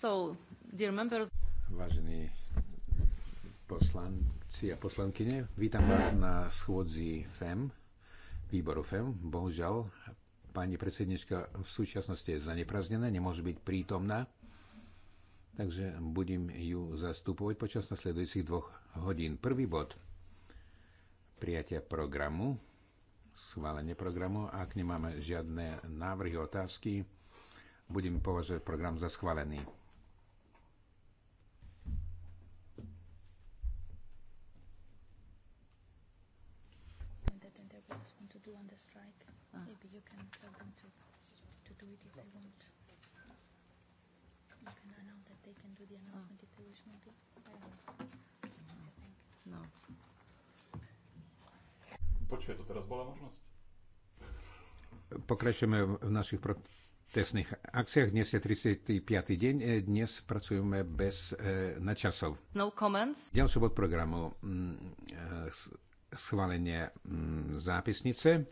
So, dear members... Vážení poslanci a poslankyne, vítam vás na schôdzi FEM, výboru FEM. Bohužiaľ, pani predsednička v súčasnosti je zanepraznená, nemôže byť prítomná, takže budem ju zastupovať počas nasledujúcich dvoch hodín. Prvý bod, prijatia programu, schválenie programu. Ak nemáme žiadne návrhy, otázky, budem považovať program za schválený. you can tell them to, to do it if they want. You can announce that they can do the announcement oh. if they wish, maybe. I don't know. What you No. Počuje, to teraz bola možnosť? Pokračujeme v našich protestných akciách. Dnes je 35. deň. E, dnes pracujeme bez e, načasov. No comments. Ďalší bod programu. Mm, e, schválenie mm, zápisnice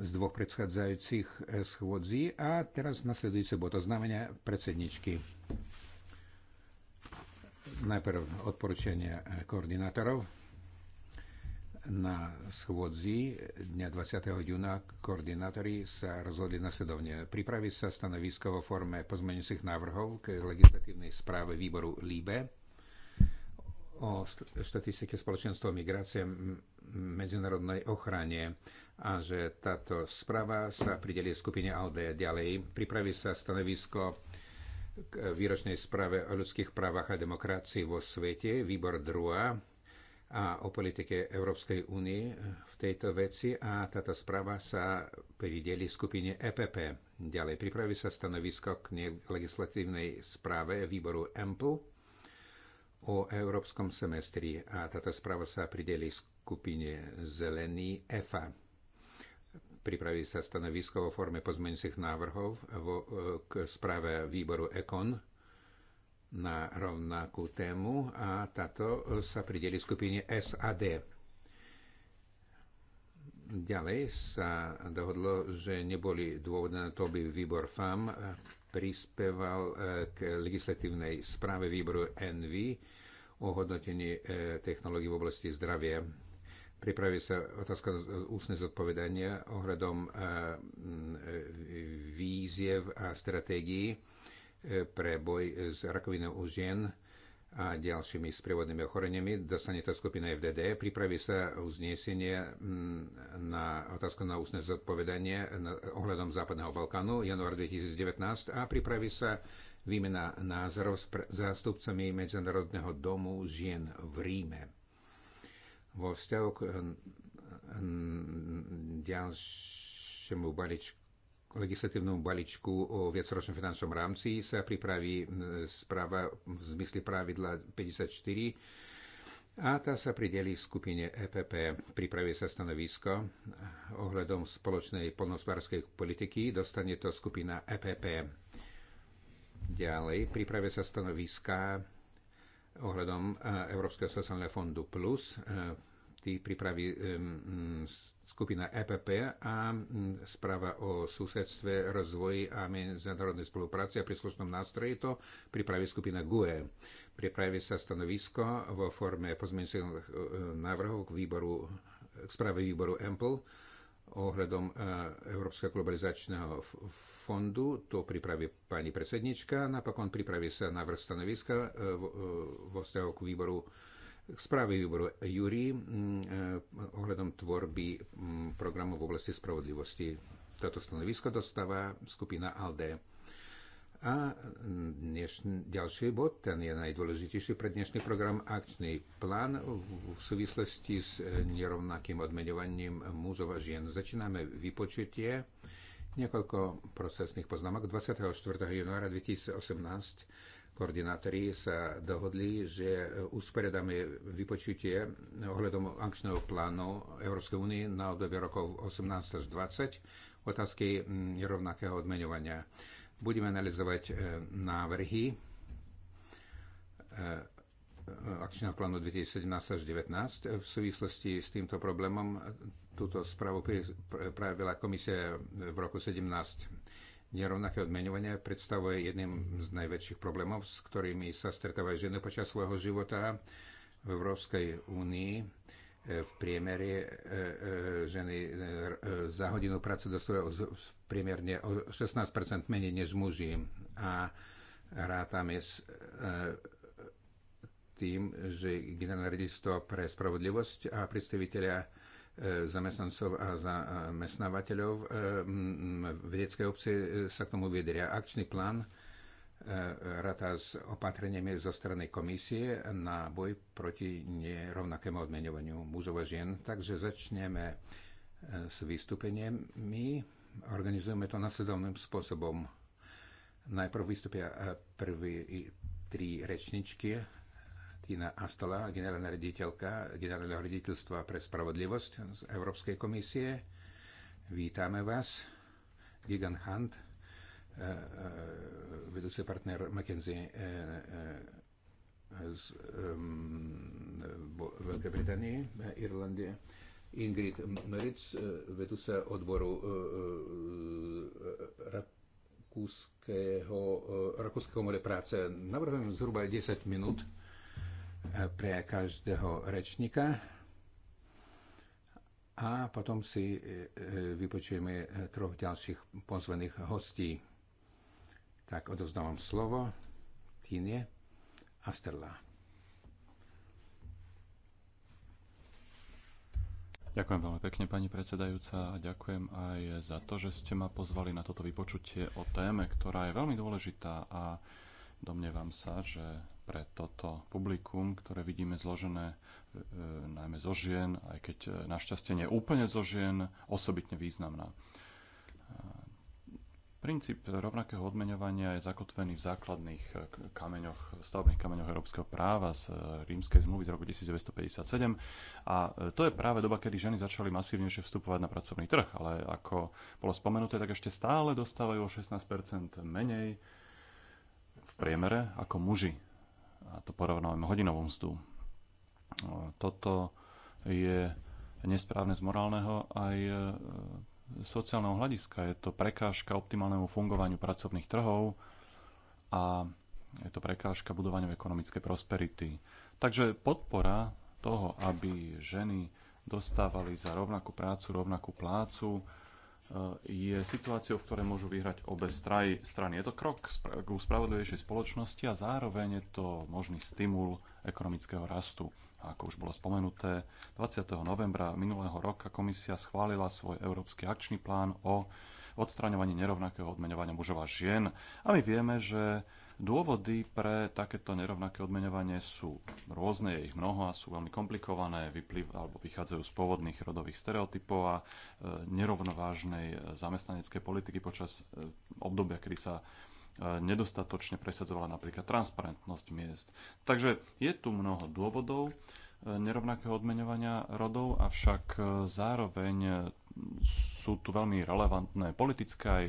z dvoch predchádzajúcich eh, schôdzí a teraz nasledujúce bolo to znamenia predsedničky. Najprv odporúčania eh, koordinátorov. Na schôdzi dňa 20. júna koordinátori sa rozhodli nasledovne pripraviť sa stanovisko vo forme pozmeňujúcich návrhov k legislatívnej správe výboru LIBE o štatistike spoločenstva migrácie medzinárodnej ochrane a že táto správa sa prideli skupine ALDE ďalej. Pripraví sa stanovisko k výročnej správe o ľudských právach a demokracii vo svete, výbor druhá a o politike Európskej únie v tejto veci a táto správa sa prideli skupine EPP. Ďalej pripraví sa stanovisko k legislatívnej správe výboru EMPL o európskom semestri a táto správa sa prideli skupine Zelený EFA pripraviť sa stanovisko vo forme pozmeňujúcich návrhov vo, k správe výboru EKON na rovnakú tému a táto sa prideli skupine SAD. Ďalej sa dohodlo, že neboli dôvody na to, aby výbor FAM prispieval e, k legislatívnej správe výboru NV o hodnotení e, technológií v oblasti zdravia Pripraví sa otázka ústne zodpovedania ohľadom eh, víziev a stratégií eh, pre boj s rakovinou u žien a ďalšími sprievodnými ochoreniami. Dostane tá skupina FDD. Pripraví sa uznesenie mm, na otázku na ústne zodpovedanie ohľadom Západného Balkánu január 2019 a pripraví sa výmena názorov s zástupcami Medzinárodného domu žien v Ríme vo vzťahu k eh, ďalšiemu balíčku legislatívnom balíčku o viacročnom finančnom rámci sa pripraví správa v zmysle pravidla 54 a tá sa prideli skupine EPP. Pripravuje sa stanovisko ohľadom spoločnej polnospodárskej politiky. Dostane to skupina EPP. Ďalej pripravuje sa stanoviska ohľadom e, Európskeho sociálneho fondu Plus. E, Tý pripraví e, skupina EPP a správa o susedstve, rozvoji a medzinárodnej spolupráci a príslušnom nástroji to pripraví skupina GUE. Pripraví sa stanovisko vo forme pozmeňujúcich návrhov k výboru k správe výboru EMPL ohľadom Európskeho globalizačného fondu, to pripraví pani predsednička, napokon pripraví sa na vrst stanoviska e, e, vo vzťahu k výboru k správe výboru Júri e, ohľadom tvorby programu v oblasti spravodlivosti. Toto stanovisko dostáva skupina ALDE. A dnešný, ďalší bod, ten je najdôležitejší pre dnešný program, akčný plán v súvislosti s nerovnakým odmeňovaním mužov a žien. Začíname vypočutie. Niekoľko procesných poznámok. 24. januára 2018 koordinátori sa dohodli, že usporiadame vypočutie ohľadom akčného plánu Európskej únie na obdobie rokov 18 až 20 otázky nerovnakého mm, odmeňovania. Budeme analyzovať e, návrhy e, akčného plánu 2017 až 2019 v súvislosti s týmto problémom. Túto správu pripravila komisia v roku 2017. Nerovnaké odmenovanie predstavuje jedným z najväčších problémov, s ktorými sa stretávajú ženy počas svojho života v Európskej únii. E, v priemere e, e, ženy za hodinu práce dostávajú priemerne o 16 menej než muži a rátame s tým, že generálne riaditeľstvo pre spravodlivosť a predstaviteľia e, zamestnancov a zamestnávateľov e, vedeckej obce e, sa k tomu vyjadria. Akčný plán rata s opatreniami zo strany komisie na boj proti nerovnakému odmeňovaniu mužov a žien. Takže začneme s vystúpeniem. My organizujeme to nasledovným spôsobom. Najprv vystúpia prví tri rečničky Martina Astola, generálna rediteľka generálneho rediteľstva pre spravodlivosť z Európskej komisie. Vítame vás. Gigan Hunt, eh, eh, vedúci partner McKenzie eh, z Veľkej Británie, Irlandie. Ingrid Meritz, vedúca odboru Rakúskeho, Rakúskeho more práce. Navrhujem zhruba 10 minút pre každého rečníka a potom si e, e, vypočujeme troch ďalších pozvaných hostí. Tak odozdávam slovo Tine Sterla. Ďakujem veľmi pekne, pani predsedajúca, a ďakujem aj za to, že ste ma pozvali na toto vypočutie o téme, ktorá je veľmi dôležitá a domnievam sa, že pre toto publikum, ktoré vidíme zložené e, e, najmä zo žien, aj keď e, našťastie nie úplne zo žien, osobitne významná. E, princíp rovnakého odmeňovania je zakotvený v základných e, kameňoch, stavebných kameňoch európskeho práva z e, rímskej zmluvy z roku 1957 a to je práve doba, kedy ženy začali masívnejšie vstupovať na pracovný trh, ale ako bolo spomenuté, tak ešte stále dostávajú o 16% menej v priemere ako muži a to porovnáme hodinovú mzdu. Toto je nesprávne z morálneho aj e, sociálneho hľadiska. Je to prekážka optimálnemu fungovaniu pracovných trhov a je to prekážka budovania ekonomickej prosperity. Takže podpora toho, aby ženy dostávali za rovnakú prácu rovnakú plácu, Eh, je situáciou, v ktorej môžu vyhrať obe strany. Je to krok k uspravodlivejšej spoločnosti a zároveň je to možný stimul ekonomického rastu. A ako už bolo spomenuté, 20. novembra minulého roka komisia schválila svoj európsky akčný plán o odstraňovaní nerovnakého odmeňovania mužov a žien. A my vieme, že Dôvody pre takéto nerovnaké odmeňovanie sú rôzne, je ich mnoho a sú veľmi komplikované, vyplýv, alebo vychádzajú z pôvodných rodových stereotypov a e, nerovnovážnej e, zamestnaneckej politiky počas e, obdobia, kedy sa e, nedostatočne presadzovala napríklad transparentnosť miest. Takže je tu mnoho dôvodov e, nerovnakého odmeňovania rodov, avšak e, zároveň sú tu veľmi relevantné politické aj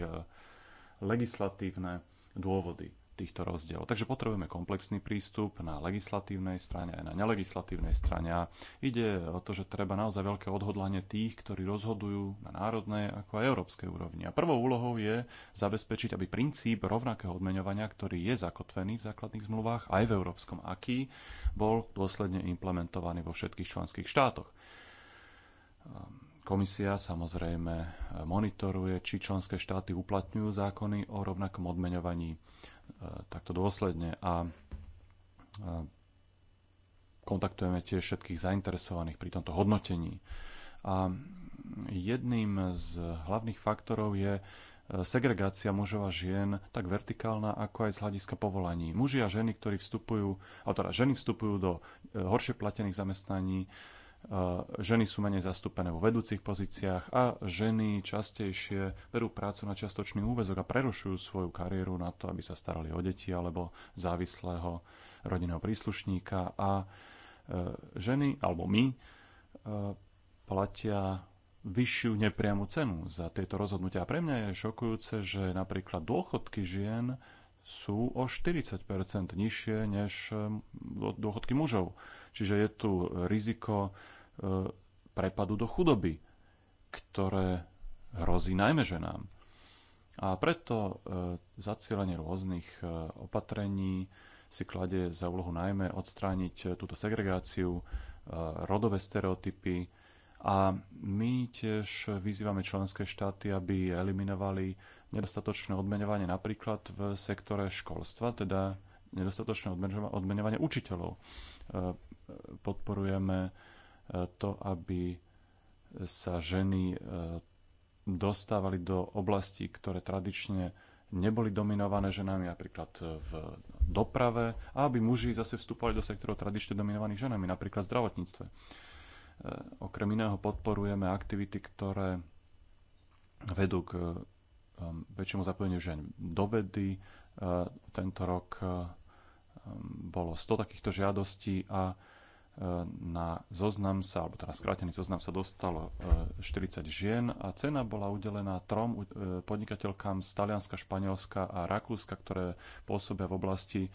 legislatívne dôvody týchto rozdielov. Takže potrebujeme komplexný prístup na legislatívnej strane aj na nelegislatívnej strane. A ide o to, že treba naozaj veľké odhodlanie tých, ktorí rozhodujú na národnej ako aj európskej úrovni. A prvou úlohou je zabezpečiť, aby princíp rovnakého odmeňovania, ktorý je zakotvený v základných zmluvách aj v európskom aký, bol dôsledne implementovaný vo všetkých členských štátoch. Komisia samozrejme monitoruje, či členské štáty uplatňujú zákony o rovnakom odmeňovaní takto dôsledne a kontaktujeme tiež všetkých zainteresovaných pri tomto hodnotení. A jedným z hlavných faktorov je e, segregácia mužov a žien tak vertikálna, ako aj z hľadiska povolaní. Muži a ženy, ktorí vstupujú, teda ženy vstupujú do e, horšie platených zamestnaní, ženy sú menej zastúpené vo vedúcich pozíciách a ženy častejšie berú prácu na čiastočný úvezok a prerušujú svoju kariéru na to, aby sa starali o deti alebo závislého rodinného príslušníka a e, ženy, alebo my, e, platia vyššiu nepriamu cenu za tieto rozhodnutia. A pre mňa je šokujúce, že napríklad dôchodky žien sú o 40 nižšie než e, dôchodky mužov. Čiže je tu riziko e, prepadu do chudoby, ktoré hrozí najmä ženám. A preto e, zacielenie rôznych e, opatrení si kladie za úlohu najmä odstrániť túto segregáciu, rodové stereotypy a my tiež vyzývame členské štáty, aby eliminovali nedostatočné odmeňovanie napríklad v sektore školstva, teda nedostatočné odmeňovanie učiteľov podporujeme e, to, aby sa ženy e, dostávali do oblastí, ktoré tradične neboli dominované ženami, napríklad e, v doprave, a aby muži zase vstupovali do sektorov tradične dominovaných ženami, napríklad v zdravotníctve. Okrem iného podporujeme aktivity, ktoré vedú k um, väčšiemu zapojeniu žen do vedy. Tento rok um, bolo 100 takýchto žiadostí a na zoznam sa, alebo teda skrátený zoznam sa dostalo 40 e, žien a cena bola udelená trom e, podnikateľkám z Talianska, Španielska a Rakúska, ktoré pôsobia v oblasti e,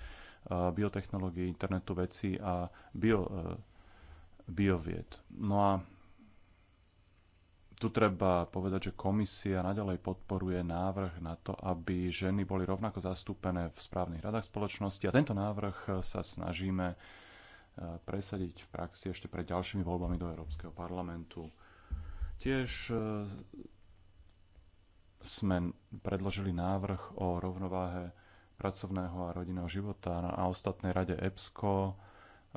biotechnológií, internetu vecí a bio, biovied. No a tu treba povedať, že komisia naďalej podporuje návrh na to, aby ženy boli rovnako zastúpené v správnych radách spoločnosti a tento návrh sa snažíme presadiť v praxi ešte pred ďalšími voľbami do Európskeho parlamentu. Tiež e, sme predložili návrh o rovnováhe pracovného a rodinného života na ostatnej rade EPSCO. E,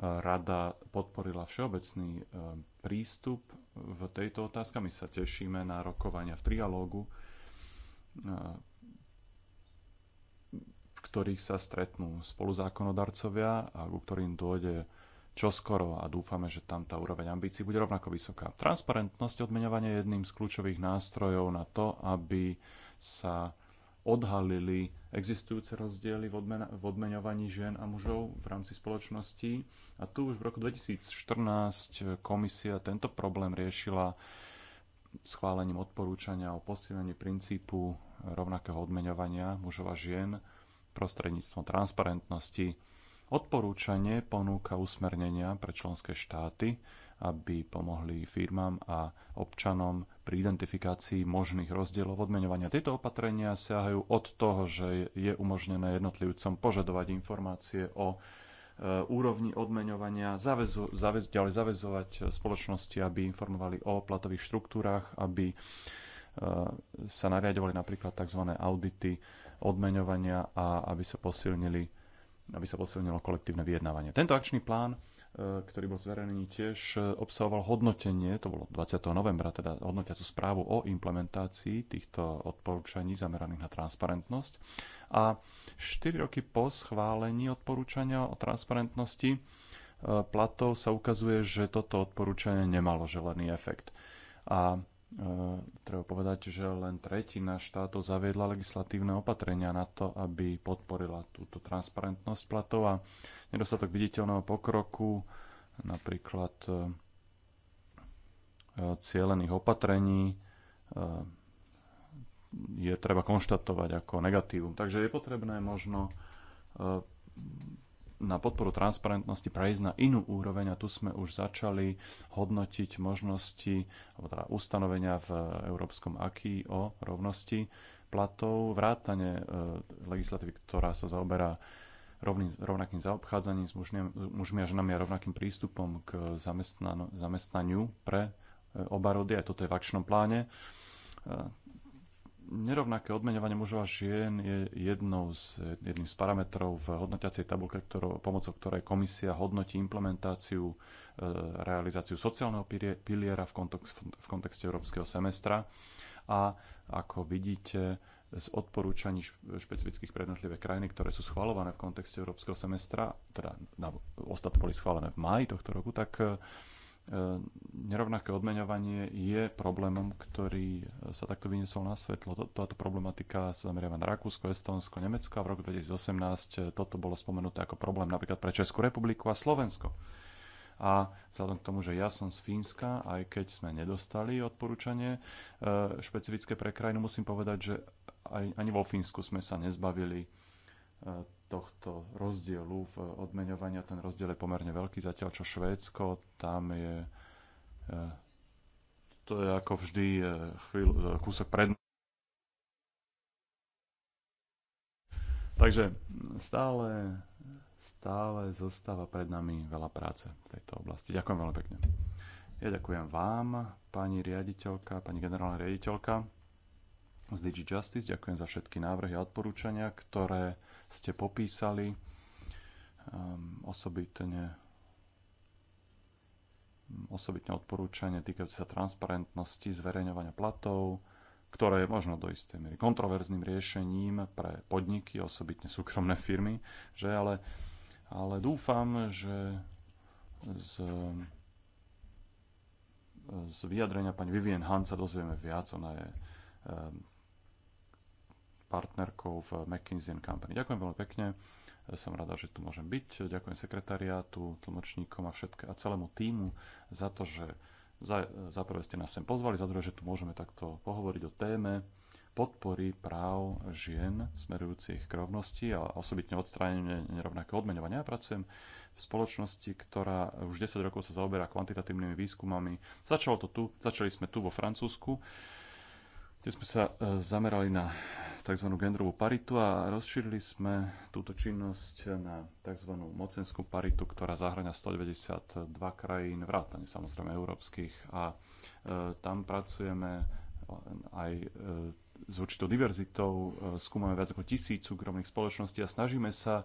rada podporila všeobecný e, prístup v tejto otázke. My sa tešíme na rokovania v trialógu, v ktorých sa stretnú spoluzákonodarcovia a ku ktorým dôjde čoskoro a dúfame, že tam tá úroveň ambícií bude rovnako vysoká. Transparentnosť odmeňovania je jedným z kľúčových nástrojov na to, aby sa odhalili existujúce rozdiely v, odmen v odmeňovaní žien a mužov v rámci spoločnosti. A tu už v roku 2014 komisia tento problém riešila schválením odporúčania o posilnení princípu rovnakého odmeňovania mužov a žien prostredníctvom transparentnosti Odporúčanie ponúka usmernenia pre členské štáty, aby pomohli firmám a občanom pri identifikácii možných rozdielov odmeňovania. Tieto opatrenia siahajú od toho, že je umožnené jednotlivcom požadovať informácie o e, úrovni odmeňovania, zavezu, zavez, ďalej zavezovať spoločnosti, aby informovali o platových štruktúrach, aby e, sa nariadovali napríklad tzv. audity odmeňovania a aby sa posilnili aby sa posilnilo kolektívne vyjednávanie. Tento akčný plán, e, ktorý bol zverejnený, tiež e, obsahoval hodnotenie, to bolo 20. novembra, teda hodnotiacu správu o implementácii týchto odporúčaní zameraných na transparentnosť. A 4 roky po schválení odporúčania o transparentnosti e, platov sa ukazuje, že toto odporúčanie nemalo želený efekt. A Eh, treba povedať, že len tretina štátov zaviedla legislatívne opatrenia na to, aby podporila túto transparentnosť platov a nedostatok viditeľného pokroku, napríklad eh, eh, cielených opatrení, je treba konštatovať ako negatívum. Takže je potrebné možno na podporu transparentnosti prejsť na inú úroveň a tu sme už začali hodnotiť možnosti alebo teda ustanovenia v Európskom aký o rovnosti platov, vrátane e, legislatívy, ktorá sa zaoberá rovným, rovnakým zaobchádzaním s mužmi, a ženami a rovnakým prístupom k zamestnaniu pre e, oba rody. Aj toto je v akčnom pláne. E, nerovnaké odmeňovanie mužov a žien je jednou z, jedným z parametrov v hodnotiacej tabulke, ktorou, pomocou ktorej komisia hodnotí implementáciu, e, realizáciu sociálneho piliera v, kontext, v kontexte európskeho semestra. A ako vidíte, z odporúčaní špecifických pre jednotlivé krajiny, ktoré sú schvalované v kontexte európskeho semestra, teda na, ostatné boli schválené v máji tohto roku, tak e, E, nerovnaké odmeňovanie je problémom, ktorý sa takto vyniesol na svetlo. Táto problematika sa zameriava na Rakúsko, Estonsko, Nemecko a v roku 2018 e, toto bolo spomenuté ako problém napríklad pre Českú republiku a Slovensko. A vzhľadom k tomu, že ja som z Fínska, aj keď sme nedostali odporúčanie e, špecifické pre krajinu, musím povedať, že aj, ani vo Fínsku sme sa nezbavili tohto rozdielu v odmeňovaní a ten rozdiel je pomerne veľký, zatiaľ čo Švédsko, tam je e, to je ako vždy e, chvíľ, e, kúsok pred Takže stále, stále zostáva pred nami veľa práce v tejto oblasti. Ďakujem veľmi pekne. Ja ďakujem vám, pani riaditeľka, pani generálna riaditeľka z DigiJustice. Ďakujem za všetky návrhy a odporúčania, ktoré ste popísali um, osobitne um, osobitne odporúčanie týkajúce sa transparentnosti zverejňovania platov, ktoré je možno do istej miery kontroverzným riešením pre podniky, osobitne súkromné firmy, že ale, ale dúfam, že z, z vyjadrenia pani Vivien Hansa dozvieme viac. Ona je um, partnerkou v McKinsey Company. Ďakujem veľmi pekne, som rada, že tu môžem byť. Ďakujem sekretariátu, tlmočníkom a, všetk- a celému týmu za to, že za, za prvé ste nás sem pozvali, za druhé, že tu môžeme takto pohovoriť o téme podpory práv žien smerujúcich k rovnosti a osobitne odstránenie nerovnakého odmeňovania. Ja pracujem v spoločnosti, ktorá už 10 rokov sa zaoberá kvantitatívnymi výskumami. Začalo to tu, začali sme tu vo Francúzsku kde sme sa e, zamerali na tzv. genderovú paritu a rozšírili sme túto činnosť na tzv. mocenskú paritu, ktorá zahrania 192 krajín, vrátane samozrejme európskych a e, tam pracujeme aj e, s určitou diverzitou, e, skúmame viac ako tisíc súkromných spoločností a snažíme sa e,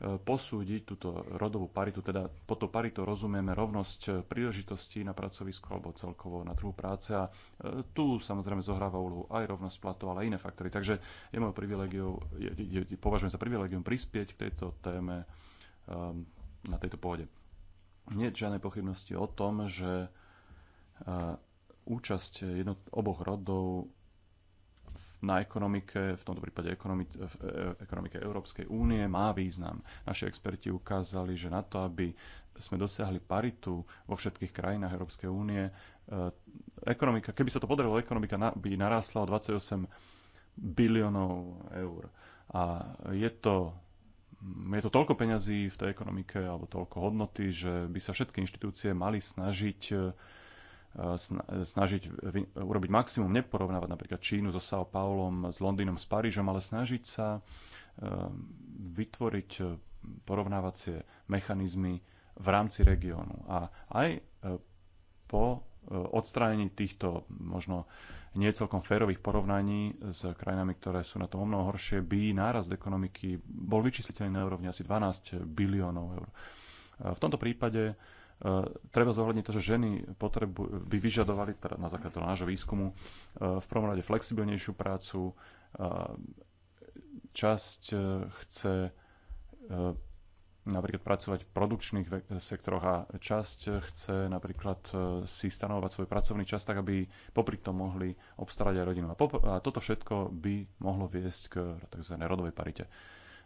posúdiť túto rodovú paritu, teda pod to paritu rozumieme rovnosť eh, príležitostí na pracovisku alebo celkovo na trhu práce a eh, tu samozrejme zohráva úlohu aj rovnosť platov, ale aj iné faktory. Takže je mojou privilegiou, považujem za privilegium prispieť k tejto téme um, na tejto pôde. Nie je žiadnej pochybnosti o tom, že uh, účasť jednot, oboch rodov na ekonomike, v tomto prípade ekonomike, v e, e, ekonomike Európskej únie, má význam. Naši experti ukázali, že na to, aby sme dosiahli paritu vo všetkých krajinách Európskej únie, e, ekonomika, keby sa to podarilo, ekonomika by narástla o 28 biliónov eur. A je to mm, je to toľko peňazí v tej ekonomike alebo toľko hodnoty, že by sa všetky inštitúcie mali snažiť Eh, snažiť urobiť maximum, neporovnávať napríklad Čínu so São Paulom, s Londýnom, s Parížom, ale snažiť sa eh, vytvoriť eh, porovnávacie mechanizmy v rámci regiónu. A aj po odstránení týchto možno nie celkom férových porovnaní s krajinami, ktoré sú na tom o mnoho horšie, by nárast ekonomiky bol vyčísliteľný na úrovni asi 12 biliónov eur. V tomto prípade Eh, treba zohľadniť to, že ženy potrebu- by vyžadovali teda na základe toho nášho výskumu eh, v prvom rade flexibilnejšiu prácu. Eh, časť chce napríklad pracovať v produkčných sektoroch a časť chce napríklad si stanovať svoj pracovný čas tak, aby popri tom mohli obstarať aj rodinu. A, a toto všetko by mohlo viesť k tzv. rodovej parite.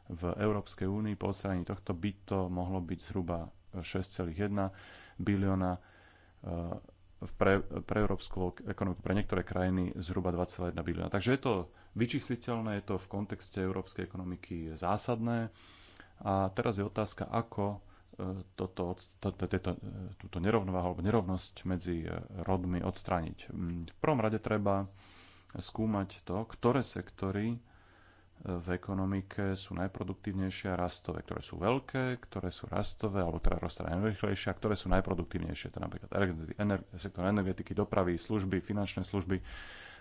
V Európskej únii po odstranení tohto by to mohlo byť zhruba 6,1 bilióna eh, pre, pre európsku ekonomiku, pre niektoré krajiny zhruba 2,1 bilióna. Takže je to vyčísliteľné, je to v kontexte európskej ekonomiky zásadné. A teraz je otázka, ako eh, toto, to, to, to, eh, túto nerovnováhu alebo nerovnosť medzi rodmi odstrániť. Mm, v prvom rade treba skúmať to, ktoré sektory v ekonomike sú najproduktívnejšie a rastové, ktoré sú veľké, ktoré sú rastové, alebo teda rastá najrychlejšie a ktoré sú najproduktívnejšie, teda napríklad sektor energetiky, dopravy, služby, finančné služby,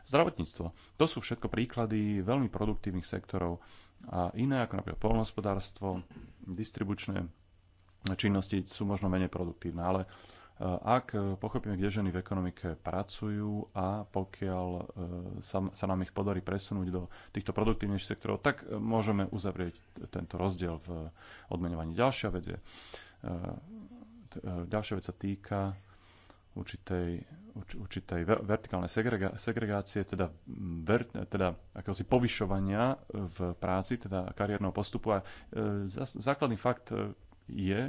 zdravotníctvo. To sú všetko príklady veľmi produktívnych sektorov a iné, ako napríklad polnohospodárstvo, distribučné činnosti sú možno menej produktívne, ale ak eh, pochopíme, kde ženy v ekonomike pracujú a pokiaľ eh, sa, sa nám ich podarí presunúť do týchto produktívnejších sektorov, tak eh, môžeme uzavrieť tento rozdiel v odmenovaní. Ďalšia vec je, ďalšia vec sa týka určitej, určitej vertikálnej segregácie, teda, ver, teda akéhosi povyšovania v práci, teda kariérneho postupu. A základný fakt je,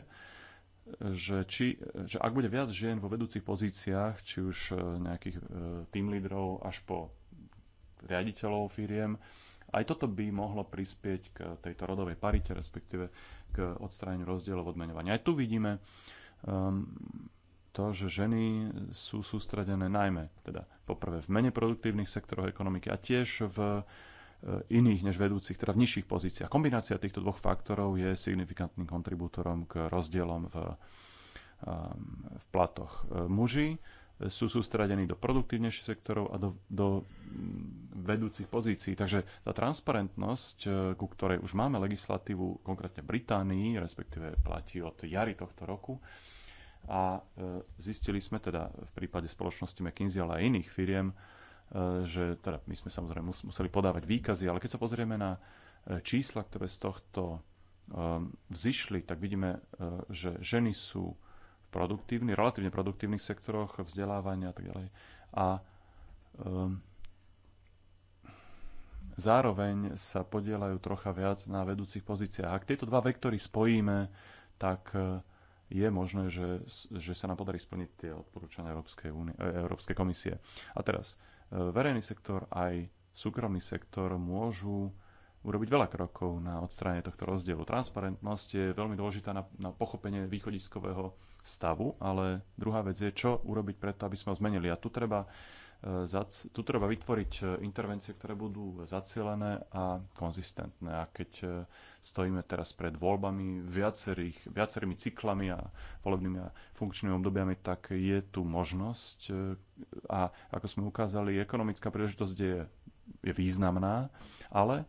že, či, že ak bude viac žien vo vedúcich pozíciách, či už e, nejakých e, team leaderov až po riaditeľov firiem, aj toto by mohlo prispieť k tejto rodovej parite, respektíve k odstráneniu rozdielov odmeňovania. Aj tu vidíme um, to, že ženy sú sústredené najmä, teda poprvé v menej produktívnych sektoroch ekonomiky a tiež v uh, E, iných než vedúcich, teda v nižších pozíciách. Kombinácia týchto dvoch faktorov je signifikantným kontribútorom k rozdielom v, e, v platoch. E, muži sú sústredení do produktívnejších sektorov a do, do vedúcich pozícií. Takže tá transparentnosť, ku ktorej už máme legislatívu, konkrétne v Británii, respektíve platí od jary tohto roku, a zistili sme teda v prípade spoločnosti McKinsey, ale aj iných firiem, E, že teda my sme samozrejme museli podávať výkazy, ale keď sa pozrieme na e, čísla, ktoré z tohto e, vzýšli, tak vidíme, že ženy sú v produktívnych, relatívne produktívnych sektoroch vzdelávania a tak ďalej. A zároveň sa podielajú trocha viac na vedúcich pozíciách. Ak tieto dva vektory spojíme, tak je možné, že, že sa nám podarí splniť tie odporúčania Európskej, únie, Európskej komisie. A teraz, verejný sektor aj súkromný sektor môžu urobiť veľa krokov na odstranie tohto rozdielu. Transparentnosť je veľmi dôležitá na, na pochopenie východiskového stavu, ale druhá vec je, čo urobiť preto, aby sme ho zmenili. A tu treba Eh, tu treba vytvoriť eh, intervencie, ktoré budú zacielené a konzistentné. A keď eh, stojíme teraz pred voľbami viacerých, viacerými cyklami a volebnými a funkčnými obdobiami, tak je tu možnosť a ako sme ukázali, ekonomická príležitosť je, je významná, ale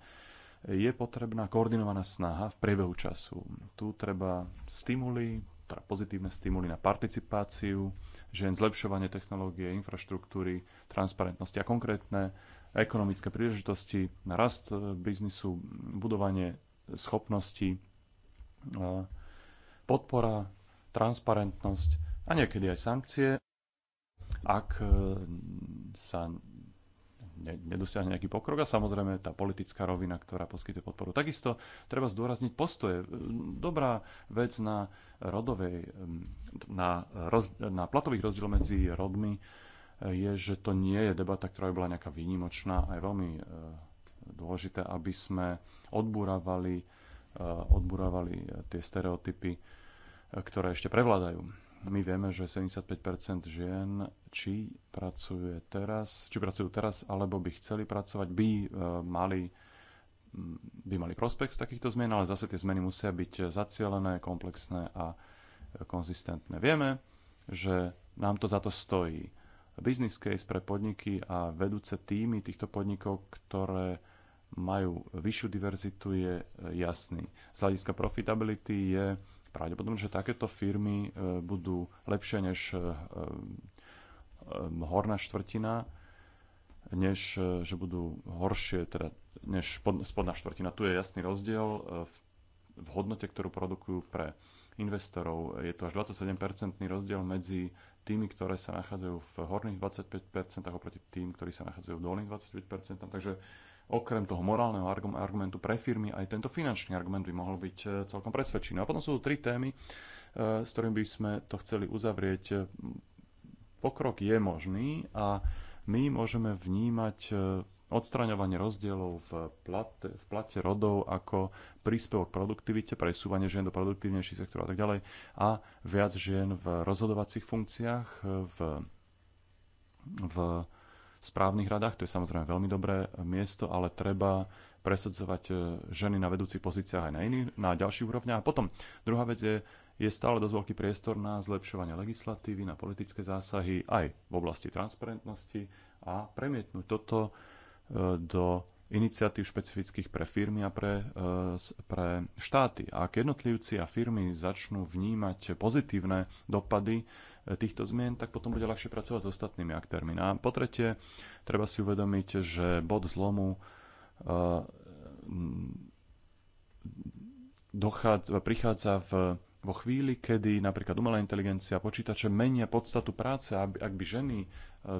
je potrebná koordinovaná snaha v priebehu času. Tu treba stimuly, teda pozitívne stimuly na participáciu, žien, zlepšovanie technológie, infraštruktúry, transparentnosti a konkrétne ekonomické príležitosti na rast e, biznisu, budovanie schopností, e, podpora, transparentnosť a niekedy aj sankcie, ak e, sa nedosiahne nejaký pokrok a samozrejme tá politická rovina, ktorá poskytuje podporu. Takisto treba zdôrazniť postoje. Dobrá vec na rodovej, mm, na, roz, na platových rozdiel medzi rodmi e, je, že to nie je debata, ktorá by bola nejaká výnimočná a je veľmi e, dôležité, aby sme odburávali, e, odburávali tie stereotypy, ktoré ešte prevládajú my vieme, že 75% žien či, pracuje teraz, či pracujú teraz, alebo by chceli pracovať, by e, mali by mali prospekt z takýchto zmien, ale zase tie zmeny musia byť zacielené, komplexné a konzistentné. Vieme, že nám to za to stojí. Business case pre podniky a vedúce týmy týchto podnikov, ktoré majú vyššiu diverzitu, je jasný. Z hľadiska profitability je pravdepodobné, že takéto firmy e, budú lepšie než e, e, horná štvrtina, než že budú horšie, teda než spodná štvrtina. Tu je jasný rozdiel v hodnote, ktorú produkujú pre investorov. Je to až 27 rozdiel medzi tými, ktoré sa nachádzajú v horných 25% oproti tým, ktorí sa nachádzajú v dolných 25%. Takže okrem toho morálneho argumentu pre firmy, aj tento finančný argument by mohol byť e, celkom presvedčený. A potom sú tu tri témy, e, s ktorými by sme to chceli uzavrieť. E, pokrok je možný a my môžeme vnímať odstraňovanie rozdielov v plate, v plate rodov ako príspevok produktivite, presúvanie žien do produktívnejších sektorov a tak ďalej a viac žien v rozhodovacích funkciách, v, v správnych radách. To je samozrejme veľmi dobré miesto, ale treba presadzovať eh, ženy na vedúcich pozíciách aj na iný, na ďalších úrovni. A potom druhá vec je, je stále dosť veľký priestor na zlepšovanie legislatívy, na politické zásahy aj v oblasti transparentnosti a premietnúť toto do iniciatív špecifických pre firmy a pre, e, pre štáty. A ak jednotlivci a firmy začnú vnímať pozitívne dopady e, týchto zmien, tak potom bude ľahšie pracovať s ostatnými aktérmi. No a po tretie, treba si uvedomiť, že bod zlomu e, dochádza, prichádza v vo chvíli, kedy napríklad umelá inteligencia, počítače menia podstatu práce, aby, ak by ženy e,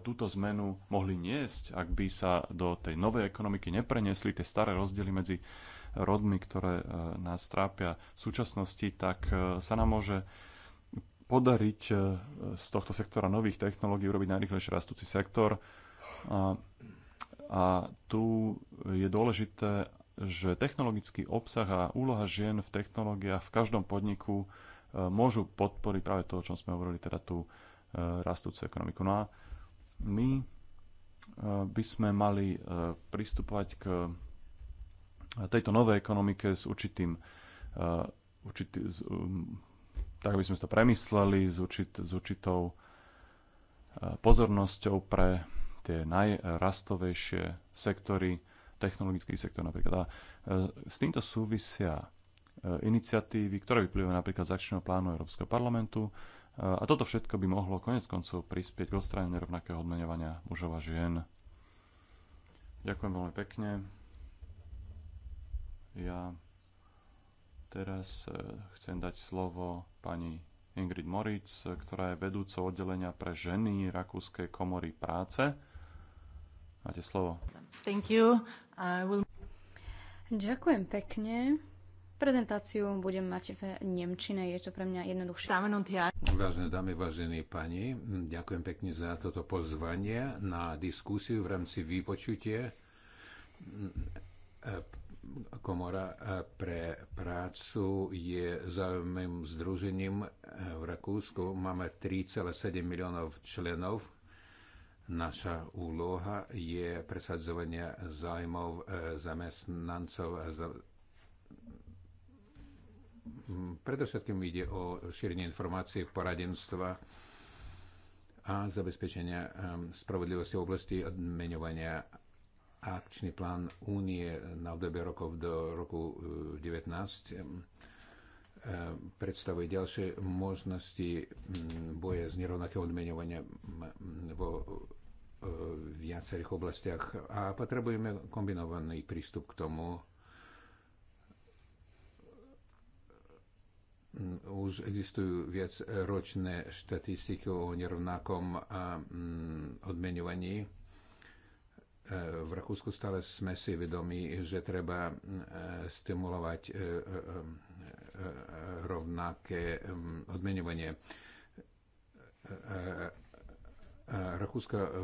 túto zmenu mohli niesť, ak by sa do tej novej ekonomiky nepreniesli tie staré rozdiely medzi rodmi, ktoré e, nás trápia v súčasnosti, tak e, sa nám môže podariť z tohto sektora nových technológií urobiť najrychlejšie rastúci sektor. A, a tu je dôležité, že technologický obsah a úloha žien v technológiách v každom podniku e, môžu podporiť práve to, o čom sme hovorili, teda tú e, rastúcu ekonomiku. No a my e, by sme mali pristupovať k tejto novej ekonomike s určitým, určitý, s, tak aby sme to premysleli, s, určit, s určitou pozornosťou pre tie najrastovejšie sektory technologický sektor napríklad. A e, s týmto súvisia e, iniciatívy, ktoré vyplývajú napríklad z akčného plánu Európskeho parlamentu. E, a toto všetko by mohlo konec koncov prispieť k odstráneniu rovnakého odmenovania mužov a žien. Ďakujem veľmi pekne. Ja teraz chcem dať slovo pani Ingrid Moritz, ktorá je vedúcou oddelenia pre ženy Rakúskej komory práce. Máte slovo. Thank you. I will... Ďakujem pekne. Prezentáciu budem mať v Nemčine, je to pre mňa jednoduchšie. Vážené dámy, vážení pani, ďakujem pekne za toto pozvanie na diskusiu v rámci vypočutie eh, Komora eh, pre prácu je zaujímavým združením eh, v Rakúsku. Máme 3,7 miliónov členov Naša úloha je presadzovanie zájmov e, zamestnancov za... Mm, predovšetkým ide o šírenie informácií, poradenstva a zabezpečenia e, spravodlivosti oblasti odmenovania akčný plán únie na obdobie rokov do roku 19 e, E, predstavuje ďalšie možnosti boja s nerovnakým odmenovaním vo e, viacerých oblastiach a potrebujeme kombinovaný prístup k tomu. Už existujú viac ročné štatistiky o nerovnakom odmenovaní v Rakúsku stále sme si vedomi, že treba stimulovať rovnaké odmenovanie. Rakúska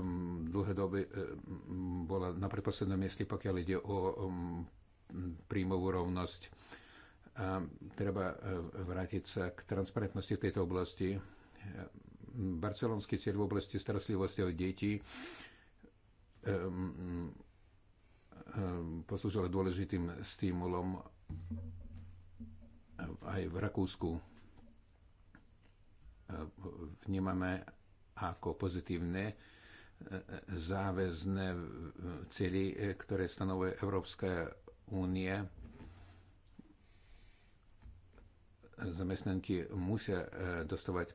dlhé doby e, mm, bola na predposlednom mieste, pokiaľ ide o mm, príjmovú rovnosť. treba e, vrátiť sa k transparentnosti v tejto oblasti. E, barcelonský cieľ v oblasti starostlivosti o deti Ehm, ehm, poslúžila dôležitým stimulom aj v Rakúsku. Ehm, vnímame ako pozitívne e, záväzné cely, e, ktoré stanovuje Európska únie. Zamestnanky musia e, dostávať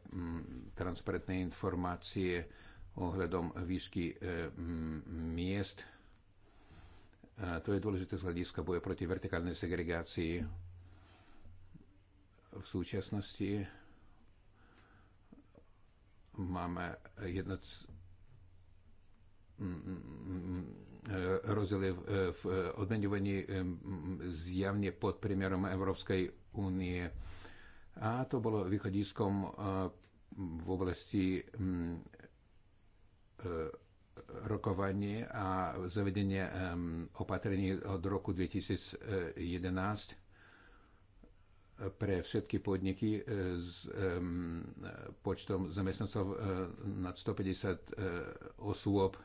transparentné informácie ohľadom výšky e, miest. A to je dôležité z hľadiska boja proti vertikálnej segregácii. V súčasnosti máme jedno rozdiely v odmenovaní e, zjavne pod priemerom Európskej únie. A to bolo východiskom e, v oblasti E, rokovanie a zavedenie e, opatrení od roku 2011 e, pre všetky podniky s počtom zamestnancov nad 150 osôb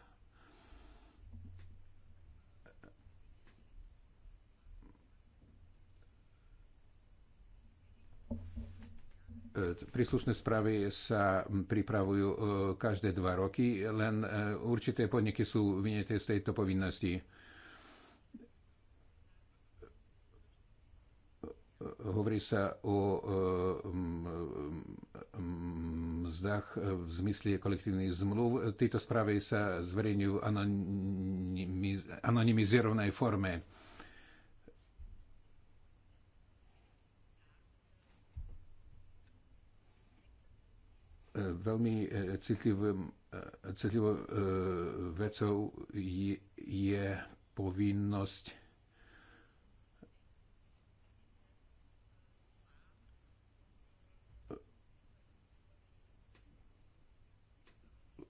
E, príslušné správy sa pripravujú e, každé dva roky, len e, určité podniky sú vynieté z tejto povinnosti. hovorí sa o mzdách v zmysle kolektívnych zmluv. Tieto správy sa zverejňujú v anonymizovanej forme. veľmi e, citlivým, e, citlivou e, vecou je, je povinnosť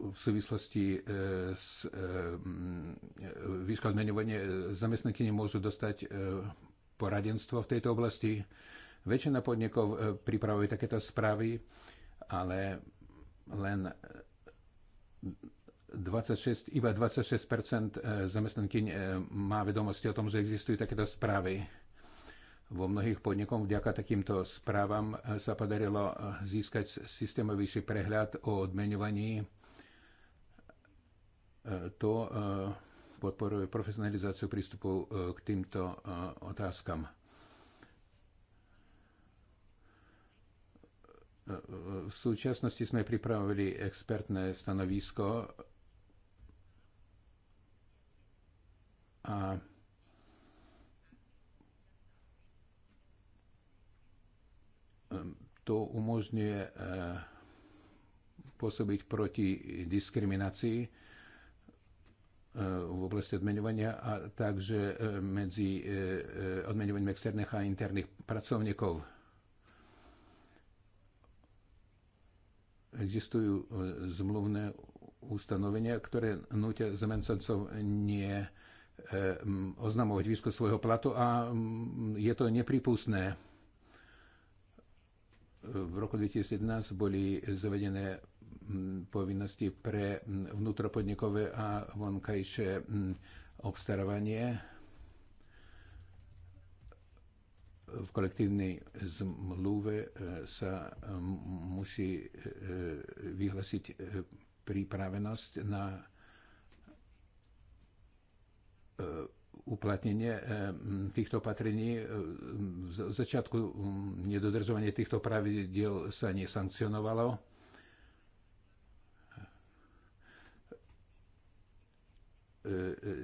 v súvislosti s výškou zmenovania zamestnanky nemôžu dostať poradenstvo v tejto oblasti. Väčšina podnikov pripravuje takéto správy, ale len 26, e, iba 26 e, zamestnankyň e, má vedomosti o tom, že existujú takéto správy. Vo mnohých podnikoch vďaka takýmto správam sa podarilo získať systémovejší prehľad o odmeňovaní. To podporuje profesionalizáciu prístupu k týmto otázkam. V súčasnosti sme pripravili expertné stanovisko a to umožňuje eh, pôsobiť proti diskriminácii eh, v oblasti odmeňovania a takže eh, medzi odmeňovaním externých a interných pracovníkov existujú e, zmluvné ustanovenia, ktoré nutia zamestnancov nie e, oznamovať výšku svojho platu a je to nepripustné. V roku 2011 boli zavedené povinnosti pre vnútropodnikové a vonkajšie obstarávanie v kolektívnej zmluve e, sa e, musí e, vyhlasiť pripravenosť na uplatnenie týchto opatrení. V začiatku nedodržovanie týchto pravidiel sa nesankcionovalo.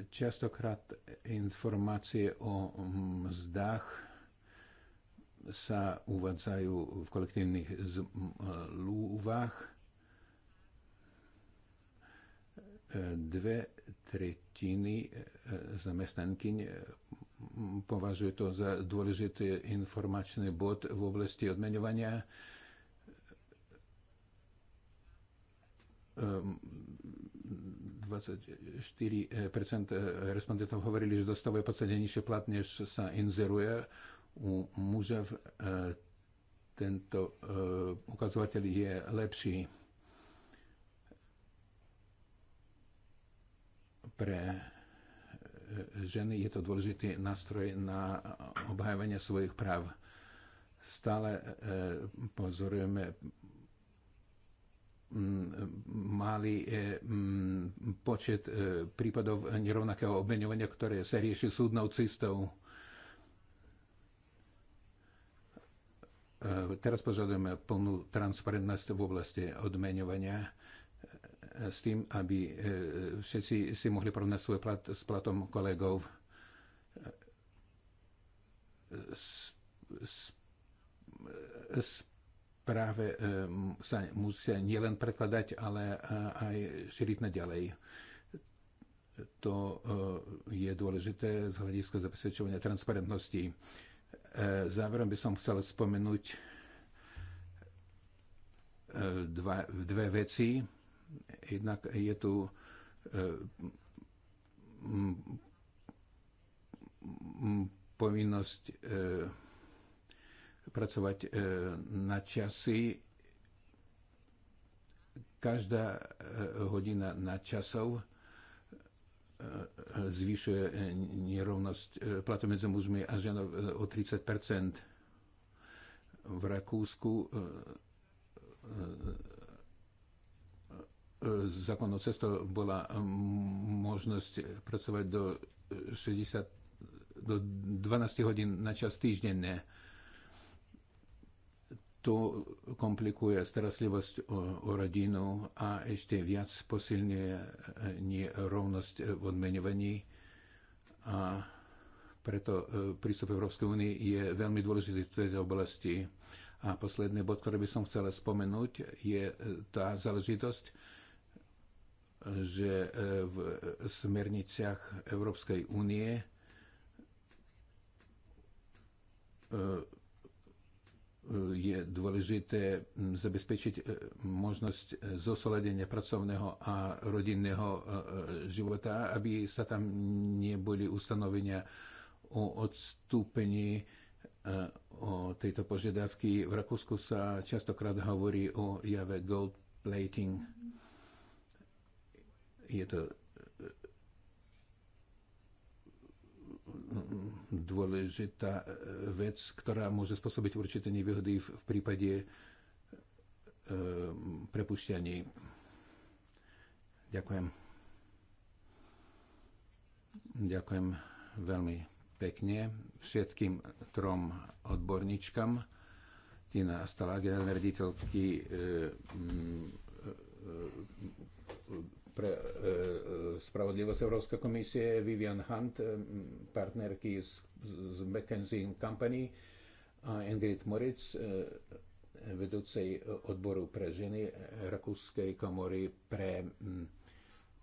Častokrát informácie o mzdách sa uvádzajú v kolektívnych zmluvách. Dve tretiny zamestnankyň považuje to za dôležitý informačný bod v oblasti odmeňovania. Um, 24% respondentov hovorili, že dostávajú podstate nižšie plat, než sa inzeruje u mužov e, tento e, ukazovateľ je lepší pre e, ženy. Je to dôležitý nástroj na obhajovanie svojich práv. Stále pozorujeme malý počet prípadov nerovnakého obmeňovania, ktoré sa rieši súdnou cestou E, teraz požadujeme plnú transparentnosť v oblasti odmeňovania e, s tým, aby e, všetci si mohli porovnať svoj plat s platom kolegov. Práve sa musia nielen prekladať, ale aj šíriť naďalej. To je dôležité z hľadiska zabezpečovania transparentnosti E, záverom by som chcel spomenúť e, dva, dve veci. Jednak je tu e, povinnosť pracovať na časy. Každá hodina na časov E, zvyšuje e, nerovnosť e, platu medzi mužmi a ženou o 30 V Rakúsku zákonnou cestou bola možnosť pracovať do 60 do 12 hodín na čas týždenne to komplikuje starostlivosť o, o rodinu a ešte viac posilňuje e, nerovnosť v odmenovaní. A preto e, prístup Európskej únie je veľmi dôležitý v tejto oblasti. A posledný bod, ktorý by som chcela spomenúť, je e, tá záležitosť, že v smerniciach Európskej únie je dôležité hm, zabezpečiť e, možnosť e, zosoladenia pracovného a rodinného e, života, aby sa tam neboli ustanovenia o odstúpení o tejto požiadavky. V Rakúsku sa častokrát hovorí o jave gold plating. Je to dôležitá e, vec, ktorá môže spôsobiť určité nevýhody v prípade e, prepušťaní. Ďakujem. Ďakujem veľmi pekne všetkým trom odborníčkam. Tina Stala, generálna rediteľky e, pre e, e, spravodlivosť Európskej komisie Vivian Hunt, e, partnerky z, z McKenzie Company a Ingrid Moritz, e, vedúcej odboru pre ženy Rakúskej komory pre m,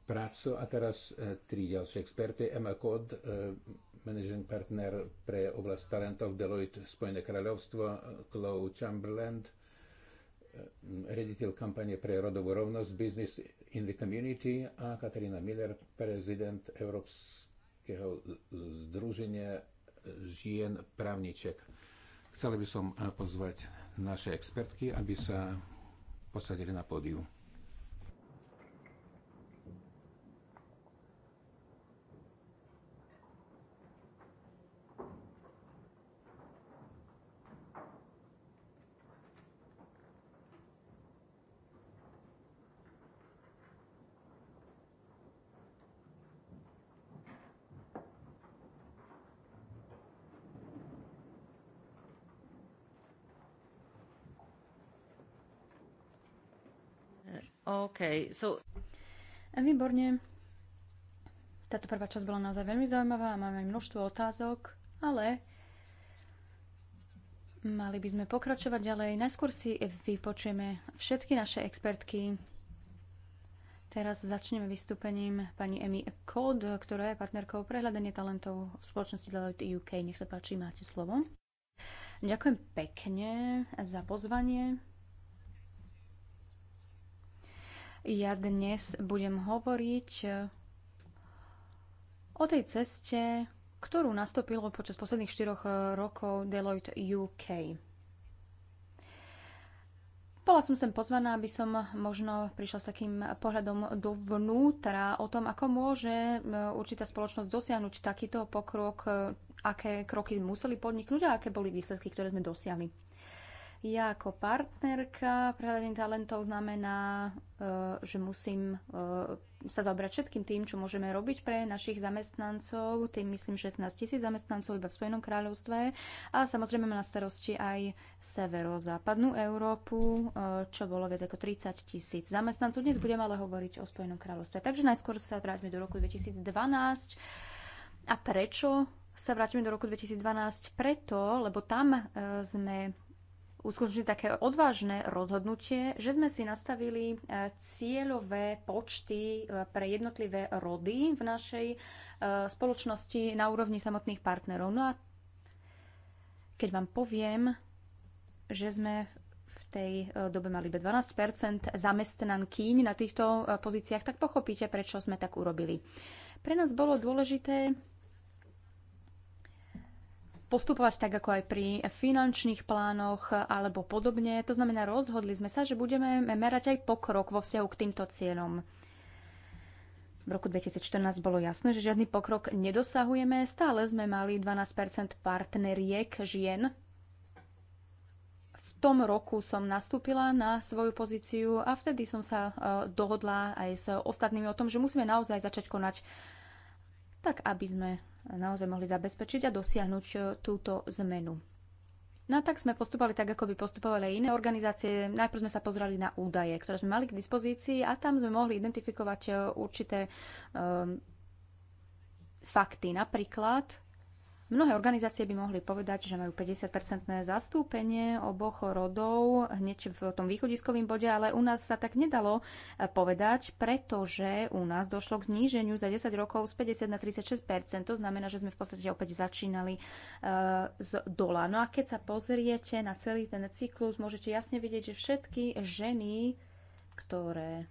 prácu a teraz e, tri ďalšie experty. Emma Kod, e, managing partner pre oblast talentov Deloitte Spojené kráľovstvo, e, Chloe Chamberlain, rediteľ kampane pre rodovú rovnosť Business in the Community a Katarína Miller, prezident Európskeho združenia žien právniček. Chcela by som eh, pozvať naše expertky, aby sa posadili na pódium. OK, so... Výborne. Táto prvá časť bola naozaj veľmi zaujímavá a máme množstvo otázok, ale mali by sme pokračovať ďalej. Najskôr si vypočujeme všetky naše expertky. Teraz začneme vystúpením pani Emmy Cold, ktorá je partnerkou prehľadania talentov v spoločnosti Deloitte UK. Nech sa páči, máte slovo. Ďakujem pekne za pozvanie. Ja dnes budem hovoriť e, o tej ceste, ktorú nastopilo počas posledných 4 e, rokov Deloitte UK. Bola som sem pozvaná, aby som možno prišla s takým pohľadom dovnútra o tom, ako môže e, určitá spoločnosť dosiahnuť takýto pokrok, aké kroky museli podniknúť a aké boli výsledky, ktoré sme dosiahli. Ja ako partnerka hľadanie talentov znamená, e, že musím e, sa zaobrať všetkým tým, čo môžeme robiť pre našich zamestnancov, tým myslím 16 tisíc zamestnancov iba v Spojenom kráľovstve a samozrejme mám na starosti aj severozápadnú Európu, e, čo bolo viac ako 30 tisíc zamestnancov. Dnes budem ale hovoriť o Spojenom kráľovstve. Takže najskôr sa vráťme do roku 2012 a prečo sa vrátime do roku 2012 preto, lebo tam sme uskutočniť také odvážne rozhodnutie, že sme si nastavili e, cieľové počty e, pre jednotlivé rody v našej e, spoločnosti na úrovni samotných partnerov. No a keď vám poviem, že sme v tej dobe mali iba 12 zamestnankyň na týchto pozíciách, tak pochopíte, prečo sme tak urobili. Pre nás bolo dôležité postupovať tak, ako aj pri finančných plánoch alebo podobne. To znamená, rozhodli sme sa, že budeme merať aj pokrok vo vzťahu k týmto cieľom. V roku 2014 bolo jasné, že žiadny pokrok nedosahujeme. Stále sme mali 12 partneriek žien. V tom roku som nastúpila na svoju pozíciu a vtedy som sa e, dohodla aj s ostatnými o tom, že musíme naozaj začať konať tak, aby sme naozaj mohli zabezpečiť a dosiahnuť e, túto zmenu. No a tak sme postupovali tak, ako by postupovali aj iné organizácie. Najprv sme sa pozreli na údaje, ktoré sme mali k dispozícii a tam sme mohli identifikovať e, určité um, fakty. Napríklad Mnohé organizácie by mohli povedať, že majú 50-percentné zastúpenie oboch rodov hneď v tom východiskovým bode, ale u nás sa tak nedalo eh, povedať, pretože u nás došlo k zníženiu za 10 rokov z 50 na 36 To znamená, že sme v podstate opäť začínali eh, z dola. No a keď sa pozriete na celý ten cyklus, môžete jasne vidieť, že všetky ženy, ktoré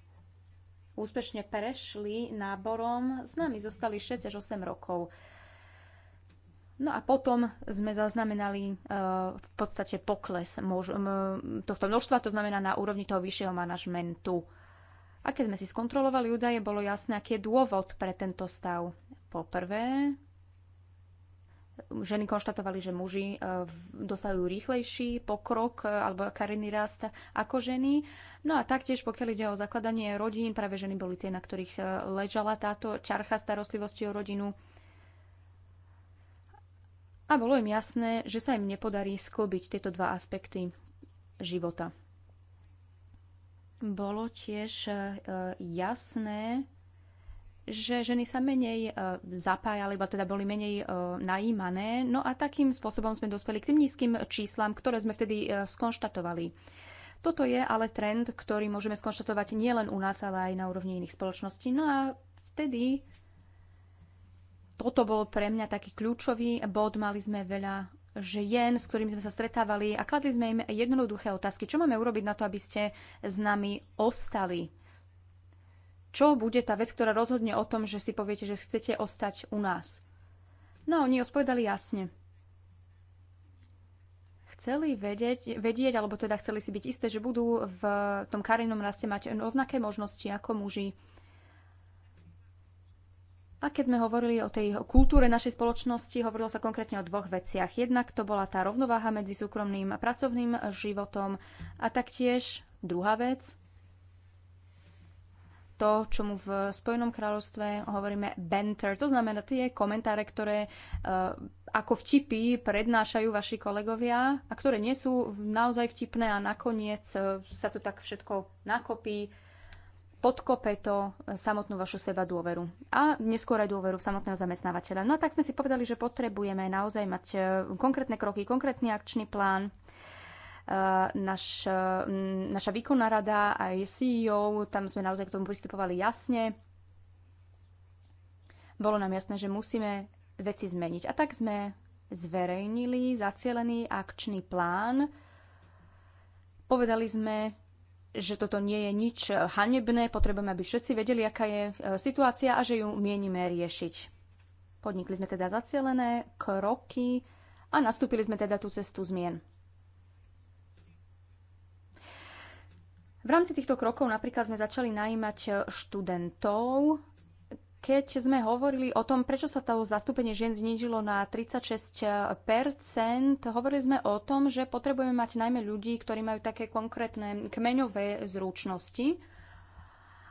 úspešne prešli náborom, s nami zostali 6 až 8 rokov. No a potom sme zaznamenali e, v podstate pokles tohto množstva, to znamená na úrovni toho vyššieho manažmentu. A keď sme si skontrolovali údaje, bolo jasné, aký je dôvod pre tento stav. Poprvé, ženy konštatovali, že muži e, dosahujú rýchlejší pokrok e, alebo kariny rast ako ženy. No a taktiež, pokiaľ ide o zakladanie rodín, práve ženy boli tie, na ktorých ležala táto čarcha starostlivosti o rodinu a bolo im jasné, že sa im nepodarí sklbiť tieto dva aspekty života. Bolo tiež e, jasné, že ženy sa menej e, zapájali, alebo teda boli menej e, najímané. No a takým spôsobom sme dospeli k tým nízkym číslam, ktoré sme vtedy skonštatovali. Toto je ale trend, ktorý môžeme skonštatovať nielen u nás, ale aj na úrovni iných spoločností. No a vtedy toto bol pre mňa taký kľúčový bod. Mali sme veľa žien, s ktorými sme sa stretávali a kladli sme im jednoduché otázky. Čo máme urobiť na to, aby ste s nami ostali? Čo bude tá vec, ktorá rozhodne o tom, že si poviete, že chcete ostať u nás? No, oni odpovedali jasne. Chceli vedieť, vedieť, alebo teda chceli si byť isté, že budú v tom karinom raste mať rovnaké možnosti ako muži a keď sme hovorili o tej kultúre našej spoločnosti, hovorilo sa konkrétne o dvoch veciach. Jednak to bola tá rovnováha medzi súkromným a pracovným životom a taktiež druhá vec, to, čo mu v Spojenom kráľovstve hovoríme banter, to znamená tie komentáre, ktoré uh, ako vtipy prednášajú vaši kolegovia a ktoré nie sú naozaj vtipné a nakoniec uh, sa to tak všetko nakopí podkope to e, samotnú vašu seba dôveru a neskôr aj dôveru samotného zamestnávateľa. No a tak sme si povedali, že potrebujeme naozaj mať e, konkrétne kroky, konkrétny akčný plán. E, naš, naša výkonná rada aj CEO, tam sme naozaj k tomu pristupovali jasne. Bolo nám jasné, že musíme veci zmeniť. A tak sme zverejnili zacielený akčný plán. Povedali sme, že toto nie je nič hanebné, potrebujeme, aby všetci vedeli, aká je e, situácia a že ju mienime riešiť. Podnikli sme teda zacielené kroky a nastúpili sme teda tú cestu zmien. V rámci týchto krokov napríklad sme začali najímať študentov, keď sme hovorili o tom, prečo sa to zastúpenie žien znížilo na 36%, hovorili sme o tom, že potrebujeme mať najmä ľudí, ktorí majú také konkrétne kmeňové zručnosti.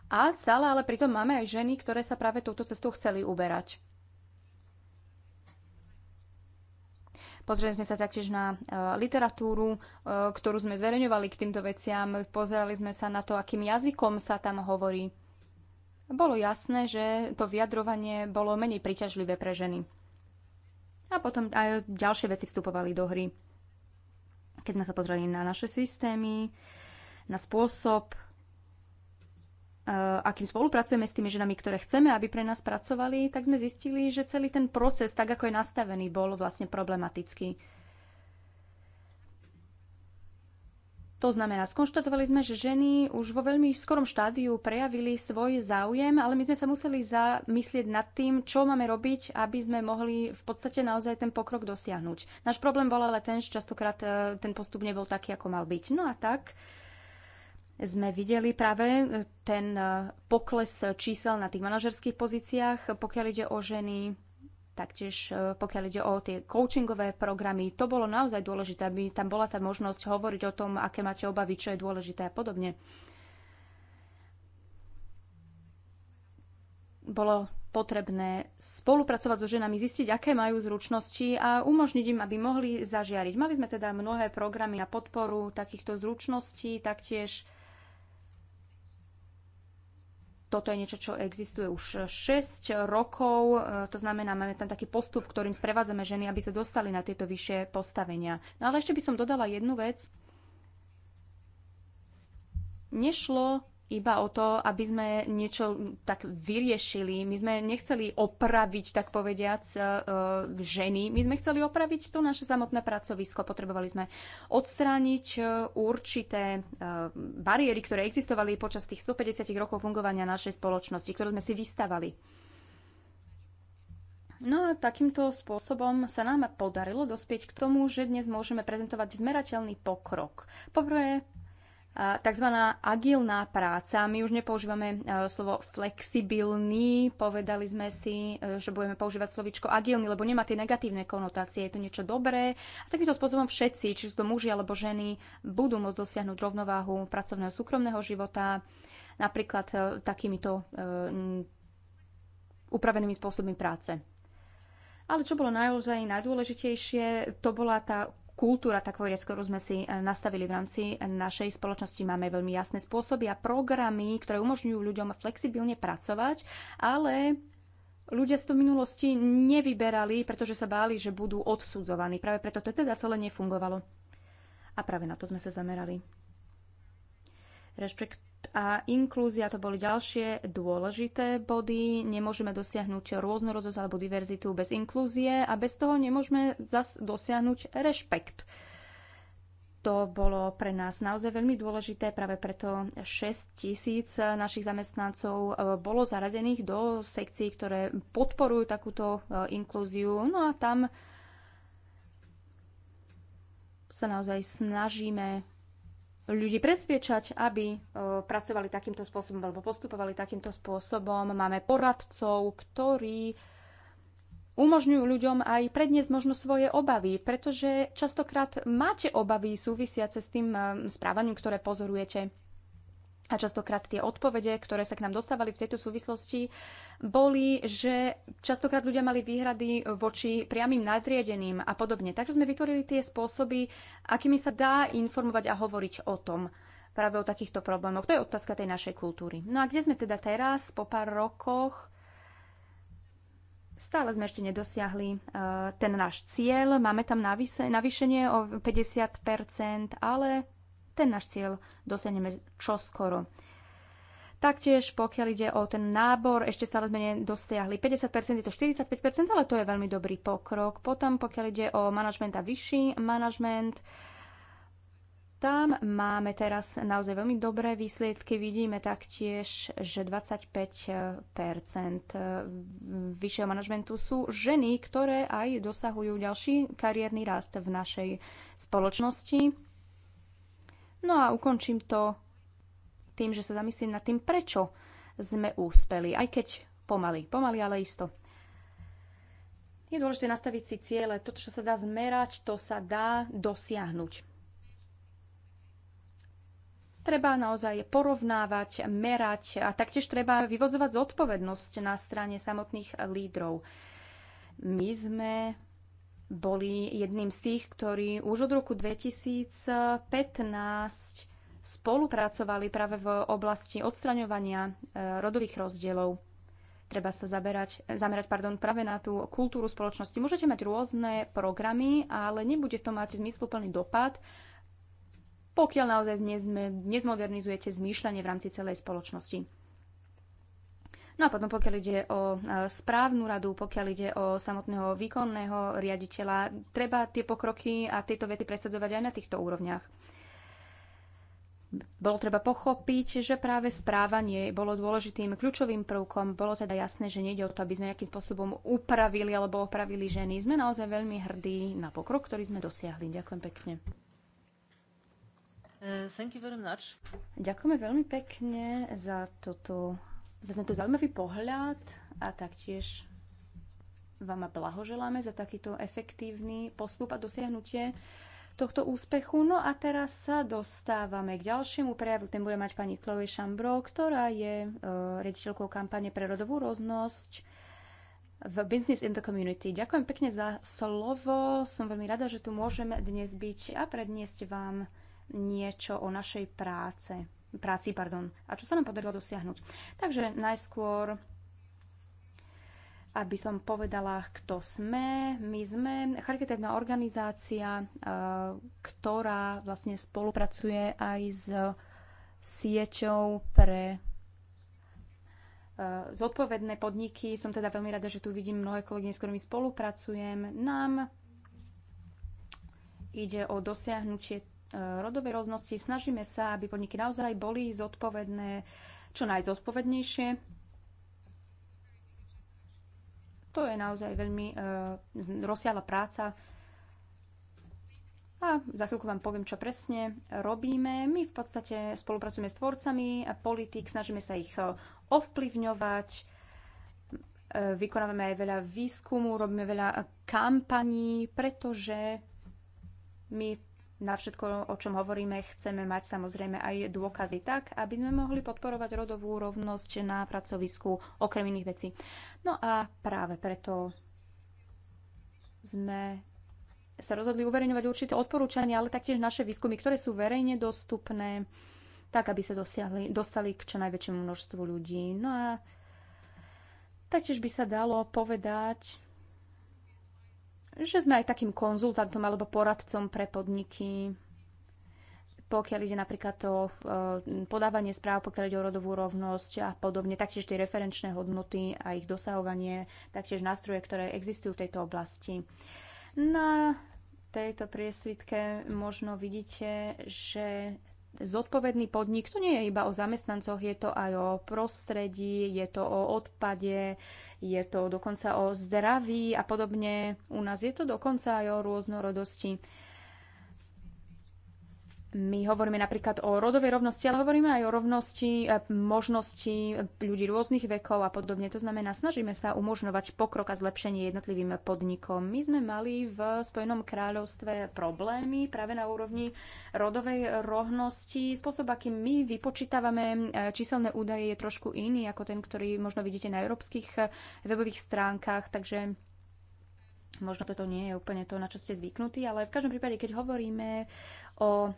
A stále ale pritom máme aj ženy, ktoré sa práve túto cestu chceli uberať. Pozreli sme sa taktiež na e, literatúru, e, ktorú sme zverejňovali k týmto veciam. Pozerali sme sa na to, akým jazykom sa tam hovorí bolo jasné, že to vyjadrovanie bolo menej príťažlivé pre ženy. A potom aj ďalšie veci vstupovali do hry. Keď sme sa pozreli na naše systémy, na spôsob, e, akým spolupracujeme s tými ženami, ktoré chceme, aby pre nás pracovali, tak sme zistili, že celý ten proces, tak ako je nastavený, bol vlastne problematický To znamená, skonštatovali sme, že ženy už vo veľmi skorom štádiu prejavili svoj záujem, ale my sme sa museli zamyslieť nad tým, čo máme robiť, aby sme mohli v podstate naozaj ten pokrok dosiahnuť. Náš problém bol ale ten, že častokrát e, ten postup nebol taký, ako mal byť. No a tak sme videli práve e, ten e, pokles čísel na tých manažerských pozíciách, pokiaľ ide o ženy, Taktiež e, pokiaľ ide o tie coachingové programy, to bolo naozaj dôležité, aby tam bola tá možnosť hovoriť o tom, aké máte obavy, čo je dôležité a podobne. Bolo potrebné spolupracovať so ženami, zistiť, aké majú zručnosti a umožniť im, aby mohli zažiariť. Mali sme teda mnohé programy na podporu takýchto zručností, taktiež toto je niečo, čo existuje už 6 rokov. E, to znamená, máme tam taký postup, ktorým sprevádzame ženy, aby sa dostali na tieto vyššie postavenia. No ale ešte by som dodala jednu vec. Nešlo iba o to, aby sme niečo tak vyriešili. My sme nechceli opraviť, tak povediac, e, e, ženy. My sme chceli opraviť to naše samotné pracovisko. Potrebovali sme odstrániť e, určité bariéry, ktoré existovali počas tých 150 rokov fungovania našej spoločnosti, ktoré sme si vystavali. No a takýmto spôsobom sa nám podarilo dospieť k tomu, že dnes môžeme prezentovať zmerateľný pokrok. Poprvé, tzv. agilná práca. My už nepoužívame e, slovo flexibilný, povedali sme si, e, že budeme používať slovičko agilný, lebo nemá tie negatívne konotácie, je to niečo dobré. A takýmto spôsobom všetci, či sú to muži alebo ženy, budú môcť dosiahnuť rovnováhu pracovného súkromného života, napríklad e, takýmito upravenými spôsobmi práce. Ale čo bolo naozaj najdôležitejšie, to bola tá kultúra, tak povedať, ktorú sme si eh, nastavili v rámci eh, našej spoločnosti. Máme veľmi jasné spôsoby a programy, ktoré umožňujú ľuďom flexibilne pracovať, ale ľudia z to v minulosti nevyberali, pretože sa báli, že budú odsudzovaní. Práve preto to teda celé nefungovalo. A práve na to sme sa zamerali. Rešpekt a inklúzia to boli ďalšie dôležité body. Nemôžeme dosiahnuť rôznorodosť alebo diverzitu bez inklúzie a bez toho nemôžeme zas dosiahnuť rešpekt. To bolo pre nás naozaj veľmi dôležité, práve preto 6 tisíc našich zamestnancov e, bolo zaradených do sekcií, ktoré podporujú takúto e, inklúziu. No a tam sa naozaj snažíme ľudí presviečať, aby e, pracovali takýmto spôsobom alebo postupovali takýmto spôsobom. Máme poradcov, ktorí umožňujú ľuďom aj predniesť možno svoje obavy, pretože častokrát máte obavy súvisiace s tým e, správaním, ktoré pozorujete a častokrát tie odpovede, ktoré sa k nám dostávali v tejto súvislosti, boli, že častokrát ľudia mali výhrady voči priamým nadriadeným a podobne. Takže sme vytvorili tie spôsoby, akými sa dá informovať a hovoriť o tom práve o takýchto problémoch. To je otázka tej našej kultúry. No a kde sme teda teraz, po pár rokoch? Stále sme ešte nedosiahli uh, ten náš cieľ. Máme tam navýšenie o 50%, ale ten náš cieľ dosiahneme čoskoro. Taktiež, pokiaľ ide o ten nábor, ešte stále sme nedosiahli 50%, je to 45%, ale to je veľmi dobrý pokrok. Potom, pokiaľ ide o manažment a vyšší manažment, tam máme teraz naozaj veľmi dobré výsledky. Vidíme taktiež, že 25% vyššieho manažmentu sú ženy, ktoré aj dosahujú ďalší kariérny rast v našej spoločnosti No a ukončím to tým, že sa zamyslím nad tým, prečo sme úspeli, aj keď pomaly, pomaly, ale isto. Je dôležité nastaviť si ciele. Toto, čo sa dá zmerať, to sa dá dosiahnuť. Treba naozaj porovnávať, merať a taktiež treba vyvodzovať zodpovednosť na strane samotných lídrov. My sme boli jedným z tých, ktorí už od roku 2015 spolupracovali práve v oblasti odstraňovania e, rodových rozdielov. Treba sa zaberať, zamerať pardon, práve na tú kultúru spoločnosti. Môžete mať rôzne programy, ale nebude to mať zmysluplný dopad, pokiaľ naozaj nezmodernizujete zmýšľanie v rámci celej spoločnosti. No a potom pokiaľ ide o e, správnu radu, pokiaľ ide o samotného výkonného riaditeľa, treba tie pokroky a tieto vety presadzovať aj na týchto úrovniach. Bolo treba pochopiť, že práve správanie bolo dôležitým kľúčovým prvkom. Bolo teda jasné, že nejde o to, aby sme nejakým spôsobom upravili alebo opravili ženy. Sme naozaj veľmi hrdí na pokrok, ktorý sme dosiahli. Ďakujem pekne. Uh, Ďakujeme veľmi pekne za toto za tento zaujímavý pohľad a taktiež vám blahoželáme za takýto efektívny postup a dosiahnutie tohto úspechu. No a teraz sa dostávame k ďalšiemu prejavu. Ten bude mať pani Chloe Chambro, ktorá je e, rediteľkou kampane pre rodovú roznosť v Business in the Community. Ďakujem pekne za slovo. Som veľmi rada, že tu môžeme dnes byť a predniesť vám niečo o našej práce práci, pardon, a čo sa nám podarilo dosiahnuť. Takže najskôr aby som povedala, kto sme. My sme charitatívna organizácia, eh, ktorá vlastne spolupracuje aj s sieťou pre eh, zodpovedné podniky. Som teda veľmi rada, že tu vidím mnohé kolegyne, s ktorými spolupracujem. Nám ide o dosiahnutie Eh, rodové roznosti. Snažíme sa, aby podniky naozaj boli zodpovedné, čo najzodpovednejšie. To je naozaj veľmi eh, rozsiahla práca, a za chvíľku vám poviem, čo presne robíme. My v podstate spolupracujeme s tvorcami a politik, snažíme sa ich eh, ovplyvňovať, vykonávame aj veľa výskumu, robíme veľa kampaní, pretože my na všetko, o čom hovoríme, chceme mať samozrejme aj dôkazy tak, aby sme mohli podporovať rodovú rovnosť na pracovisku, okrem iných vecí. No a práve preto sme sa rozhodli uverejňovať určité odporúčania, ale taktiež naše výskumy, ktoré sú verejne dostupné, tak aby sa dosiahli, dostali k čo najväčšiemu množstvu ľudí. No a taktiež by sa dalo povedať, že sme aj takým konzultantom alebo poradcom pre podniky, pokiaľ ide napríklad o e, podávanie správ, pokiaľ ide o rodovú rovnosť a podobne, taktiež tie referenčné hodnoty a ich dosahovanie, taktiež nástroje, ktoré existujú v tejto oblasti. Na tejto priesvitke možno vidíte, že zodpovedný podnik, to nie je iba o zamestnancoch, je to aj o prostredí, je to o odpade, je to dokonca o zdraví a podobne. U nás je to dokonca aj o rôznorodosti my hovoríme napríklad o rodovej rovnosti, ale hovoríme aj o rovnosti e, možností ľudí rôznych vekov a podobne. To znamená, snažíme sa umožňovať pokrok a zlepšenie jednotlivým podnikom. My sme mali v Spojenom kráľovstve problémy práve na úrovni rodovej rovnosti. Spôsob, akým my vypočítavame e, číselné údaje, je trošku iný ako ten, ktorý možno vidíte na európskych e, webových stránkach. Takže možno toto nie je úplne to, na čo ste zvyknutí, ale v každom prípade, keď hovoríme o e,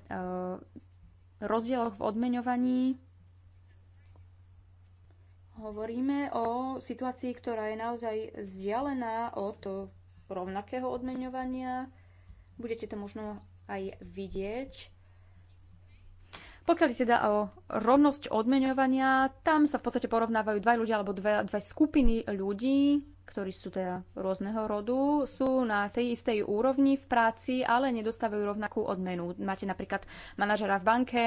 rozdieloch v odmeňovaní. Hovoríme o situácii, ktorá je naozaj vzdialená od rovnakého odmeňovania. Budete to možno aj vidieť. Pokiaľ teda o rovnosť odmeňovania, tam sa v podstate porovnávajú dva ľudia alebo dve, dve skupiny ľudí ktorí sú teda rôzneho rodu, sú na tej istej úrovni v práci, ale nedostávajú rovnakú odmenu. Máte napríklad manažera v banke,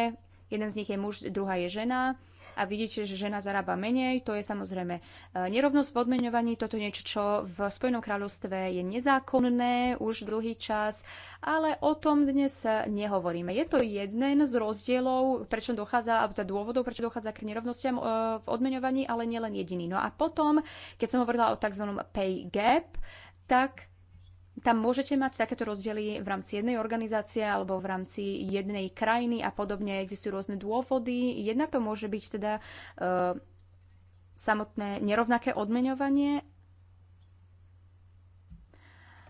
jeden z nich je muž, druhá je žena a vidíte, že žena zarába menej, to je samozrejme e, nerovnosť v odmeňovaní, toto niečo, čo v Spojenom kráľovstve je nezákonné už dlhý čas, ale o tom dnes nehovoríme. Je to jeden z rozdielov, prečo dochádza, alebo teda dôvodov, prečo dochádza k nerovnostiam e, v odmeňovaní, ale nielen jediný. No a potom, keď som hovorila o tzv. pay gap, tak tam môžete mať takéto rozdiely v rámci jednej organizácie alebo v rámci jednej krajiny a podobne. Existujú rôzne dôvody. Jednak to môže byť teda e, samotné nerovnaké odmeňovanie,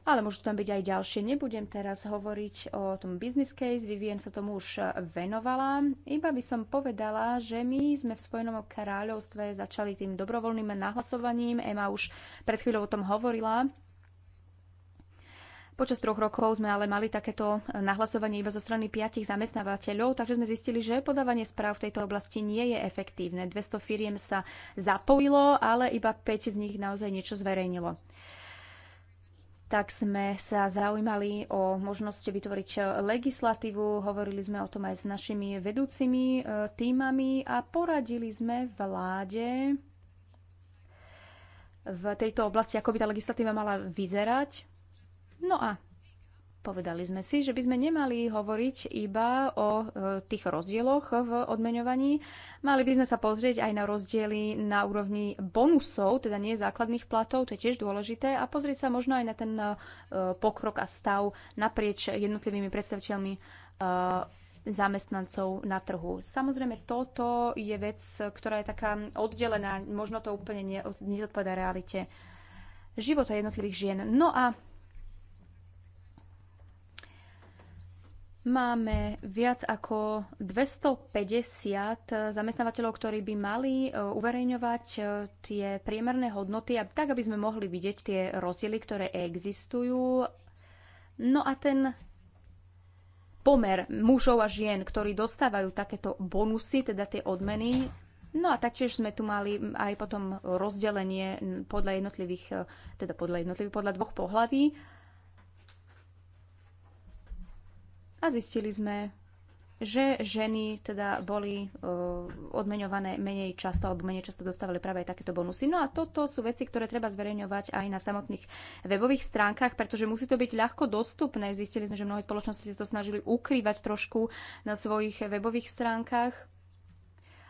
ale môžu tam byť aj ďalšie. Nebudem teraz hovoriť o tom business case, Vivien sa tomu už venovala. Iba by som povedala, že my sme v Spojenom kráľovstve začali tým dobrovoľným nahlasovaním. Ema už pred chvíľou o tom hovorila Počas troch rokov sme ale mali takéto nahlasovanie iba zo strany piatich zamestnávateľov, takže sme zistili, že podávanie správ v tejto oblasti nie je efektívne. 200 firiem sa zapojilo, ale iba 5 z nich naozaj niečo zverejnilo tak sme sa zaujímali o možnosti vytvoriť legislatívu, hovorili sme o tom aj s našimi vedúcimi e, týmami a poradili sme vláde v tejto oblasti, ako by tá legislatíva mala vyzerať. No a povedali sme si, že by sme nemali hovoriť iba o e, tých rozdieloch v odmeňovaní. Mali by sme sa pozrieť aj na rozdiely na úrovni bonusov, teda nie základných platov, to je tiež dôležité, a pozrieť sa možno aj na ten e, pokrok a stav naprieč jednotlivými predstaviteľmi e, zamestnancov na trhu. Samozrejme, toto je vec, ktorá je taká oddelená, možno to úplne nezodpovedá realite života jednotlivých žien. No a Máme viac ako 250 zamestnávateľov, ktorí by mali e, uverejňovať e, tie priemerné hodnoty, tak aby sme mohli vidieť tie rozdiely, ktoré existujú. No a ten pomer mužov a žien, ktorí dostávajú takéto bonusy, teda tie odmeny, No a taktiež sme tu mali aj potom rozdelenie podľa jednotlivých, e, teda podľa jednotlivých, podľa dvoch pohlaví. a zistili sme, že ženy teda boli e, odmeňované menej často alebo menej často dostávali práve aj takéto bonusy. No a toto sú veci, ktoré treba zverejňovať aj na samotných webových stránkach, pretože musí to byť ľahko dostupné. Zistili sme, že mnohé spoločnosti sa to snažili ukrývať trošku na svojich webových stránkach.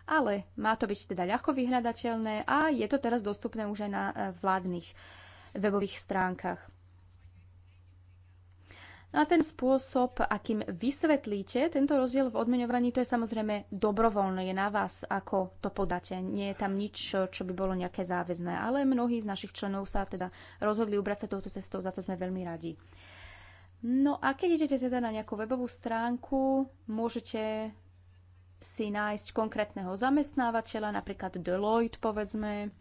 Ale má to byť teda ľahko vyhľadateľné a je to teraz dostupné už aj na e, vládnych webových stránkach. No a ten spôsob, akým vysvetlíte tento rozdiel v odmeňovaní, to je samozrejme dobrovoľné, je na vás, ako to podáte. Nie je tam nič, čo by bolo nejaké záväzné, ale mnohí z našich členov sa teda rozhodli ubrať sa touto cestou, za to sme veľmi radi. No a keď idete teda na nejakú webovú stránku, môžete si nájsť konkrétneho zamestnávateľa, napríklad Deloitte povedzme,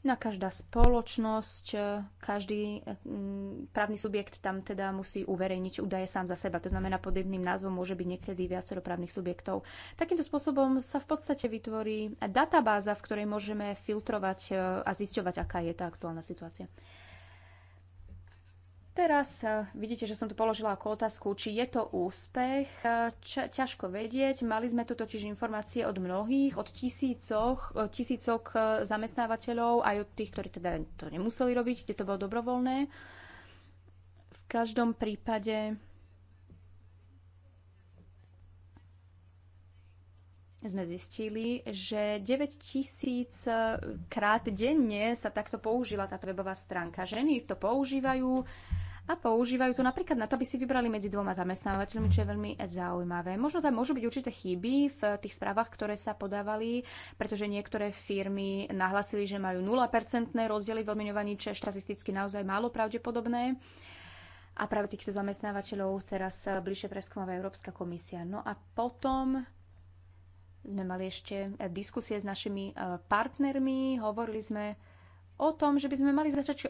No každá spoločnosť, každý mm, právny subjekt tam teda musí uverejniť údaje sám za seba. To znamená, pod jedným názvom môže byť niekedy viacero právnych subjektov. Takýmto spôsobom sa v podstate vytvorí databáza, v ktorej môžeme filtrovať e, a zisťovať, aká je tá aktuálna situácia. Teraz eh, vidíte, že som tu položila ako otázku, či je to úspech. Ča, eh, ťažko vedieť. Mali sme tu totiž informácie od mnohých, od tisícoch, eh, tisícok zamestnávateľov, aj od tých, ktorí teda to nemuseli robiť, kde to bolo dobrovoľné. V každom prípade sme zistili, že 9 tisíc krát denne sa takto použila táto webová stránka. Ženy to používajú a používajú to napríklad na to, aby si vybrali medzi dvoma zamestnávateľmi, čo je veľmi zaujímavé. Možno tam môžu byť určité chyby v tých správach, ktoré sa podávali, pretože niektoré firmy nahlasili, že majú 0% rozdiely v odmiňovaní, čo je štatisticky naozaj málo pravdepodobné. A práve týchto zamestnávateľov teraz bližšie preskúmava Európska komisia. No a potom sme mali ešte eh, diskusie s našimi eh, partnermi, hovorili sme o tom, že by sme mali začať eh,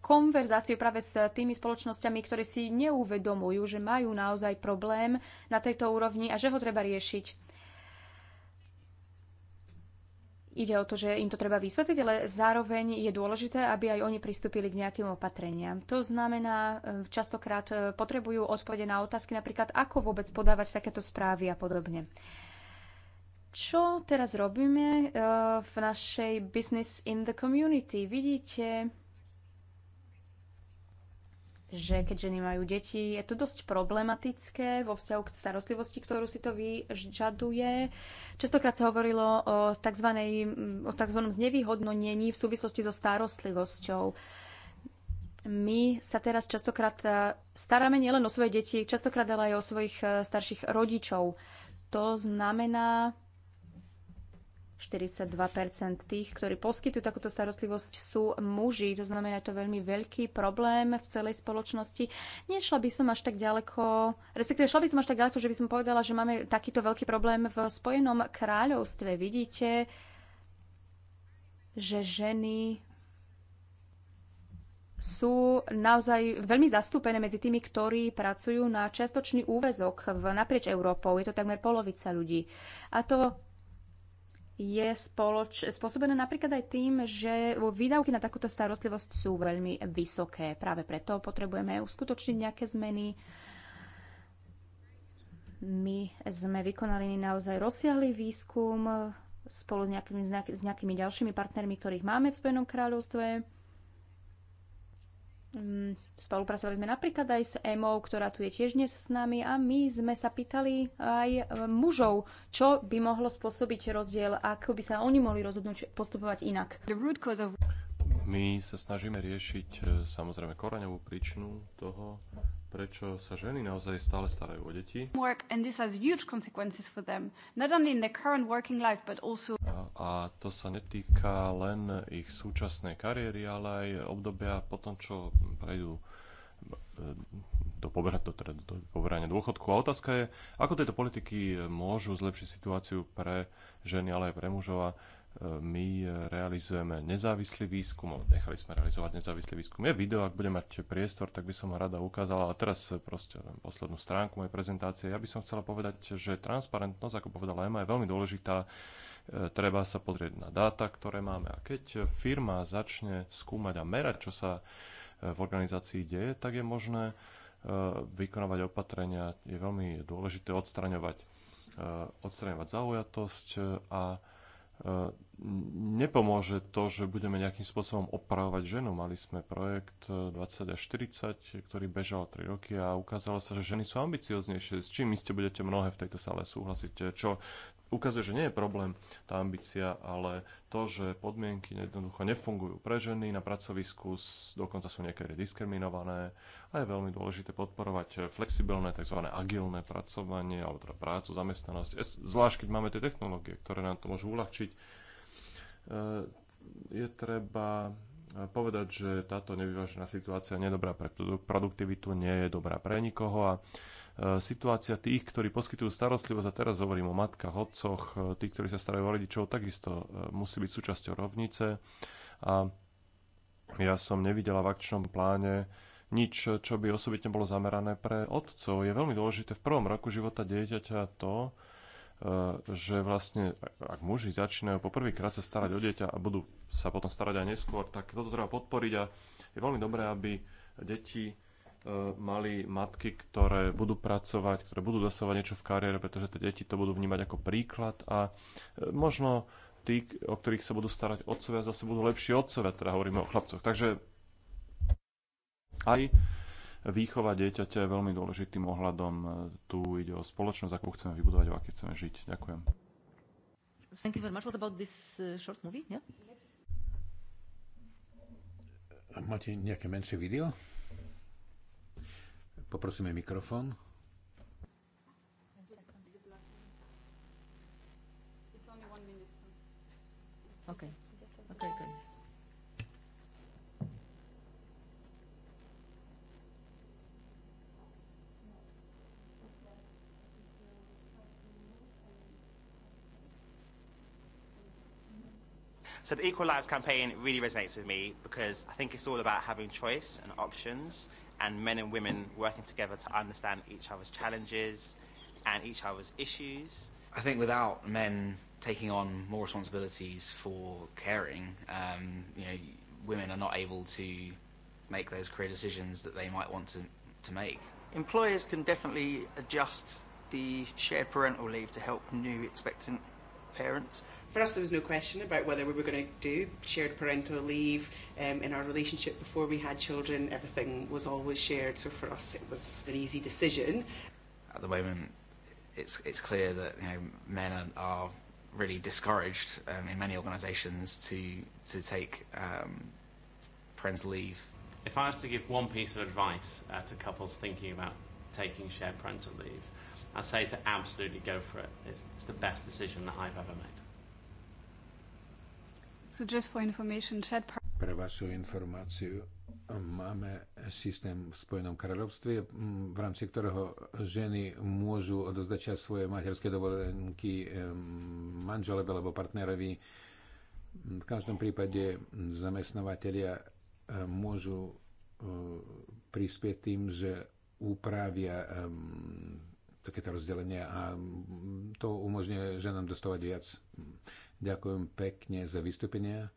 konverzáciu práve s tými spoločnosťami, ktoré si neuvedomujú, že majú naozaj problém na tejto úrovni a že ho treba riešiť. Ide o to, že im to treba vysvetliť, ale zároveň je dôležité, aby aj oni pristúpili k nejakým opatreniam. To znamená, častokrát potrebujú odpovede na otázky, napríklad ako vôbec podávať takéto správy a podobne. Uh, čo teraz robíme eh, v našej Business in the Community? Vidíte, že keďže nemajú deti, je to dosť problematické vo vzťahu k starostlivosti, ktorú si to vyžaduje. Častokrát sa hovorilo o tzv. O tzv. znevýhodnení v súvislosti so starostlivosťou. My sa teraz častokrát eh, staráme nielen o svoje deti, častokrát ale aj o svojich eh, starších rodičov. To znamená, 42 tých, ktorí poskytujú takúto starostlivosť, sú muži. To znamená, to veľmi veľký problém v celej spoločnosti. Nešla by som až tak ďaleko, respektíve šla by som až tak ďaleko, že by som povedala, že máme takýto veľký problém v Spojenom kráľovstve. Vidíte, že ženy sú naozaj veľmi zastúpené medzi tými, ktorí pracujú na čiastočný úvezok v, naprieč Európou. Je to takmer polovica ľudí. A to je spoloč, spôsobené napríklad aj tým, že výdavky na takúto starostlivosť sú veľmi vysoké. Práve preto potrebujeme uskutočniť nejaké zmeny. My sme vykonali naozaj rozsiahly výskum spolu s nejakými, s nejakými ďalšími partnermi, ktorých máme v Spojenom kráľovstve Mm, spolupracovali sme napríklad aj s Emou, ktorá tu je tiež dnes s nami a my sme sa pýtali aj e, mužov, čo by mohlo spôsobiť rozdiel, ako by sa oni mohli rozhodnúť postupovať inak. My sa snažíme riešiť e, samozrejme koreňovú príčinu toho, prečo sa ženy naozaj stále starajú o deti. A to sa netýka len ich súčasnej kariéry, ale aj obdobia po tom, čo prejdú e, do, pobera, do, teda do poberania dôchodku. A otázka je, ako tieto politiky e, môžu zlepšiť situáciu pre ženy, ale aj pre mužov my realizujeme nezávislý výskum, nechali sme realizovať nezávislý výskum. Je video, ak bude mať priestor, tak by som ho rada ukázala. A teraz eh, proste len poslednú stránku mojej prezentácie. Ja by som chcela povedať, že transparentnosť, ako povedala Ema, je veľmi dôležitá. Eh, treba sa pozrieť na dáta, ktoré máme. A keď firma začne skúmať a merať, čo sa eh, v organizácii deje, tak je možné vykonávať opatrenia. Je veľmi dôležité odstraňovať, odstraňovať zaujatosť a Ehm, nepomôže to, že budeme nejakým spôsobom opravovať ženu. Mali sme projekt 20 eh, až 40, ktorý bežal 3 roky a ukázalo sa, že ženy sú ambicioznejšie, s čím iste budete mnohé v tejto sále súhlasiť, čo ukazuje, že nie je problém tá ambícia, ale to, že podmienky jednoducho nefungujú pre ženy na pracovisku, dokonca sú niekedy diskriminované, a je veľmi dôležité podporovať eh, flexibilné, tzv. agilné pracovanie, alebo teda prácu, zamestnanosť, zvlášť keď máme tie technológie, ktoré nám to môžu uľahčiť. Eh, je treba eh, povedať, že táto nevyvážená situácia nie je dobrá pre produktivitu, nie je dobrá pre nikoho a situácia tých, ktorí poskytujú starostlivosť, a teraz hovorím o matkách, otcoch, tých, ktorí sa starajú o rodičov, takisto musí byť súčasťou rovnice. A ja som nevidela v akčnom pláne nič, čo by osobitne bolo zamerané pre otcov. Je veľmi dôležité v prvom roku života dieťaťa to, e, že vlastne ak muži začínajú poprvýkrát sa starať o dieťa a budú sa potom starať aj neskôr, tak toto treba podporiť a je veľmi dobré, aby deti e, mali matky, ktoré budú pracovať, ktoré budú dosávať niečo v kariére, pretože tie deti to budú vnímať ako príklad a e, možno tí, o ktorých sa budú starať otcovia, zase budú lepší otcovia, teda hovoríme o chlapcoch. Takže aj výchova dieťaťa je veľmi dôležitým ohľadom. Tu ide o spoločnosť, ako chceme vybudovať, o aké chceme žiť. Ďakujem. Thank you very much. What about this uh, short movie? Yeah? Máte nejaké menšie video? Poprosíme mikrofón. Okay. So the Equal Lives campaign really resonates with me because I think it's all about having choice and options and men and women working together to understand each other's challenges and each other's issues. I think without men taking on more responsibilities for caring, um, you know, women are not able to make those career decisions that they might want to, to make. Employers can definitely adjust the shared parental leave to help new expectant parents for us, there was no question about whether we were going to do shared parental leave um, in our relationship before we had children. Everything was always shared, so for us, it was an easy decision. At the moment, it's it's clear that you know, men are, really discouraged um, in many organisations to to take um, parental leave. If I was to give one piece of advice uh, to couples thinking about taking shared parental leave, I'd say to absolutely go for it. It's, it's the best decision that I've ever made. So just for information, Chad... Pre vašu informáciu, máme systém v Spojenom kráľovstve, v rámci ktorého ženy môžu odozdať čas svoje materské dovolenky manžele alebo partnerovi. V každom prípade zamestnovateľia môžu prispieť tým, že upravia takéto rozdelenie a to umožňuje ženám dostávať viac Ďakujem pekne za vystúpenia.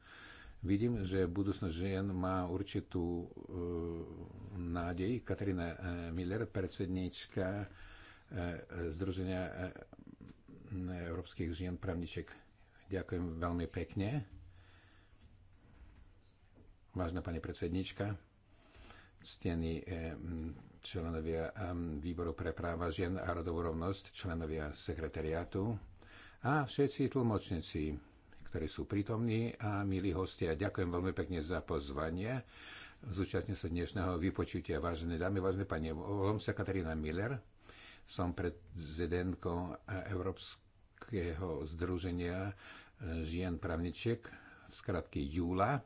Vidím, že budúcnosť žien má určitú e, nádej. Katarína e, Miller, predsednička e, Združenia e, európskych žien právniček. Ďakujem veľmi pekne. Vážna pani predsednička, ctení e, členovia e, výboru pre práva žien a rodovú rovnosť, členovia sekretariátu, a všetci tlmočníci, ktorí sú prítomní a milí hostia. Ďakujem veľmi pekne za pozvanie. Zúčastnil sa dnešného vypočutia vážené dámy, vážené pani. Volám sa Katarína Miller, som prezidentkou Európskeho združenia žien pravničiek, v skratke Júla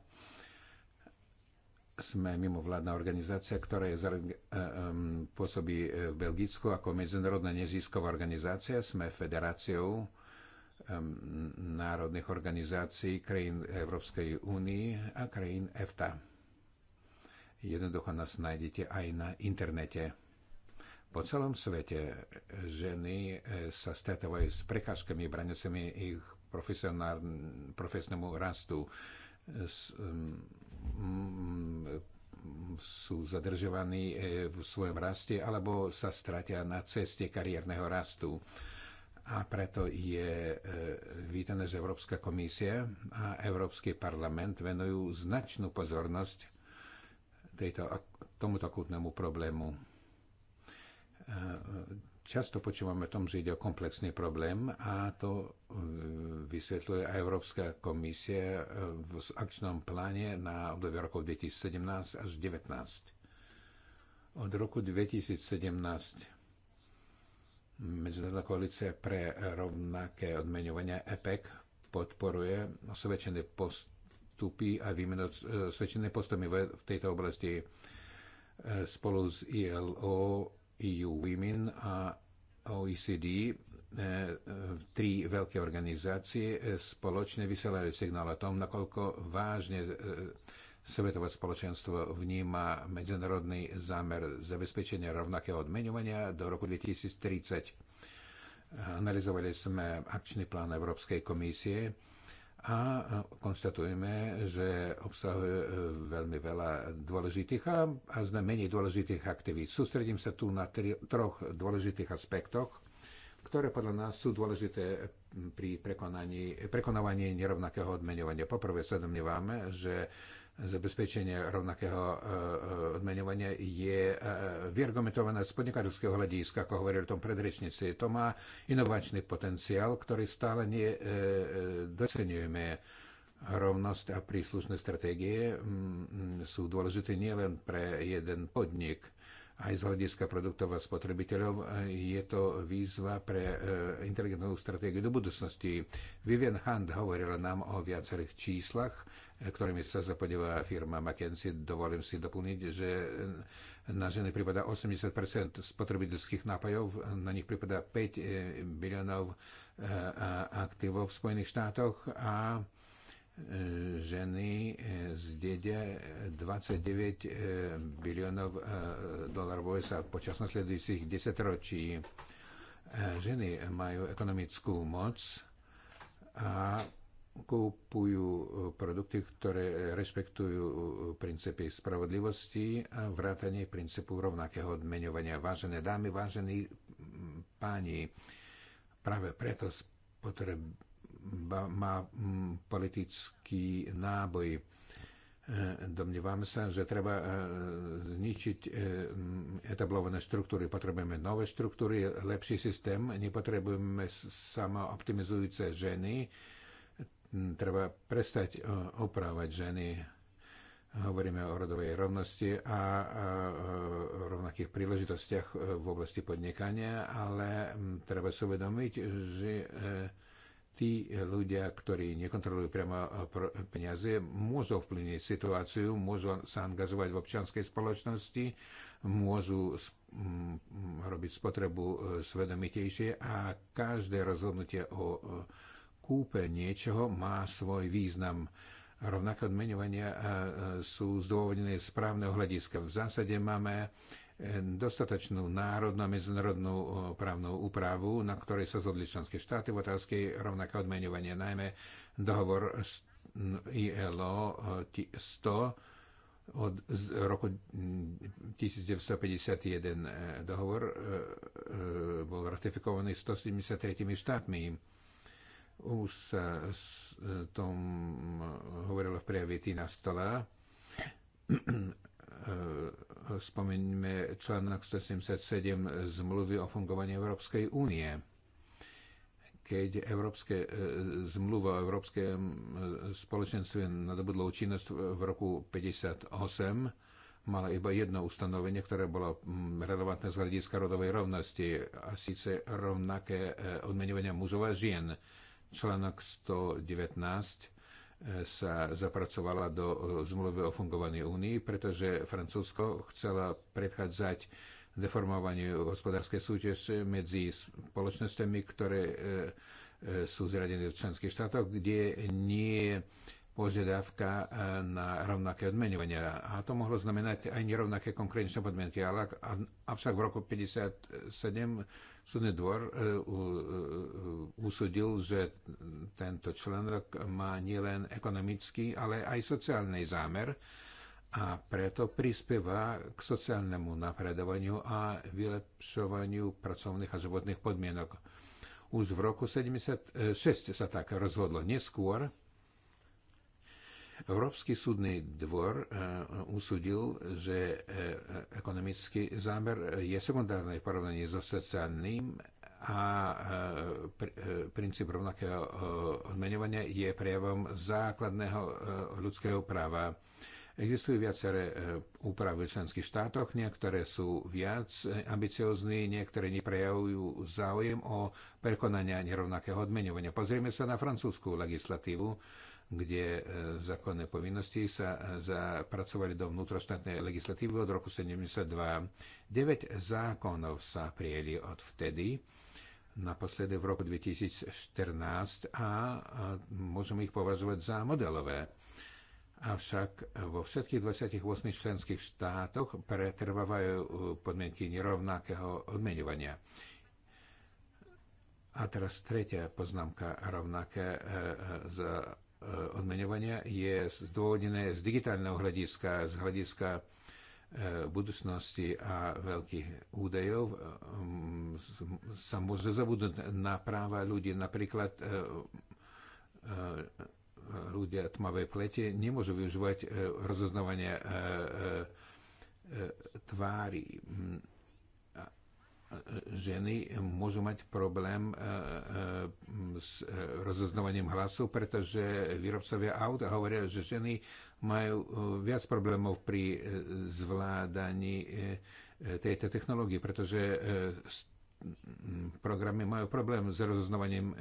sme mimovládna organizácia, ktorá je, e, e, pôsobí v Belgicku ako medzinárodná nezisková organizácia. Sme federáciou národných organizácií krajín Európskej únie a krajín EFTA. Jednoducho nás nájdete aj na internete. Po celom svete ženy eh, sa stretávajú s prekážkami branicami ich profesionálnemu rastu. S, sú zadržovaní eh, v svojom raste alebo sa stratia na ceste kariérneho rastu. A preto je e, vítané, že Európska komisia a Európsky parlament venujú značnú pozornosť tejto, tomuto akutnému problému. E, často počúvame o tom, že ide o komplexný problém a to vysvetľuje aj Európska komisia e, v akčnom pláne na obdobie rokov 2017 až 2019. Od roku 2017 Medzinárodná koalícia pre rovnaké odmeňovania EPEC podporuje osvedčené postupy a výmenu osvedčené postupy v tejto oblasti e, spolu s ILO, EU Women a OECD e, tri veľké organizácie e, spoločne vysielajú signál o tom, nakoľko vážne Svetové spoločenstvo vníma medzinárodný zámer zabezpečenia rovnakého odmenovania do roku 2030. Analizovali sme akčný plán Európskej komisie a konštatujeme, že obsahuje veľmi veľa dôležitých a, a zna menej dôležitých aktivít. Sústredím sa tu na tri, troch dôležitých aspektoch, ktoré podľa nás sú dôležité pri prekonaní, prekonávaní nerovnakého odmenovania. Poprvé sa domnívame, že zabezpečenie rovnakého e, e, odmenovania je e, vyargumentované z podnikateľského hľadiska, ako hovorili o tom predrečníci. To má inovačný potenciál, ktorý stále nie docenujeme. Rovnosť a príslušné stratégie mm, sú dôležité nielen pre jeden podnik, aj z hľadiska produktov a spotrebiteľov je to výzva pre inteligentnú stratégiu do budúcnosti. Vivian Hunt hovorila nám o viacerých číslach, ktorými sa zapodieva firma McKenzie. Dovolím si doplniť, že na ženy prípada 80 spotrebiteľských nápojov, na nich prípada 5 e, miliónov e, aktívov v Spojených štátoch a e, ženy dede 29 biliónov dolarov USA počas nasledujúcich 10 ročí. Ženy majú ekonomickú moc a kúpujú e, produkty, ktoré rešpektujú e, princípy spravodlivosti a vrátanie princípu rovnakého odmeňovania. Vážené dámy, vážení páni, práve preto potreba má politický náboj. E, Domnívam sa, že treba zničiť etablované štruktúry. Potrebujeme nové štruktúry, lepší systém, nepotrebujeme samooptimizujúce ženy, Hm, treba prestať e, oprávať ženy. Hovoríme o rodovej rovnosti a e, rovnakých príležitostiach e, v oblasti podnikania, ale hm, treba si uvedomiť, že tí ľudia, ktorí nekontrolujú priamo peniaze, môžu ovplyvniť situáciu, môžu sa angažovať v občianskej spoločnosti, môžu hm, robiť spotrebu svedomitejšie a každé rozhodnutie o kúpe niečoho má svoj význam. Rovnaké odmenovania e, e, sú zdôvodnené z právneho hľadiska. V zásade máme e, dostatočnú národnú a medzinárodnú právnu úpravu, na ktorej sa zhodli členské štáty v otázke rovnaké odmenovania, najmä dohovor ILO 100 od roku 1951 dohovor bol ratifikovaný 173 štátmi už sa e, tom e, hovorilo v prejave Tina Stola. E, spomeňme článok 177 zmluvy o fungovaní Európskej únie keď Európske, zmluva o Európskom spoločenstve nadobudla účinnosť v roku 1958 mala iba jedno ustanovenie, ktoré bolo mm, relevantné z hľadiska rodovej rovnosti, a síce rovnaké odmenovania mužov a žien článok 119 e, sa zapracovala do e, zmluvy o fungovaní únii, pretože Francúzsko chcela predchádzať deformovaniu hospodárskej súťaže medzi spoločnosťami, ktoré e, sú zradené v členských štátoch, kde nie je požiadavka na rovnaké odmenovania. A to mohlo znamenať aj nerovnaké konkurenčné podmienky. Ale, avšak v roku 1957 Súdny dvor e, e, e, usudil, že tento členok má nielen ekonomický, ale aj sociálny zámer a preto prispieva k sociálnemu napredovaniu a vylepšovaniu pracovných a životných podmienok. Už v roku 1976 sa tak rozhodlo neskôr, Európsky súdny dvor eh, usudil, že eh, ekonomický zámer je sekundárny v porovnaní so sociálnym a eh, princíp rovnakého odmenovania je prejavom základného ľudského práva. Existujú viaceré úpravy v členských štátoch, niektoré sú viac ambiciozní, niektoré neprejavujú záujem o prekonania nerovnakého odmenovania. Pozrieme sa na francúzskú legislatívu kde e, zákonné povinnosti sa e, zapracovali do vnútroštátnej legislatívy od roku 72. 9 zákonov sa prijeli od vtedy, naposledy v roku 2014 a môžeme ich považovať za modelové. Avšak vo všetkých 28 členských štátoch pretrvávajú e, podmienky nerovnakého odmeňovania. A teraz tretia poznámka rovnaké za Eh, odmeňovania je zdôvodnené z digitálneho hľadiska, z hľadiska eh, budúcnosti a veľkých údajov eh, sa môže zabudnúť na práva ľudí. Napríklad ľudia tmavé plete nemôžu využívať rozoznávania tvári ženy môžu mať problém e, e, s e, rozoznovaním hlasu, pretože výrobcovia aut hovoria, že ženy majú viac problémov pri zvládaní tejto technológie, pretože programy majú problém s rozoznovaním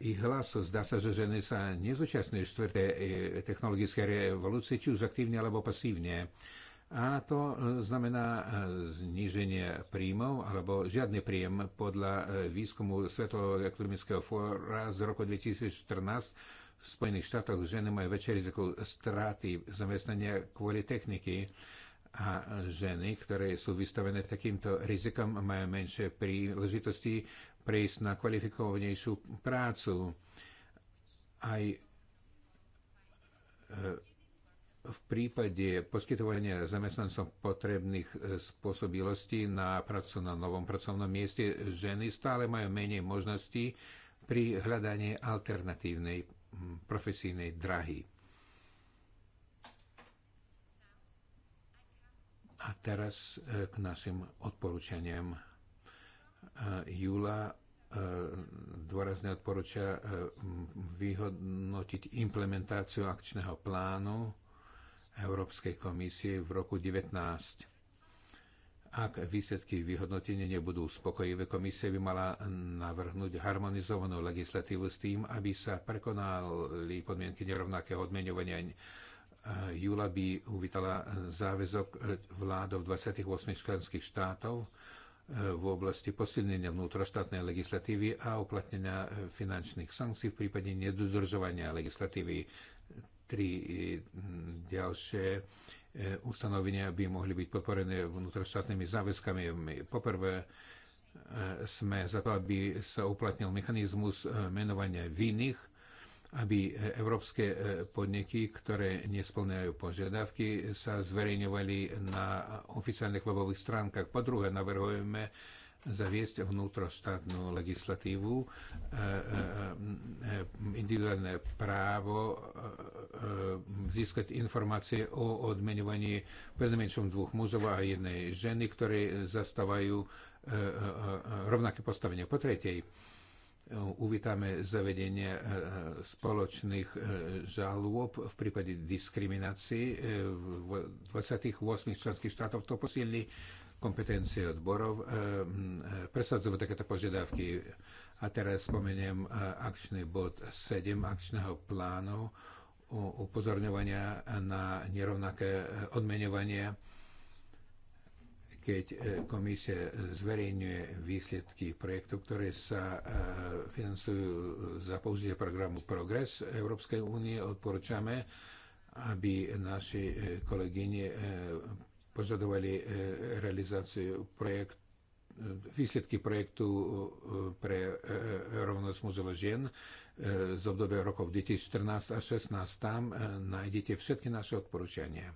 ich hlasu. Zdá sa, že ženy sa nezúčastňujú štvrtej technologické revolúcie, či už aktívne alebo pasívne a to e, znamená e, zníženie príjmov alebo žiadny príjem podľa e, výskumu Svetového ekonomického fóra z roku 2014 v Spojených štátoch ženy majú väčšie riziko straty zamestnania kvôli techniky a ženy, ktoré sú vystavené takýmto rizikom, majú menšie príležitosti prejsť na kvalifikovanejšiu prácu. Aj v prípade poskytovania zamestnancom potrebných e, spôsobilostí na prácu na novom pracovnom mieste ženy stále majú menej možností pri hľadaní alternatívnej profesijnej drahy. A teraz e, k našim odporúčaniam. E, Júla dôrazne odporúča vyhodnotiť implementáciu akčného plánu Európskej komisie v roku 19. Ak výsledky vyhodnotenia nebudú spokojivé, komisia by mala navrhnúť harmonizovanú legislatívu s tým, aby sa prekonali podmienky nerovnakého odmeňovania. Júla by uvítala záväzok vládov 28 členských štátov eh, v oblasti posilnenia vnútroštátnej legislatívy a uplatnenia finančných sankcií v prípade nedodržovania legislatívy tri e, ďalšie e, ustanovenia by mohli byť podporené vnútroštátnymi záväzkami. Poprvé e, sme za to, aby sa uplatnil mechanizmus menovania vinných, aby európske podniky, ktoré nesplňajú požiadavky, sa zverejňovali na oficiálnych webových stránkach. Po druhé, navrhujeme zaviesť vnútroštátnu legislatívu, e, e, e, individuálne právo získať informácie o odmenovaní predmenšom dvoch mužov a jednej ženy, ktoré zastávajú rovnaké postavenie. Po tretej, uvítame zavedenie spoločných žalôb v prípade diskriminácií. v 28 členských štátov. To posilní kompetencie odborov eh, hm, presadzovať takéto požiadavky. A teraz spomeniem eh, akčný bod 7 akčného plánu upozorňovania na nerovnaké eh, odmenovanie, keď komisia zverejňuje výsledky projektu, ktoré sa financujú za použitie programu Progress Európskej únie, odporúčame, aby naši kolegyne požadovali e, realizáciu projekt, výsledky projektu e, pre e, rovnosť mužov a žien z obdobia rokov 2014 a 2016. Tam nájdete všetky naše odporúčania.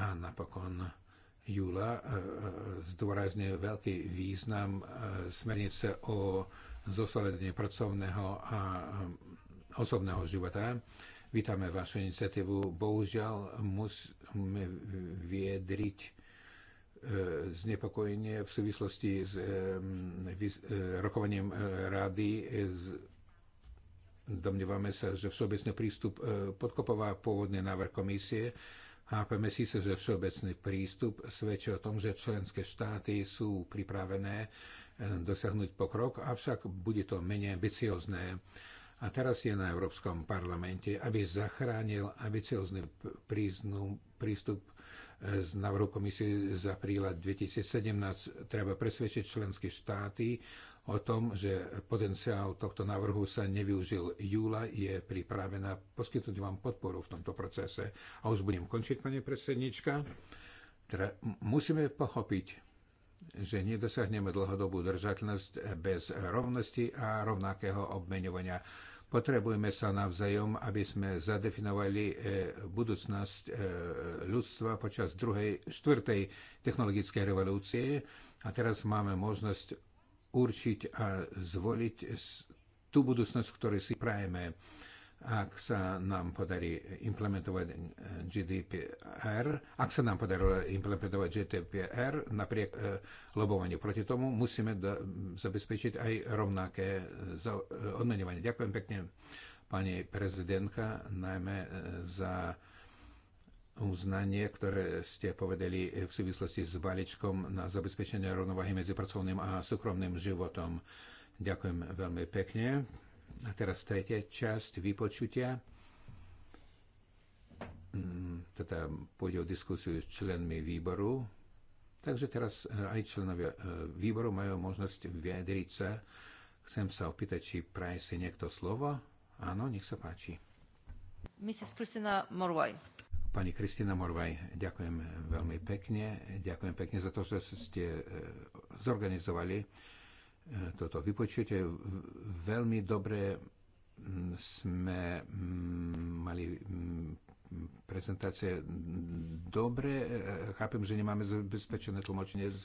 A napokon Júla zdôrazňuje veľký význam smernice o zosledení pracovného a osobného života Vítame vašu iniciatívu. Bohužiaľ, musíme viedriť e, znepokojenie v súvislosti s e, e, rokovaním rady. Domnievame sa, že všeobecný prístup podkopová pôvodný návrh komisie. Chápeme sa, že všeobecný prístup svedčí o tom, že členské štáty sú pripravené dosiahnuť pokrok, avšak bude to menej ambiciozné a teraz je na Európskom parlamente, aby zachránil ambiciózny prístup e, z návrhu komisie z apríla 2017. Treba presvedčiť členské štáty o tom, že potenciál tohto návrhu sa nevyužil. Júla je pripravená poskytnúť vám podporu v tomto procese. A už budem končiť, pani predsednička. Teda musíme pochopiť, že nedosiahneme dlhodobú držateľnosť bez rovnosti a rovnakého obmeňovania. Potrebujeme sa navzájom, aby sme zadefinovali e, budúcnosť e, ľudstva počas druhej, štvrtej technologickej revolúcie a teraz máme možnosť určiť a zvoliť tú budúcnosť, ktorú si prajeme ak sa nám podarí implementovať GDPR, ak sa nám podarilo implementovať GDPR napriek e, lobovaniu proti tomu, musíme do, zabezpečiť aj rovnaké za, e, odmenovanie. Ďakujem pekne pani prezidentka, najmä e, za uznanie, ktoré ste povedali v súvislosti s balíčkom na zabezpečenie rovnováhy medzi pracovným a súkromným životom. Ďakujem veľmi pekne. A teraz tretia časť vypočutia. Mm, teda pôjde o diskusiu s členmi výboru. Takže teraz e, aj členovia e, výboru majú možnosť vyjadriť sa. Chcem sa opýtať, či praje si niekto slovo. Áno, nech sa páči. Mrs. Kristina Morvaj. Pani Kristina Morvaj, ďakujem veľmi pekne. Ďakujem pekne za to, že ste e, zorganizovali E, toto vypočujete. Veľmi dobre sme mali prezentácie dobre. E, chápem, že nemáme zabezpečené tlmočenie z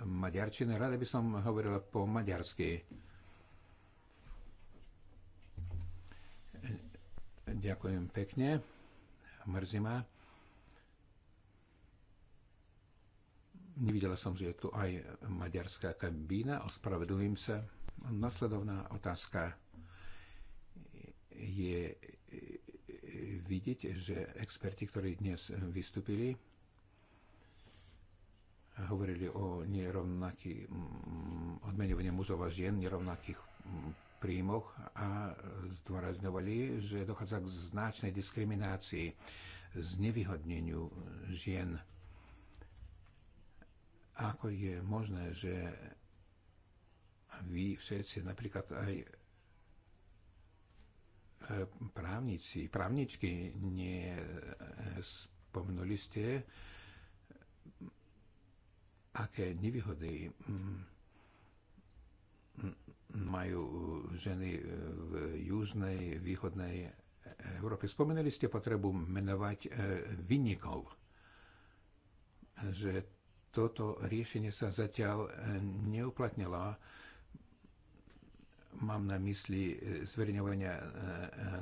maďarčiny. Rada by som hovorila po maďarsky. E, ďakujem pekne. Mrzí ma. Nevidela som, že je tu aj maďarská kabína, ospravedlňujem sa. Nasledovná otázka je vidieť, že experti, ktorí dnes vystúpili, hovorili o nerovnakých mm, odmenovaní mužov a žien, nerovnakých mm, príjmoch a zdôrazňovali, že dochádza k značnej diskriminácii, znevýhodneniu žien ako je možné, že vy všetci, napríklad aj e, právnici, právničky nespomenuli ste, aké nevýhody mm, mm, majú ženy v južnej, východnej Európe. Spomenuli ste potrebu menovať e, vynikov, že toto riešenie sa zatiaľ eh, neuplatnilo. Mám na mysli eh, zverejňovania eh,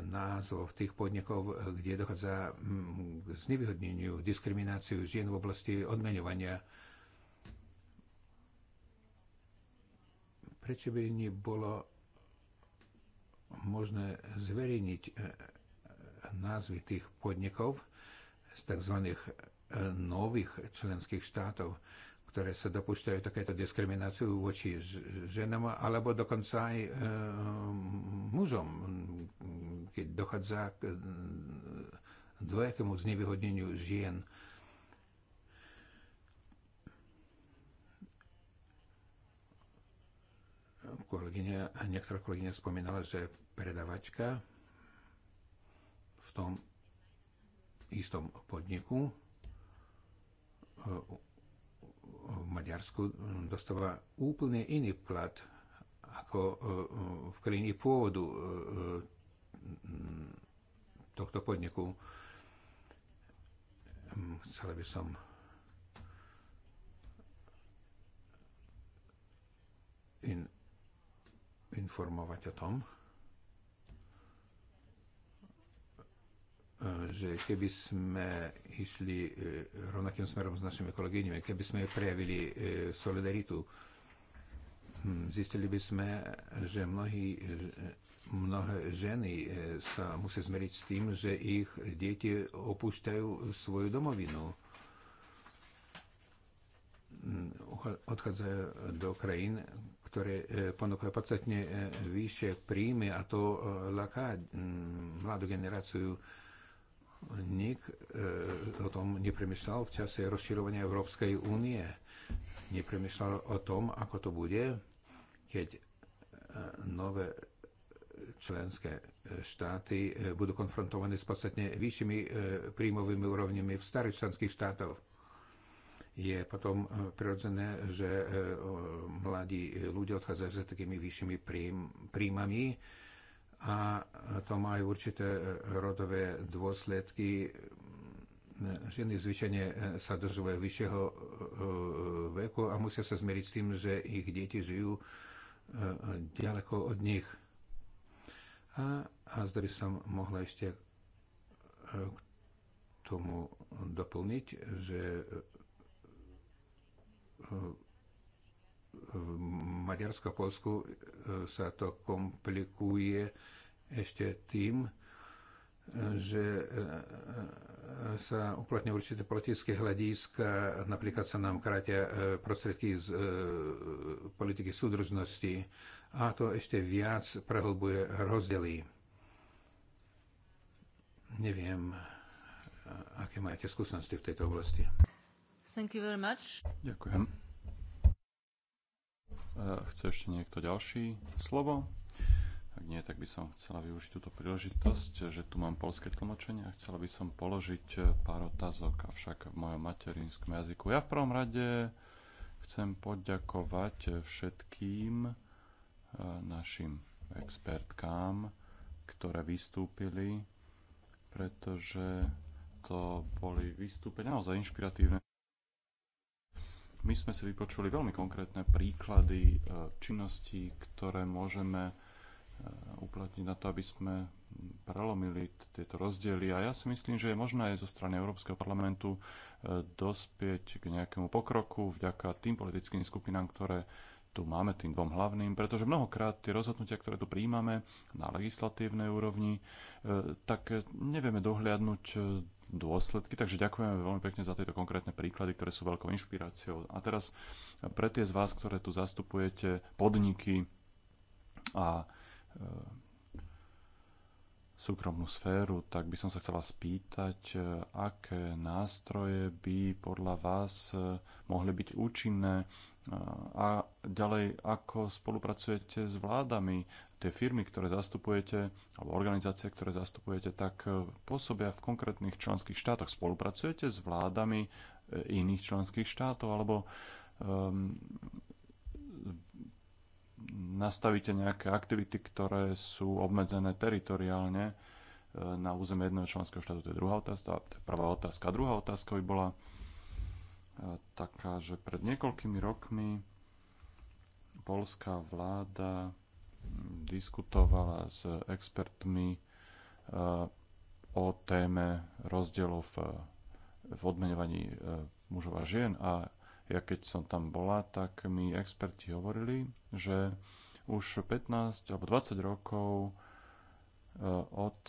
názvov tých podnikov, kde dochádza hm, k znevýhodneniu, diskrimináciu žien v oblasti odmeňovania. Prečo by nebolo možné zverejniť názvy tých podnikov z tzv nových členských štátov, ktoré sa dopúšťajú takéto diskrimináciu voči ženom alebo dokonca aj e, mužom, keď dochádza k dvojakému znevýhodneniu žien. kolegyňa, niektorá kolegyňa spomínala, že predavačka v tom istom podniku v Maďarsku dostáva úplne iný plat ako e, e, v krajine pôvodu e, tohto podniku. Mm, Chcel by som in, informovať o tom, že keby sme išli e, rovnakým smerom s našimi kolegyňami, keby sme prejavili e, solidaritu, hm, zistili by sme, že mnohí, e, mnohé ženy sa musia zmeriť s tým, že ich deti opúšťajú svoju domovinu hm, odchádzajú do krajín, ktoré ponúkajú podstatne vyššie príjmy a to laká hm, mladú generáciu Nik e, o tom nepremýšľal v čase rozširovania Európskej únie. Nepremýšľal o tom, ako to bude, keď e, nové členské e, štáty budú konfrontované s podstatne vyššími príjmovými úrovnimi v starých členských štátov. Je potom prirodzené, že mladí ľudia odchádzajú za takými vyššími príjmami a to aj určité e, rodové dôsledky. Ženy zvyčajne e, sa držujú vyššieho e, veku a musia sa zmeriť s tým, že ich deti žijú ďaleko od nich. A, a zda by som mohla ešte k tomu doplniť, že Maďarsku a Polsku e, sa to komplikuje ešte tým, e, že e, sa uplatňujú určité politické hľadiska, napríklad sa nám krátia prostriedky z politiky súdržnosti a to ešte viac prehlbuje rozdiely. Neviem, aké máte skúsenosti v tejto oblasti. Thank you very much. Ďakujem. Eh, chce ešte niekto ďalší slovo? Ak nie, tak by som chcela využiť túto príležitosť, že tu mám polské tlmočenie a chcela by som položiť eh, pár otázok, avšak v mojom materinskom jazyku. Ja v prvom rade chcem poďakovať eh, všetkým našim expertkám, ktoré vystúpili, pretože to boli vystúpenia naozaj inšpiratívne. My sme si vypočuli veľmi konkrétne príklady e, činností, ktoré môžeme e, uplatniť na to, aby sme prelomili tieto rozdiely. A ja si myslím, že je možné aj zo strany Európskeho parlamentu e, dospieť k nejakému pokroku vďaka tým politickým skupinám, ktoré tu máme, tým dvom hlavným, pretože mnohokrát tie rozhodnutia, ktoré tu príjmame na legislatívnej úrovni, tak nevieme dohliadnúť dôsledky. Takže ďakujeme veľmi pekne za tieto konkrétne príklady, ktoré sú veľkou inšpiráciou. A teraz pre tie z vás, ktoré tu zastupujete podniky a e, súkromnú sféru, tak by som sa chcela spýtať, e, aké nástroje by podľa vás e, mohli byť účinné a ďalej, ako spolupracujete s vládami, tie firmy, ktoré zastupujete, alebo organizácie, ktoré zastupujete, tak e, pôsobia v konkrétnych členských štátoch. Spolupracujete s vládami e, iných členských štátov, alebo um, nastavíte nejaké aktivity, ktoré sú obmedzené teritoriálne e, na území jedného členského štátu. To je druhá otázka. To je prvá otázka. A druhá otázka by bola taká, že pred niekoľkými rokmi polská vláda diskutovala s expertmi e, o téme rozdielov v, v odmenovaní e, mužov a žien a ja keď som tam bola, tak mi experti hovorili, že už 15 alebo 20 rokov e, od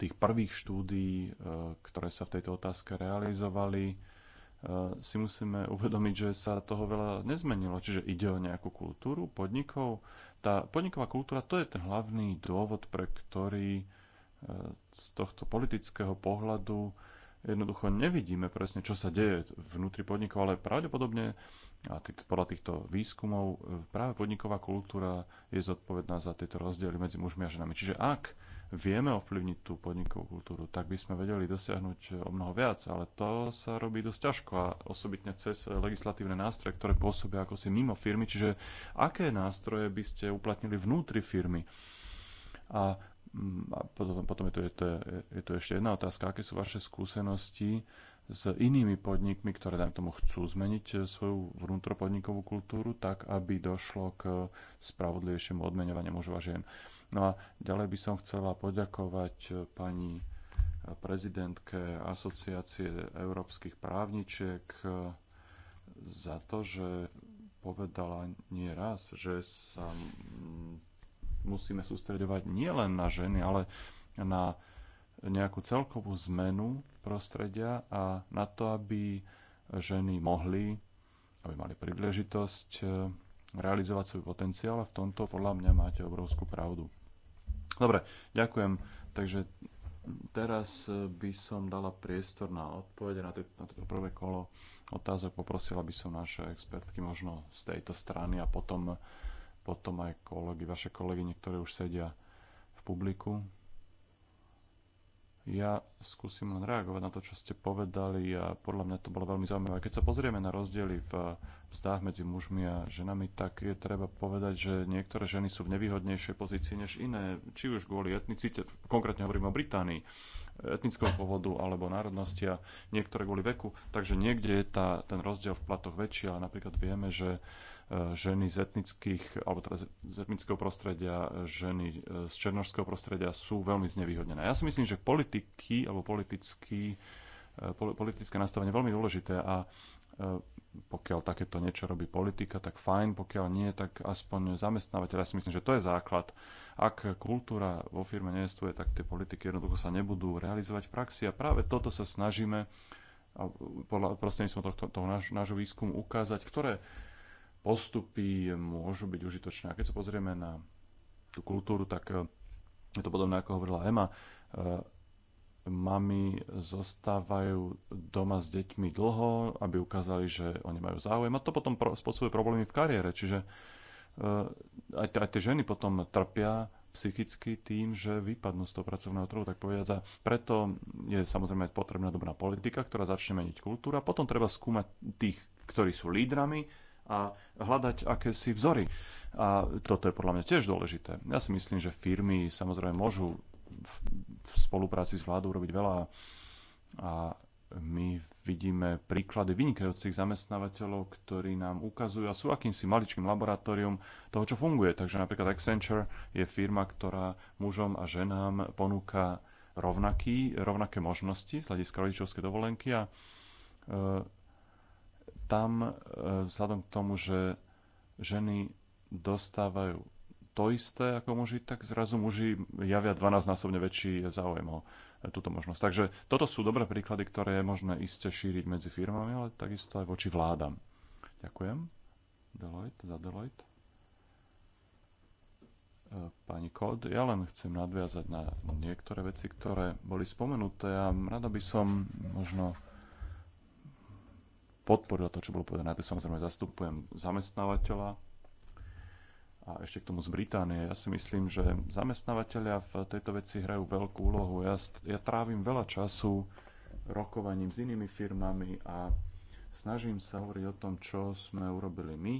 tých prvých štúdií, ktoré sa v tejto otázke realizovali, Eh, si musíme uvedomiť, že sa toho veľa nezmenilo. Čiže ide o nejakú kultúru podnikov. Tá podniková kultúra to je ten hlavný dôvod, pre ktorý eh, z tohto politického pohľadu jednoducho nevidíme presne, čo sa deje vnútri podnikov, ale pravdepodobne a tý, podľa týchto výskumov eh, práve podniková kultúra je zodpovedná za tieto rozdiely medzi mužmi a ženami. Čiže ak vieme ovplyvniť tú podnikovú kultúru, tak by sme vedeli dosiahnuť eh, o mnoho viac, ale to sa robí dosť ťažko a osobitne cez eh, legislatívne nástroje, ktoré pôsobia ako si mimo firmy, čiže aké nástroje by ste uplatnili vnútri firmy. A, mm, a potom, potom je, to, je, to, je to ešte jedna otázka, aké sú vaše skúsenosti s inými podnikmi, ktoré dám tomu chcú zmeniť eh, svoju vnútropodnikovú kultúru tak, aby došlo k spravodlivejšiemu odmeňovaniu mužov a žien. No a ďalej by som chcela poďakovať eh, pani eh, prezidentke Asociácie európskych právničiek eh, za to, že povedala nieraz, že sa mm, musíme sústredovať nielen na ženy, ale na nejakú celkovú zmenu prostredia a na to, aby ženy mohli, aby mali príležitosť realizovať svoj potenciál a v tomto podľa mňa máte obrovskú pravdu. Dobre, ďakujem. Takže teraz e, by som dala priestor na odpovede na, to, na toto prvé kolo otázok. Poprosila by som naše expertky možno z tejto strany a potom, potom aj kolegy, vaše kolegy, niektoré už sedia v publiku. Ja skúsim len reagovať na to, čo ste povedali a podľa mňa to bolo veľmi zaujímavé. Keď sa pozrieme na rozdiely v vzdách medzi mužmi a ženami, tak je treba povedať, že niektoré ženy sú v nevýhodnejšej pozícii než iné, či už kvôli etnicite, konkrétne hovorím o Británii, etnického pôvodu alebo národnosti a niektoré kvôli veku. Takže niekde je tá, ten rozdiel v platoch väčší, ale napríklad vieme, že E, ženy z etnických, alebo teda z etnického prostredia, e, ženy e, z černožského prostredia sú veľmi znevýhodnené. Ja si myslím, že politiky alebo politický, politické nastavenie je veľmi dôležité a pokiaľ takéto niečo robí politika, tak fajn, pokiaľ nie, tak aspoň zamestnávateľ. Ja si myslím, že to je základ. Ak kultúra vo firme nestuje, tak tie politiky jednoducho sa nebudú realizovať v praxi a práve toto sa snažíme a podľa prostredníctvom tohto, toho náš, nášho výskumu ukázať, ktoré postupy môžu byť užitočné. A keď sa pozrieme na tú kultúru, tak eh, je to podobné, ako hovorila Ema. Eh, mami zostávajú doma s deťmi dlho, aby ukázali, že oni majú záujem. A to potom spôsobuje problémy v kariére. Čiže eh, aj, aj tie ženy potom trpia psychicky tým, že vypadnú z toho pracovného trhu, tak povedať. A preto je samozrejme potrebná dobrá politika, ktorá začne meniť kultúru a potom treba skúmať tých, ktorí sú lídrami a hľadať akési vzory. A toto je podľa mňa tiež dôležité. Ja si myslím, že firmy samozrejme môžu v spolupráci s vládou robiť veľa a my vidíme príklady vynikajúcich zamestnávateľov, ktorí nám ukazujú a sú akýmsi maličkým laboratórium toho, čo funguje. Takže napríklad Accenture je firma, ktorá mužom a ženám ponúka rovnaký, rovnaké možnosti z hľadiska rodičovskej dovolenky a e, tam e, vzhľadom k tomu, že ženy dostávajú to isté ako muži, tak zrazu muži javia 12-násobne väčší záujem o e, túto možnosť. Takže toto sú dobré príklady, ktoré je možné iste šíriť medzi firmami, ale takisto aj voči vládam. Ďakujem. Deloitte, za Deloitte. E, pani Kod, ja len chcem nadviazať na niektoré veci, ktoré boli spomenuté a rada by som možno podporila to, čo bolo povedané. Ja to samozrejme zastupujem zamestnávateľa a ešte k tomu z Británie. Ja si myslím, že zamestnávateľia v tejto veci hrajú veľkú úlohu. Ja, ja trávim veľa času rokovaním s inými firmami a snažím sa hovoriť o tom, čo sme urobili my.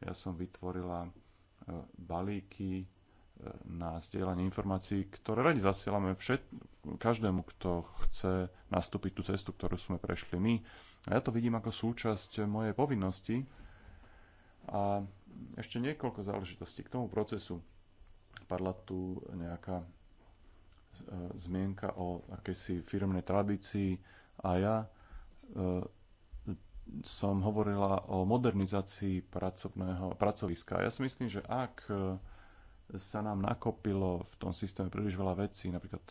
Ja som vytvorila e, balíky e, na zdieľanie informácií, ktoré radi zasielame všet, každému, kto chce nastúpiť tú cestu, ktorú sme prešli my. A ja to vidím ako súčasť mojej povinnosti. A ešte niekoľko záležitostí k tomu procesu. Padla tu nejaká e, zmienka o akejsi firmnej tradícii a ja e, som hovorila o modernizácii pracovného pracoviska. Ja si myslím, že ak e, sa nám nakopilo v tom systéme príliš veľa vecí, napríklad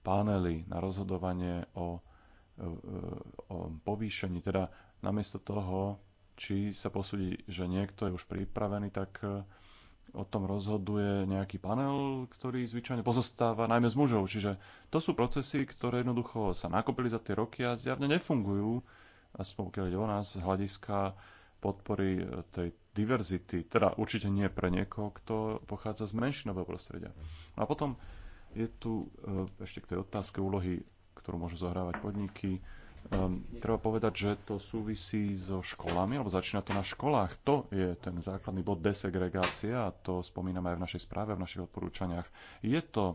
panely na rozhodovanie o povýšení. Teda namiesto toho, či sa posúdi, že niekto je už pripravený, tak e, o tom rozhoduje nejaký panel, ktorý zvyčajne pozostáva najmä z mužov. Čiže to sú procesy, ktoré jednoducho sa nakopili za tie roky a zjavne nefungujú, aspoň keď ide o nás, z hľadiska podpory e, tej diverzity. Teda určite nie pre niekoho, kto pochádza z menšinového prostredia. No a potom je tu e, ešte k tej otázke úlohy ktorú môžu zohrávať podniky. Um, treba povedať, že to súvisí so školami, alebo začína to na školách. To je ten základný bod desegregácia a to spomíname aj v našej správe, v našich odporúčaniach. Je to e,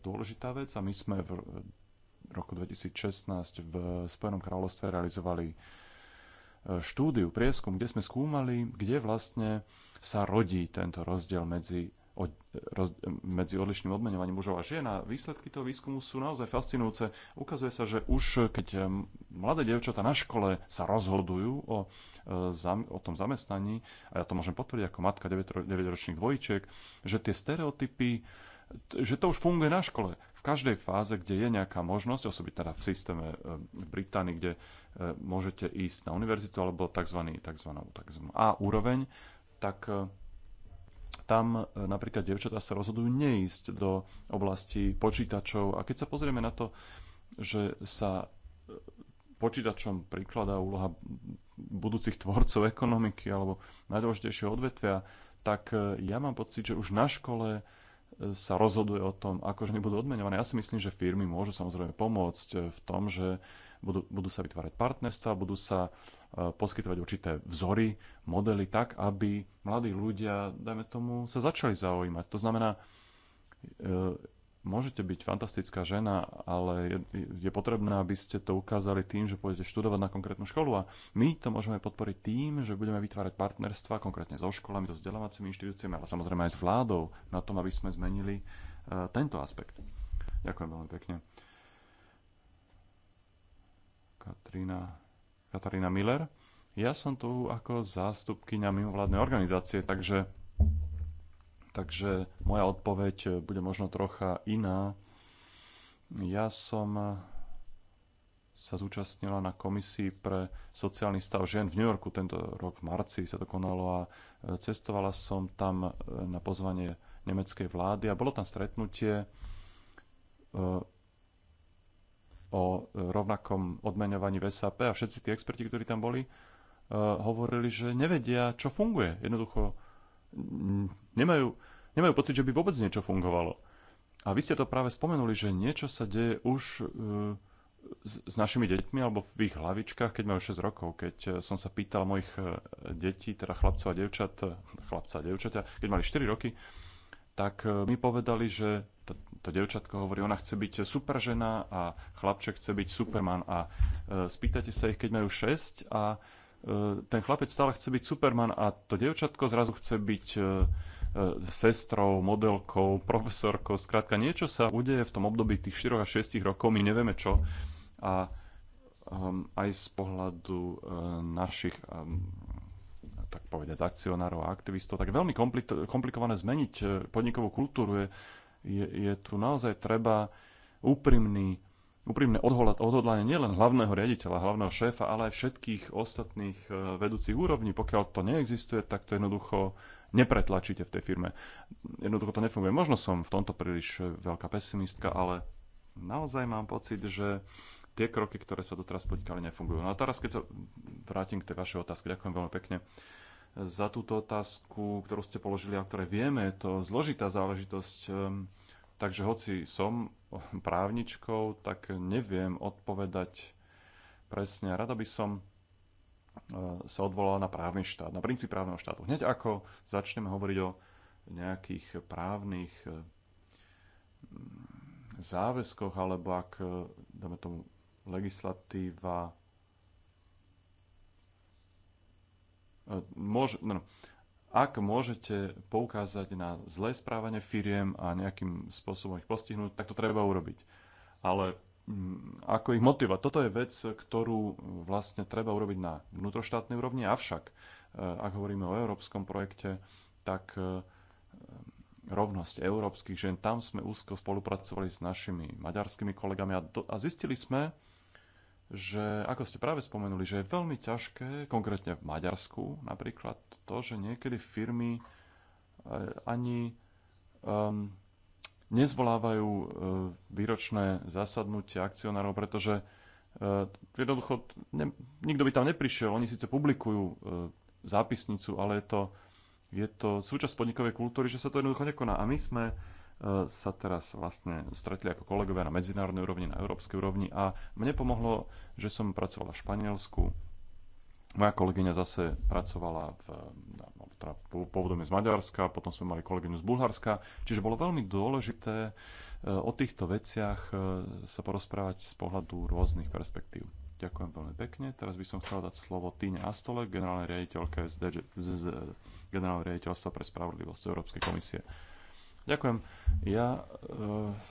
dôležitá vec a my sme v e, roku 2016 v Spojenom kráľovstve realizovali e, štúdiu, prieskum, kde sme skúmali, kde vlastne sa rodí tento rozdiel medzi roz, medzi odlišným odmenovaním mužov a žien a výsledky toho výskumu sú naozaj fascinujúce. Ukazuje sa, že už keď eh, mladé dievčatá na škole sa rozhodujú o, eh, o tom zamestnaní, a ja to môžem potvrdiť ako matka 9-ročných dvojčiek, že tie stereotypy že to už funguje na škole. V každej fáze, kde je nejaká možnosť, osobitne teda v systéme eh, v Británii, kde môžete ísť na univerzitu alebo tzv. tzv. tzv. A úroveň, tak tam e, napríklad devčatá sa rozhodujú neísť do oblasti počítačov. A keď sa pozrieme na to, že sa e, počítačom prikladá úloha budúcich tvorcov ekonomiky alebo najdôležitejšie odvetvia, tak e, ja mám pocit, že už na škole sa rozhoduje o tom, ako ženy budú odmenované. Ja si myslím, že firmy môžu samozrejme pomôcť v tom, že budú, budú sa vytvárať partnerstva, budú sa E, poskytovať určité vzory, modely tak, aby mladí ľudia, dajme tomu, sa začali zaujímať. To znamená, e, môžete byť fantastická žena, ale je, je potrebné, aby ste to ukázali tým, že pôjdete študovať na konkrétnu školu a my to môžeme podporiť tým, že budeme vytvárať partnerstva konkrétne so školami, so vzdelávacími inštitúciami, ale samozrejme aj s vládou na tom, aby sme zmenili e, tento aspekt. Ďakujem veľmi pekne. Katrina Katarína Miller. Ja som tu ako zástupkyňa mimovládnej organizácie, takže, takže moja odpoveď bude možno trocha iná. Ja som sa zúčastnila na komisii pre sociálny stav žien v New Yorku tento rok v marci sa to konalo a e, cestovala som tam e, na pozvanie nemeckej vlády a bolo tam stretnutie e, o rovnakom odmeňovaní v SAP a všetci tí experti, ktorí tam boli, eh, hovorili, že nevedia, čo funguje. Jednoducho nemajú, nemajú pocit, že by vôbec niečo fungovalo. A vy ste to práve spomenuli, že niečo sa deje už eh, s našimi deťmi alebo v ich hlavičkách, keď majú 6 rokov. Keď eh, som sa pýtal mojich detí, teda chlapcov a devčat, chlapca a devčatia, keď mali 4 roky, tak mi povedali, že to devčatko hovorí, ona chce byť super žena a chlapček chce byť superman. A e, spýtate sa ich, keď majú 6 a e, ten chlapec stále chce byť superman a to devčatko zrazu chce byť e, sestrou, modelkou, profesorkou, skrátka niečo sa udeje v tom období tých 4 a 6 rokov, my nevieme čo. A um, aj z pohľadu e, našich, um, tak povedať, akcionárov a aktivistov, tak veľmi komplikované zmeniť podnikovú kultúru je je, je tu naozaj treba úprimný, úprimné odhodlanie nielen hlavného riaditeľa, hlavného šéfa, ale aj všetkých ostatných e, vedúcich úrovní. Pokiaľ to neexistuje, tak to jednoducho nepretlačíte v tej firme. Jednoducho to nefunguje. Možno som v tomto príliš veľká pesimistka, ale naozaj mám pocit, že tie kroky, ktoré sa doteraz podnikali, nefungujú. No a teraz, keď sa vrátim k tej vašej otázke, ďakujem veľmi pekne. Uh, za túto otázku, ktorú ste položili a ktoré vieme. Je to zložitá záležitosť. Ehm, takže hoci som právničkou, tak neviem odpovedať presne. Rada by som eh, sa odvolala na právny štát, na princíp právneho štátu. Hneď ako začneme hovoriť o nejakých právnych eh, mm, záväzkoch, alebo ak, eh, dáme tomu, legislatíva môž, no, no, ak môžete poukázať na zlé správanie firiem a nejakým spôsobom ich postihnúť, tak to treba urobiť. Ale mm, ako ich motivovať? Toto je vec, ktorú vlastne treba urobiť na vnútroštátnej úrovni, avšak e, ak hovoríme o európskom projekte, tak e, rovnosť európskych žien, tam sme úzko spolupracovali s našimi maďarskými kolegami a, do, a zistili sme, že, ako ste práve spomenuli, že je veľmi ťažké, konkrétne v Maďarsku napríklad, to, že niekedy firmy e, ani um, nezvolávajú e, výročné zasadnutie akcionárov, pretože e, jednoducho ne, nikto by tam neprišiel. Oni síce publikujú zápisnicu, ale je to, je to súčasť podnikovej kultúry, že sa to jednoducho nekoná. A my sme E, sa teraz vlastne stretli ako kolegovia na medzinárodnej úrovni, na európskej úrovni a mne pomohlo, že som pracovala v Španielsku. Moja kolegyňa zase pracovala v, no, teda pôvodom je z Maďarska, potom sme mali kolegyňu z Bulharska, čiže bolo veľmi dôležité e, o týchto veciach e, sa porozprávať z pohľadu rôznych perspektív. Ďakujem veľmi pekne. Teraz by som chcel dať slovo Týne Astole, generálnej riaditeľke z, z, z generálneho riaditeľstva pre spravodlivosť Európskej komisie. Ďakujem. Ja e,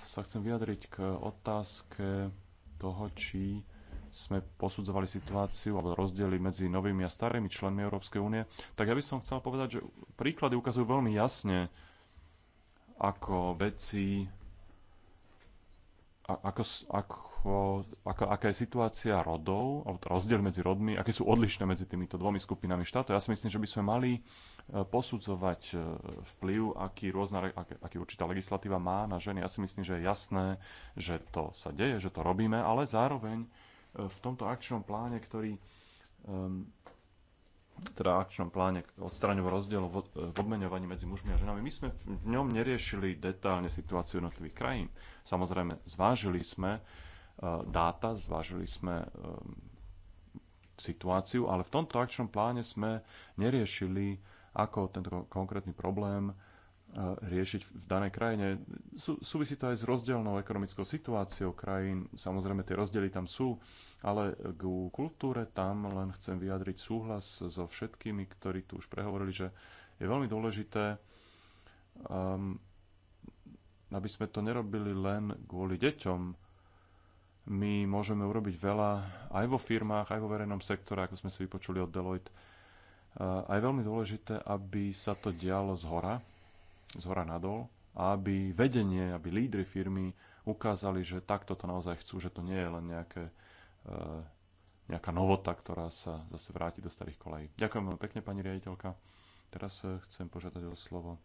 sa chcem vyjadriť k otázke toho, či sme posudzovali situáciu alebo rozdiely medzi novými a starými členmi Európskej únie, tak ja by som chcel povedať, že príklady ukazujú veľmi jasne, ako veci, ako, ako, ako, aká je situácia rodov, alebo rozdiel medzi rodmi, aké sú odlišné medzi týmito dvomi skupinami štátov. Ja si myslím, že by sme mali E, posudzovať e, vplyv, aký, rôzna, aký, aký určitá legislatíva má na ženy. Ja si myslím, že je jasné, že to sa deje, že to robíme, ale zároveň e, v tomto akčnom pláne, ktorý teda akčnom pláne odstraňov rozdielu v obmeňovaní medzi mužmi a ženami, my sme v ňom neriešili detálne situáciu jednotlivých krajín. Samozrejme, zvážili sme dáta, zvážili sme situáciu, ale v tomto akčnom pláne sme neriešili ako tento konkrétny problém e, riešiť v danej krajine. Sú, súvisí to aj s rozdielnou ekonomickou situáciou krajín. Samozrejme, tie rozdiely tam sú, ale k kultúre tam len chcem vyjadriť súhlas so všetkými, ktorí tu už prehovorili, že je veľmi dôležité, um, aby sme to nerobili len kvôli deťom. My môžeme urobiť veľa aj vo firmách, aj vo verejnom sektore, ako sme si vypočuli od Deloitte a je veľmi dôležité, aby sa to dialo z hora, z hora nadol, a aby vedenie, aby lídry firmy ukázali, že takto to naozaj chcú, že to nie je len nejaké, e, nejaká novota, ktorá sa zase vráti do starých kolejí. Ďakujem veľmi pekne, pani riaditeľka. Teraz e, chcem požiadať o slovo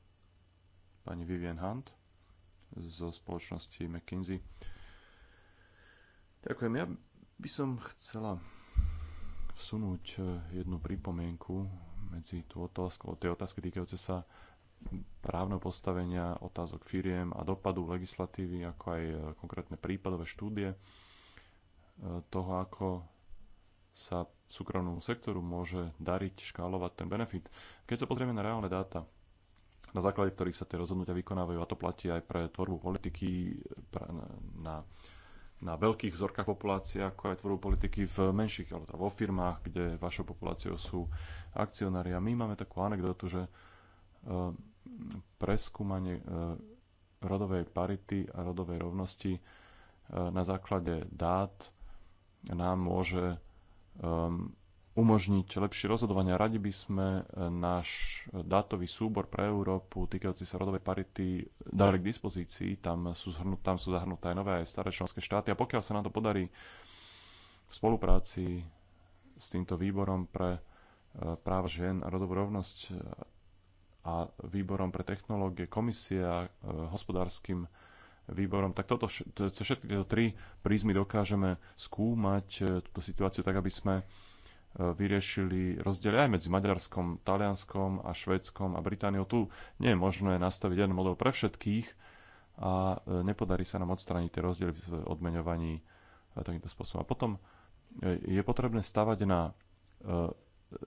pani Vivian Hunt zo spoločnosti McKinsey. Ďakujem. Ja by som chcela vsunúť eh, jednu pripomienku medzi tú otázku, tie otázky týkajúce sa právneho postavenia, otázok firiem a dopadu legislatívy, ako aj eh, konkrétne prípadové štúdie eh, toho, ako sa súkromnému sektoru môže dariť škálovať ten benefit. Keď sa pozrieme na reálne dáta, na základe ktorých sa tie rozhodnutia vykonávajú, a to platí aj pre tvorbu politiky, na na veľkých vzorkách populácie, ako aj tvorbu politiky v menších, alebo teda vo firmách, kde vašou populáciou sú akcionári. A my máme takú anekdotu, že eh, preskúmanie eh, rodovej parity a rodovej rovnosti eh, na základe dát nám môže umožniť lepšie rozhodovanie. Radi by sme e, náš dátový súbor pre Európu týkajúci sa rodovej parity dali k dispozícii. Tam sú, zhrnú, tam sú zahrnuté aj nové aj staré členské štáty. A pokiaľ sa nám to podarí v spolupráci s týmto výborom pre e, práva žien a rodovú rovnosť e, a výborom pre technológie, komisie a hospodárskym výborom, tak toto, cez všetky tieto tri prízmy dokážeme skúmať túto situáciu tak, aby sme E, vyriešili rozdiely aj medzi Maďarskom, Talianskom a Švédskom a Britániou. Tu nie je možné nastaviť jeden model pre všetkých a e, nepodarí sa nám odstrániť tie rozdiely v odmeňovaní e, takýmto spôsobom. A potom je potrebné stavať na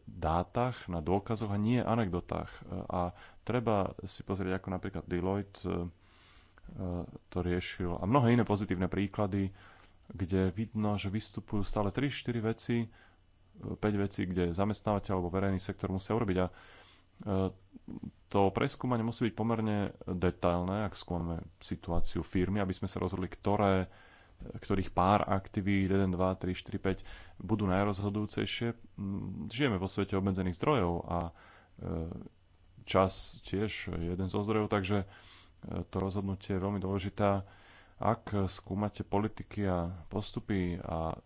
dátach, na dôkazoch a nie anekdotách. A treba si pozrieť, ako napríklad Deloitte to riešil a mnohé iné pozitívne príklady, kde vidno, že vystupujú stále 3-4 veci, 5 vecí, kde zamestnávateľ alebo verejný sektor musia urobiť. A e, to preskúmanie musí byť pomerne detailné, ak skúmame situáciu firmy, aby sme sa rozhodli, ktoré, ktorých pár aktivít, 1, 2, 3, 4, 5, budú najrozhodujúcejšie. Mm, žijeme vo svete obmedzených zdrojov a e, čas tiež jeden zo zdrojov, takže e, to rozhodnutie je veľmi dôležité. Ak skúmate politiky a postupy a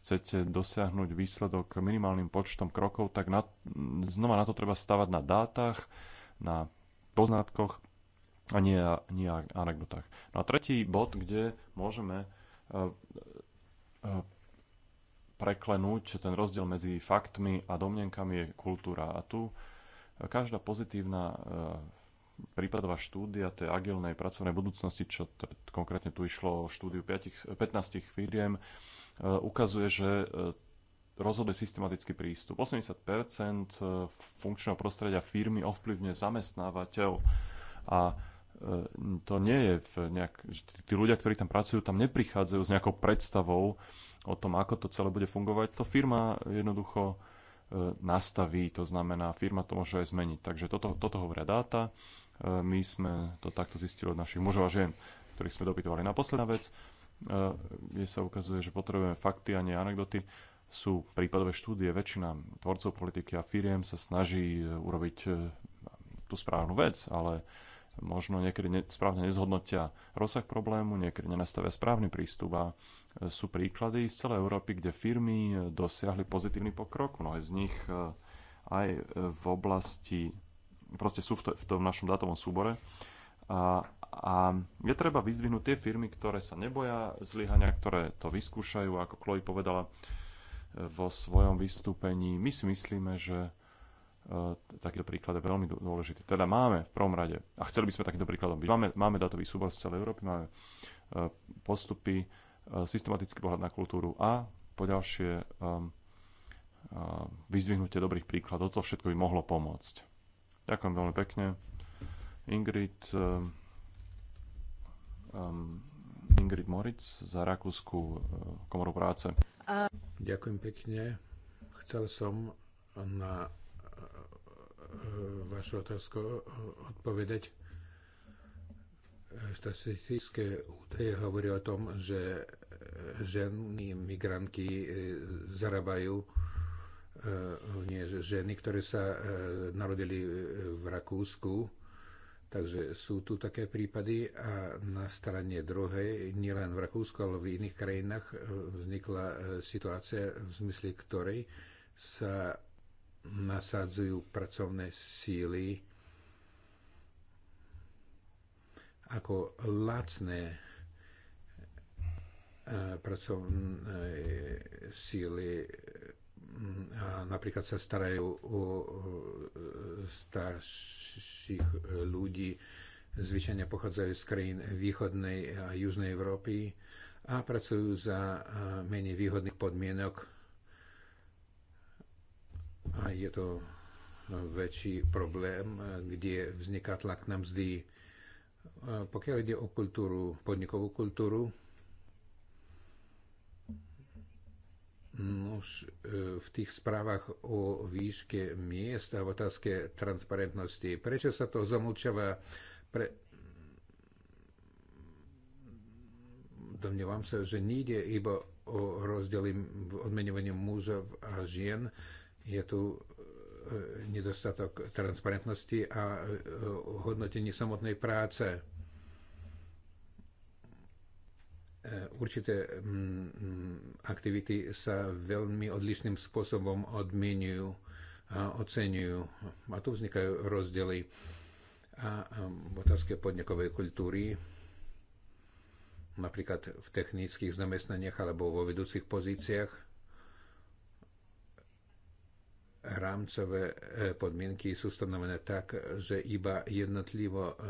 chcete dosiahnuť výsledok minimálnym počtom krokov, tak na, znova na to treba stavať na dátach, na poznatkoch a nie, nie anekdotách. No a tretí bod, kde môžeme e, e, preklenúť ten rozdiel medzi faktmi a domnenkami je kultúra. A tu každá pozitívna e, prípadová štúdia tej agilnej pracovnej budúcnosti, čo konkrétne tu išlo o štúdiu 5, 15 firiem, Eh, ukazuje, že eh, rozhoduje systematický prístup. 80 eh, funkčného prostredia firmy ovplyvňuje zamestnávateľ a to nie je v nejak... Tí ľudia, ktorí tam pracujú, tam neprichádzajú s nejakou predstavou o tom, ako to celé bude fungovať. To firma jednoducho nastaví, to znamená, firma to môže aj zmeniť. Takže toto, toto hovoria dáta. My sme to takto zistili od našich mužov a žien, ktorých sme dopytovali. Na posledná vec, E, kde sa ukazuje, že potrebujeme fakty a nie anekdoty. Sú prípadové štúdie, väčšina tvorcov politiky a firiem sa snaží e, urobiť e, tú správnu vec, ale možno niekedy ne, správne nezhodnotia rozsah problému, niekedy nenastavia správny prístup a sú príklady z celej Európy, kde firmy dosiahli pozitívny pokrok. Mnohé z nich aj v oblasti, proste sú v, to, v tom našom dátovom súbore, a, a je treba vyzvihnúť tie firmy, ktoré sa neboja zlyhania, ktoré to vyskúšajú, ako Chloe povedala e, vo svojom vystúpení. My si myslíme, že e, takýto príklad je veľmi dôležitý. Teda máme v prvom rade, a chceli by sme takýmto príkladom byť, máme, máme datový súbor z celej Európy, máme e, postupy, systematický pohľad na kultúru a po ďalšie vyzvihnutie dobrých príkladov. To všetko by mohlo pomôcť. Ďakujem veľmi pekne. Ingrid, Um, Ingrid Moritz za Rakúsku uh, komoru práce. Ďakujem pekne. Chcel som na uh, vašu otázku uh, odpovedať. Štatistické údaje hovorí o tom, že ženy migrantky zarábajú nie, ženy, ktoré sa narodili v Rakúsku Takže sú tu také prípady a na strane druhej, nielen v Rakúsku, ale v iných krajinách e, vznikla e, situácia, v zmysle ktorej sa nasadzujú pracovné síly ako lacné e, pracovné síly napríklad sa starajú o e, starších e, ľudí, zvyčajne pochádzajú z krajín východnej a južnej Európy a pracujú za e, menej výhodných podmienok a je to väčší problém, kde vzniká tlak na mzdy. Pokiaľ ide o kultúru, podnikovú kultúru, Nož e, v tých správach o výške miest a v otázke transparentnosti. Prečo sa to zamlčava? Pre... Domnievam sa, že nejde iba o rozdiely v odmenovaní mužov a žien. Je tu e, nedostatok transparentnosti a e, hodnotení samotnej práce E, určité mm, mm, aktivity sa veľmi odlišným spôsobom odmienujú a oceňujú. A tu vznikajú rozdiely a v otázke podnikovej kultúry, napríklad v technických zamestnaniach alebo vo vedúcich pozíciách, rámcové e, podmienky sú stanovené tak, že iba jednotlivo e,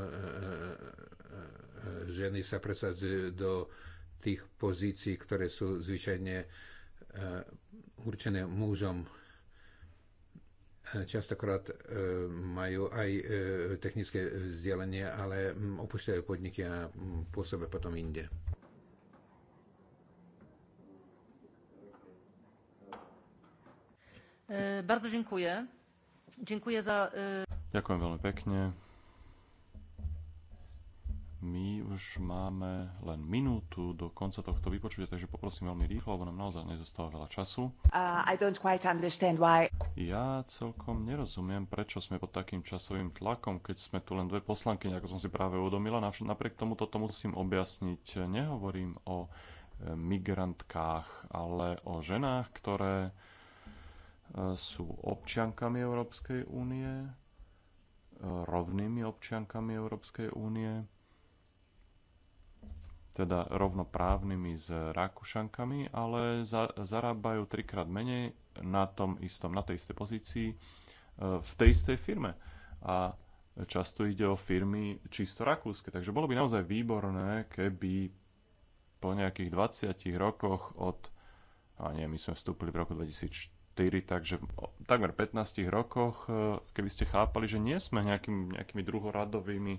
ženy sa presadzujú do tých pozícií, ktoré sú zvyčajne e, určené mužom. Častokrát e, majú aj e, technické vzdelenie, ale opúšťajú podniky a pôsobia potom inde. Bardzo dziękuję. Dziękuję za... Ďakujem veľmi pekne my už máme len minútu do konca tohto vypočutia, takže poprosím veľmi rýchlo, lebo nám naozaj nezostáva veľa času. Uh, I don't quite understand why. Ja celkom nerozumiem, prečo sme pod takým časovým tlakom, keď sme tu len dve poslanky, ako som si práve uvedomila. Napriek tomu toto musím objasniť. Nehovorím o eh, migrantkách, ale o ženách, ktoré eh, sú občiankami Európskej únie, eh, rovnými občiankami Európskej únie teda rovnoprávnymi s Rakúšankami, ale za, zarábajú trikrát menej na, tom istom, na tej istej pozícii e, v tej istej firme. A často ide o firmy čisto rakúske. Takže bolo by naozaj výborné, keby po nejakých 20 rokoch od, a nie, my sme vstúpili v roku 2004, takže takmer 15 rokoch, e, keby ste chápali, že nie sme nejakými, nejakými druhoradovými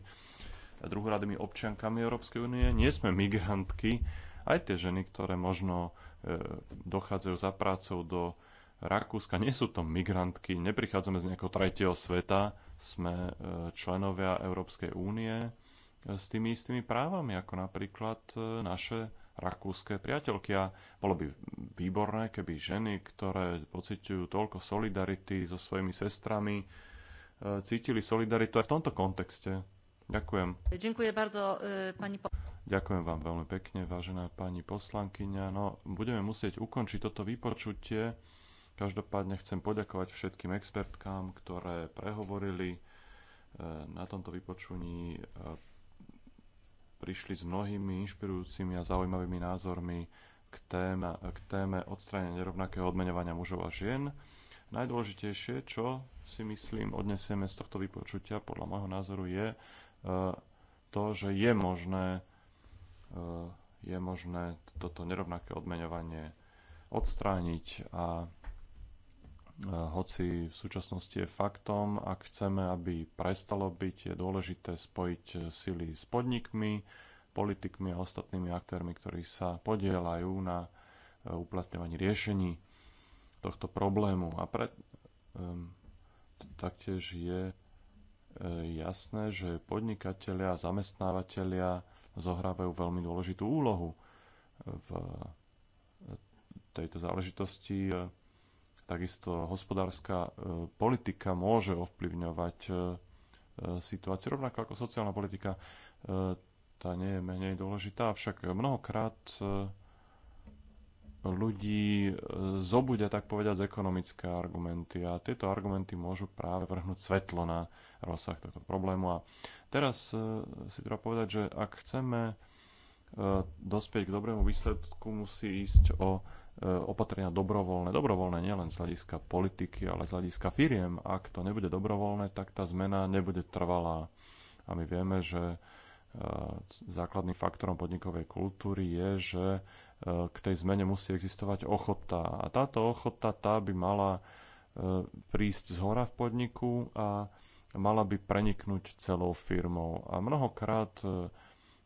druhoradými občiankami Európskej únie, nie sme migrantky. Aj tie ženy, ktoré možno e, dochádzajú za prácou do Rakúska, nie sú to migrantky, neprichádzame z nejakého tretieho sveta, sme e, členovia Európskej únie e, s tými istými právami, ako napríklad naše rakúske priateľky. A bolo by výborné, keby ženy, ktoré pociťujú toľko solidarity so svojimi sestrami, cítili solidaritu aj v tomto kontexte. Ďakujem. Ďakujem bardzo, pani Ďakujem vám veľmi pekne, vážená pani poslankyňa. No, budeme musieť ukončiť toto vypočutie. Každopádne chcem poďakovať všetkým expertkám, ktoré prehovorili e, na tomto vypočuní. E, prišli s mnohými inšpirujúcimi a zaujímavými názormi k téme, k téme odstránenia nerovnakého odmenovania mužov a žien. Najdôležitejšie, čo si myslím odnesieme z tohto vypočutia, podľa môjho názoru, je, E, to, že je možné, e, je možné toto nerovnaké odmeňovanie odstrániť a e, hoci v súčasnosti je faktom, ak chceme, aby prestalo byť, je dôležité spojiť sily s podnikmi, politikmi a ostatnými aktérmi, ktorí sa podielajú na uplatňovaní riešení tohto problému. A pre, um, taktiež je E, jasné, že podnikatelia a zamestnávateľia zohrávajú veľmi dôležitú úlohu v tejto záležitosti. E, takisto hospodárska e, politika môže ovplyvňovať situáciu, rovnako ako sociálna politika. Tá nie je menej dôležitá, avšak mnohokrát ľudí e, zobudia, tak povedať, z ekonomické argumenty a tieto argumenty môžu práve vrhnúť svetlo na rozsah tohto problému. A teraz e, si treba povedať, že ak chceme e, dospieť k dobrému výsledku, musí ísť o opatrenia dobrovoľné. Dobrovoľné nielen z hľadiska politiky, ale z hľadiska firiem. Ak to nebude dobrovoľné, tak tá zmena nebude trvalá. A my vieme, že základným faktorom podnikovej kultúry je, že Eh, k tej zmene musí existovať ochota. A táto ochota tá by mala eh, prísť z hora v podniku a mala by preniknúť celou firmou. A mnohokrát eh,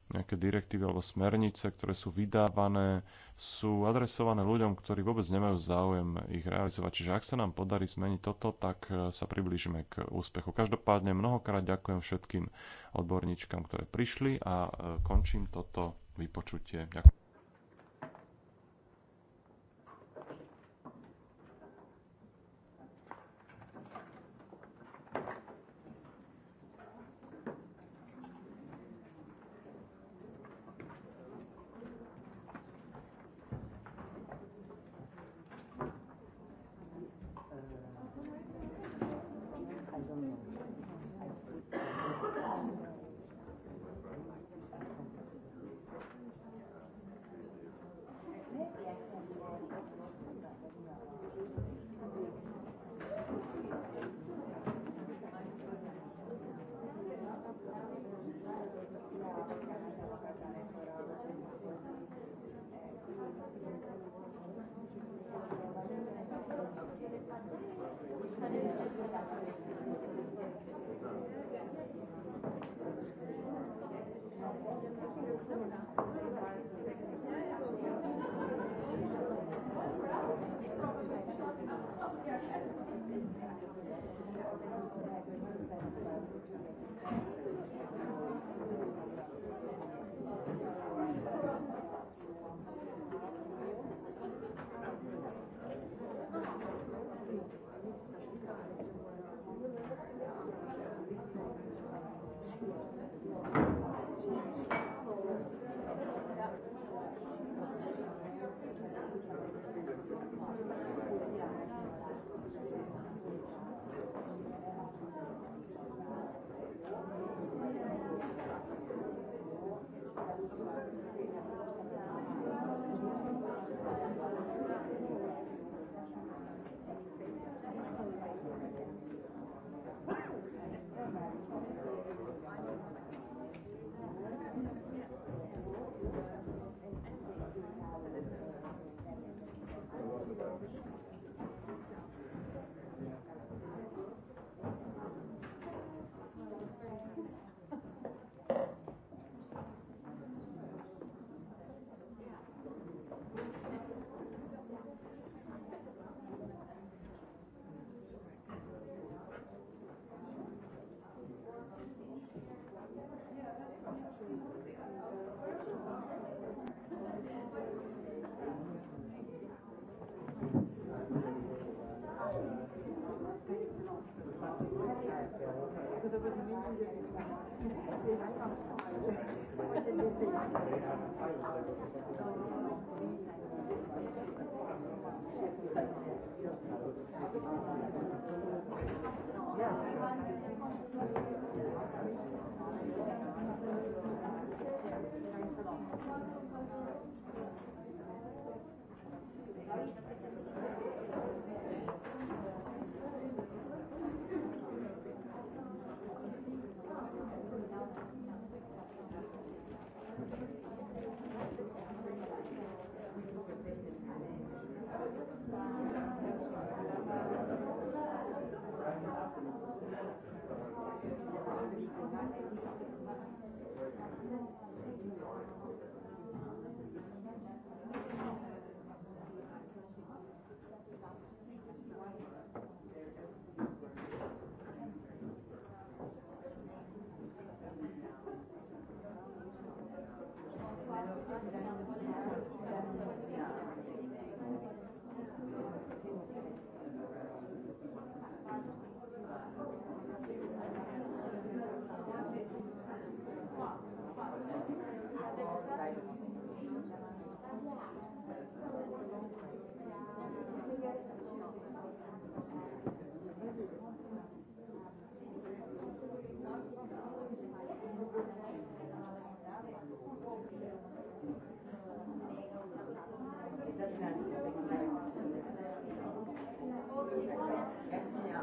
nejaké direktívy alebo smernice, ktoré sú vydávané, sú adresované ľuďom, ktorí vôbec nemajú záujem ich realizovať. Čiže ak sa nám podarí zmeniť toto, tak sa priblížime k úspechu. Každopádne mnohokrát ďakujem všetkým odborníčkam, ktoré prišli a končím toto vypočutie. Ďakujem.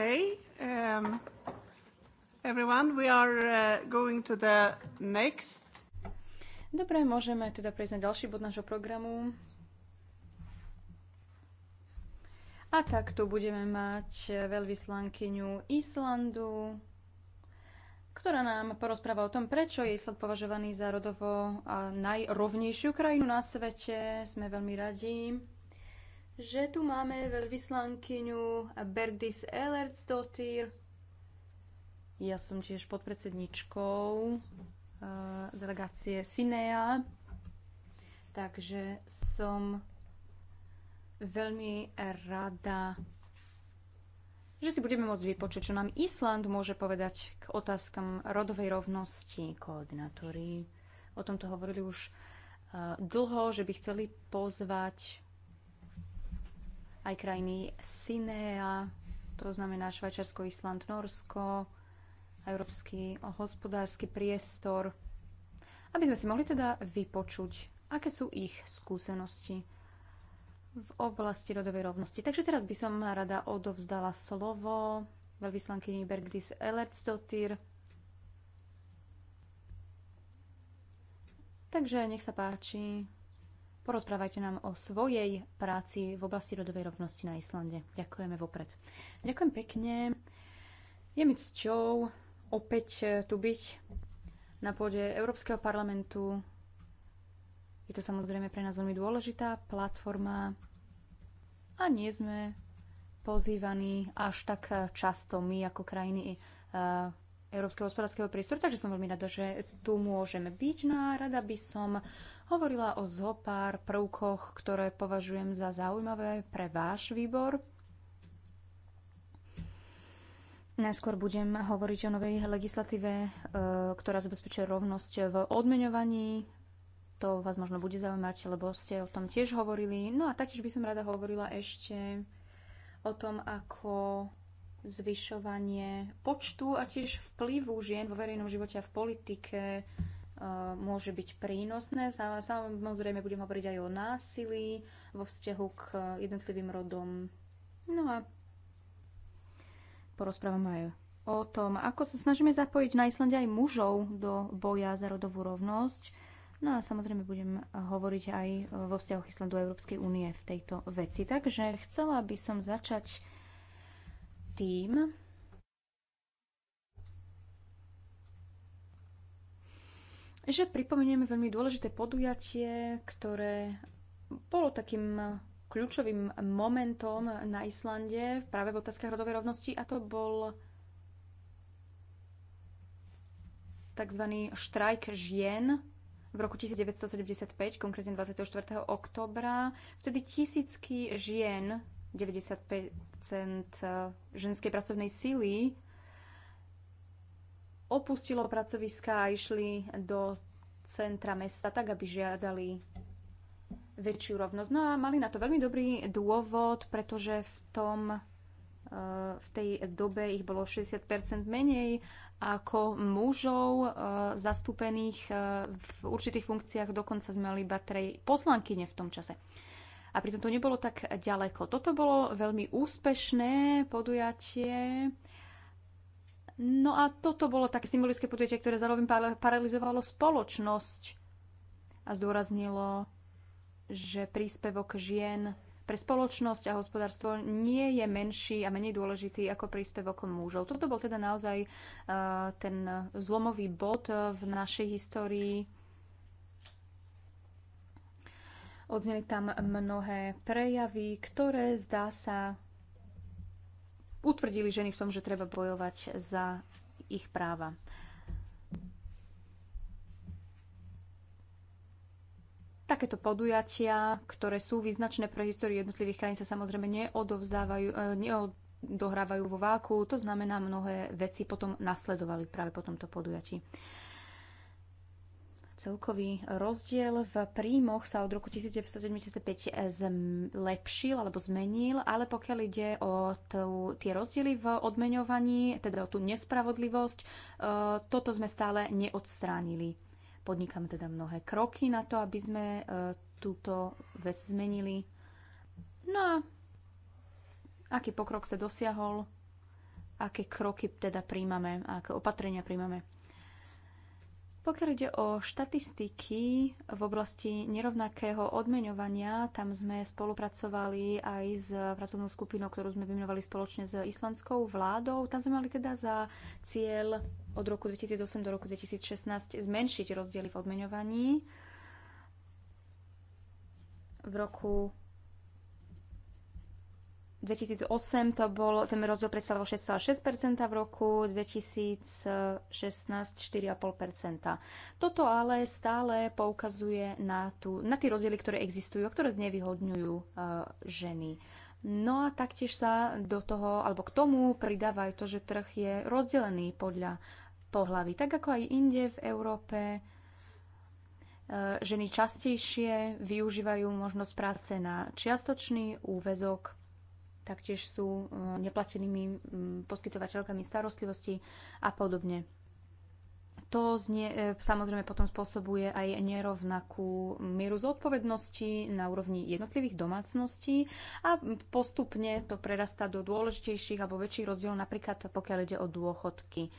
Okay. Um, everyone, we are uh, going to the next. Dobre, môžeme teda prejsť na ďalší bod nášho programu. A tak tu budeme mať veľvyslankyňu Islandu, ktorá nám porozpráva o tom, prečo je Island považovaný za rodovo najrovnejšiu krajinu na svete. Sme veľmi radi, že tu máme veľvyslankyňu Bergdis Ellertsdottir. Ja som tiež podpredsedničkou eh, delegácie Sinea, takže som veľmi rada, že si budeme môcť vypočuť, čo nám Island môže povedať k otázkam rodovej rovnosti. Koordinátori o tomto hovorili už eh, dlho, že by chceli pozvať aj krajiny Sinea, to znamená Švajčarsko, Island, Norsko, Európsky hospodársky priestor, aby sme si mohli teda vypočuť, aké sú ich skúsenosti v oblasti rodovej rovnosti. Takže teraz by som rada odovzdala slovo veľvyslankyni Bergdis Ellertsdottir. Takže nech sa páči. Porozprávajte nám o svojej práci v oblasti rodovej rovnosti na Islande. Ďakujeme vopred. Ďakujem pekne. Je mi cťou opäť eh, tu byť na pôde Európskeho parlamentu. Je to samozrejme pre nás veľmi dôležitá platforma a nie sme pozývaní až tak eh, často my ako krajiny eh, Európskeho hospodárskeho priestoru, takže som veľmi rada, že tu môžeme byť. No rada by som hovorila o zopár prvkoch, ktoré považujem za zaujímavé pre váš výbor. Najskôr budem hovoriť o novej legislatíve, e, ktorá zabezpečuje rovnosť v odmeňovaní. To vás možno bude zaujímať, lebo ste o tom tiež hovorili. No a taktiež by som rada hovorila ešte o tom, ako zvyšovanie počtu a tiež vplyvu žien vo verejnom živote a v politike e, môže byť prínosné. Samozrejme budem hovoriť aj o násilí vo vzťahu k jednotlivým rodom. No a porozprávam aj o tom, ako sa snažíme zapojiť na Islande aj mužov do boja za rodovú rovnosť. No a samozrejme budem hovoriť aj vo vzťahu Islandu a Európskej únie v tejto veci. Takže chcela by som začať tým, že pripomenieme veľmi dôležité podujatie, ktoré bolo takým kľúčovým momentom na Islande práve v otázkach rodovej rovnosti a to bol tzv. štrajk žien v roku 1975, konkrétne 24. oktobra. Vtedy tisícky žien 95 eh, ženskej pracovnej síly opustilo pracoviska a išli do centra mesta tak, aby žiadali väčšiu rovnosť. No a mali na to veľmi dobrý dôvod, pretože v tom eh, v tej dobe ich bolo 60% menej ako mužov eh, zastúpených v určitých funkciách, dokonca sme mali iba tri poslankyne v tom čase. A pritom to nebolo tak ďaleko. Toto bolo veľmi úspešné podujatie. No a toto bolo také symbolické podujatie, ktoré zároveň paralizovalo spoločnosť a zdôraznilo, že príspevok žien pre spoločnosť a hospodárstvo nie je menší a menej dôležitý ako príspevok mužov. Toto bol teda naozaj uh, ten zlomový bod eh, v našej histórii Odzneli tam mnohé prejavy, ktoré zdá sa utvrdili ženy v tom, že treba bojovať za ich práva. Takéto podujatia, ktoré sú význačné pre históriu jednotlivých krajín, sa samozrejme neodovzdávajú, e, neodohrávajú vo váku. To znamená, mnohé veci potom nasledovali práve po tomto podujatí. Celkový rozdiel v príjmoch sa od roku 1975 zlepšil alebo zmenil, ale pokiaľ ide o tú, tie rozdiely v odmeňovaní, teda o tú nespravodlivosť, e, toto sme stále neodstránili. Podnikáme teda mnohé kroky na to, aby sme e, túto vec zmenili. No a aký pokrok sa dosiahol, aké kroky teda príjmame, aké opatrenia príjmame. Pokiaľ ide o štatistiky v oblasti nerovnakého odmeňovania, tam sme spolupracovali aj s pracovnou skupinou, ktorú sme vymenovali spoločne s islandskou vládou. Tam sme mali teda za cieľ od roku 2008 do roku 2016 zmenšiť rozdiely v odmeňovaní. V roku 2008 to bol, ten rozdiel predstavoval 6,6%, v roku 2016 4,5%. Toto ale stále poukazuje na, tú, na tie rozdiely, ktoré existujú a ktoré znevýhodňujú uh, ženy. No a taktiež sa do toho, alebo k tomu pridáva aj to, že trh je rozdelený podľa pohlavy. Tak ako aj inde v Európe, eh, ženy častejšie využívajú možnosť práce na čiastočný úvezok taktiež sú eh, neplatenými mm, poskytovateľkami starostlivosti a podobne. To znie, eh, samozrejme potom spôsobuje aj nerovnakú mieru zodpovednosti na úrovni jednotlivých domácností a postupne to prerastá do dôležitejších alebo väčších rozdielov, napríklad pokiaľ ide o dôchodky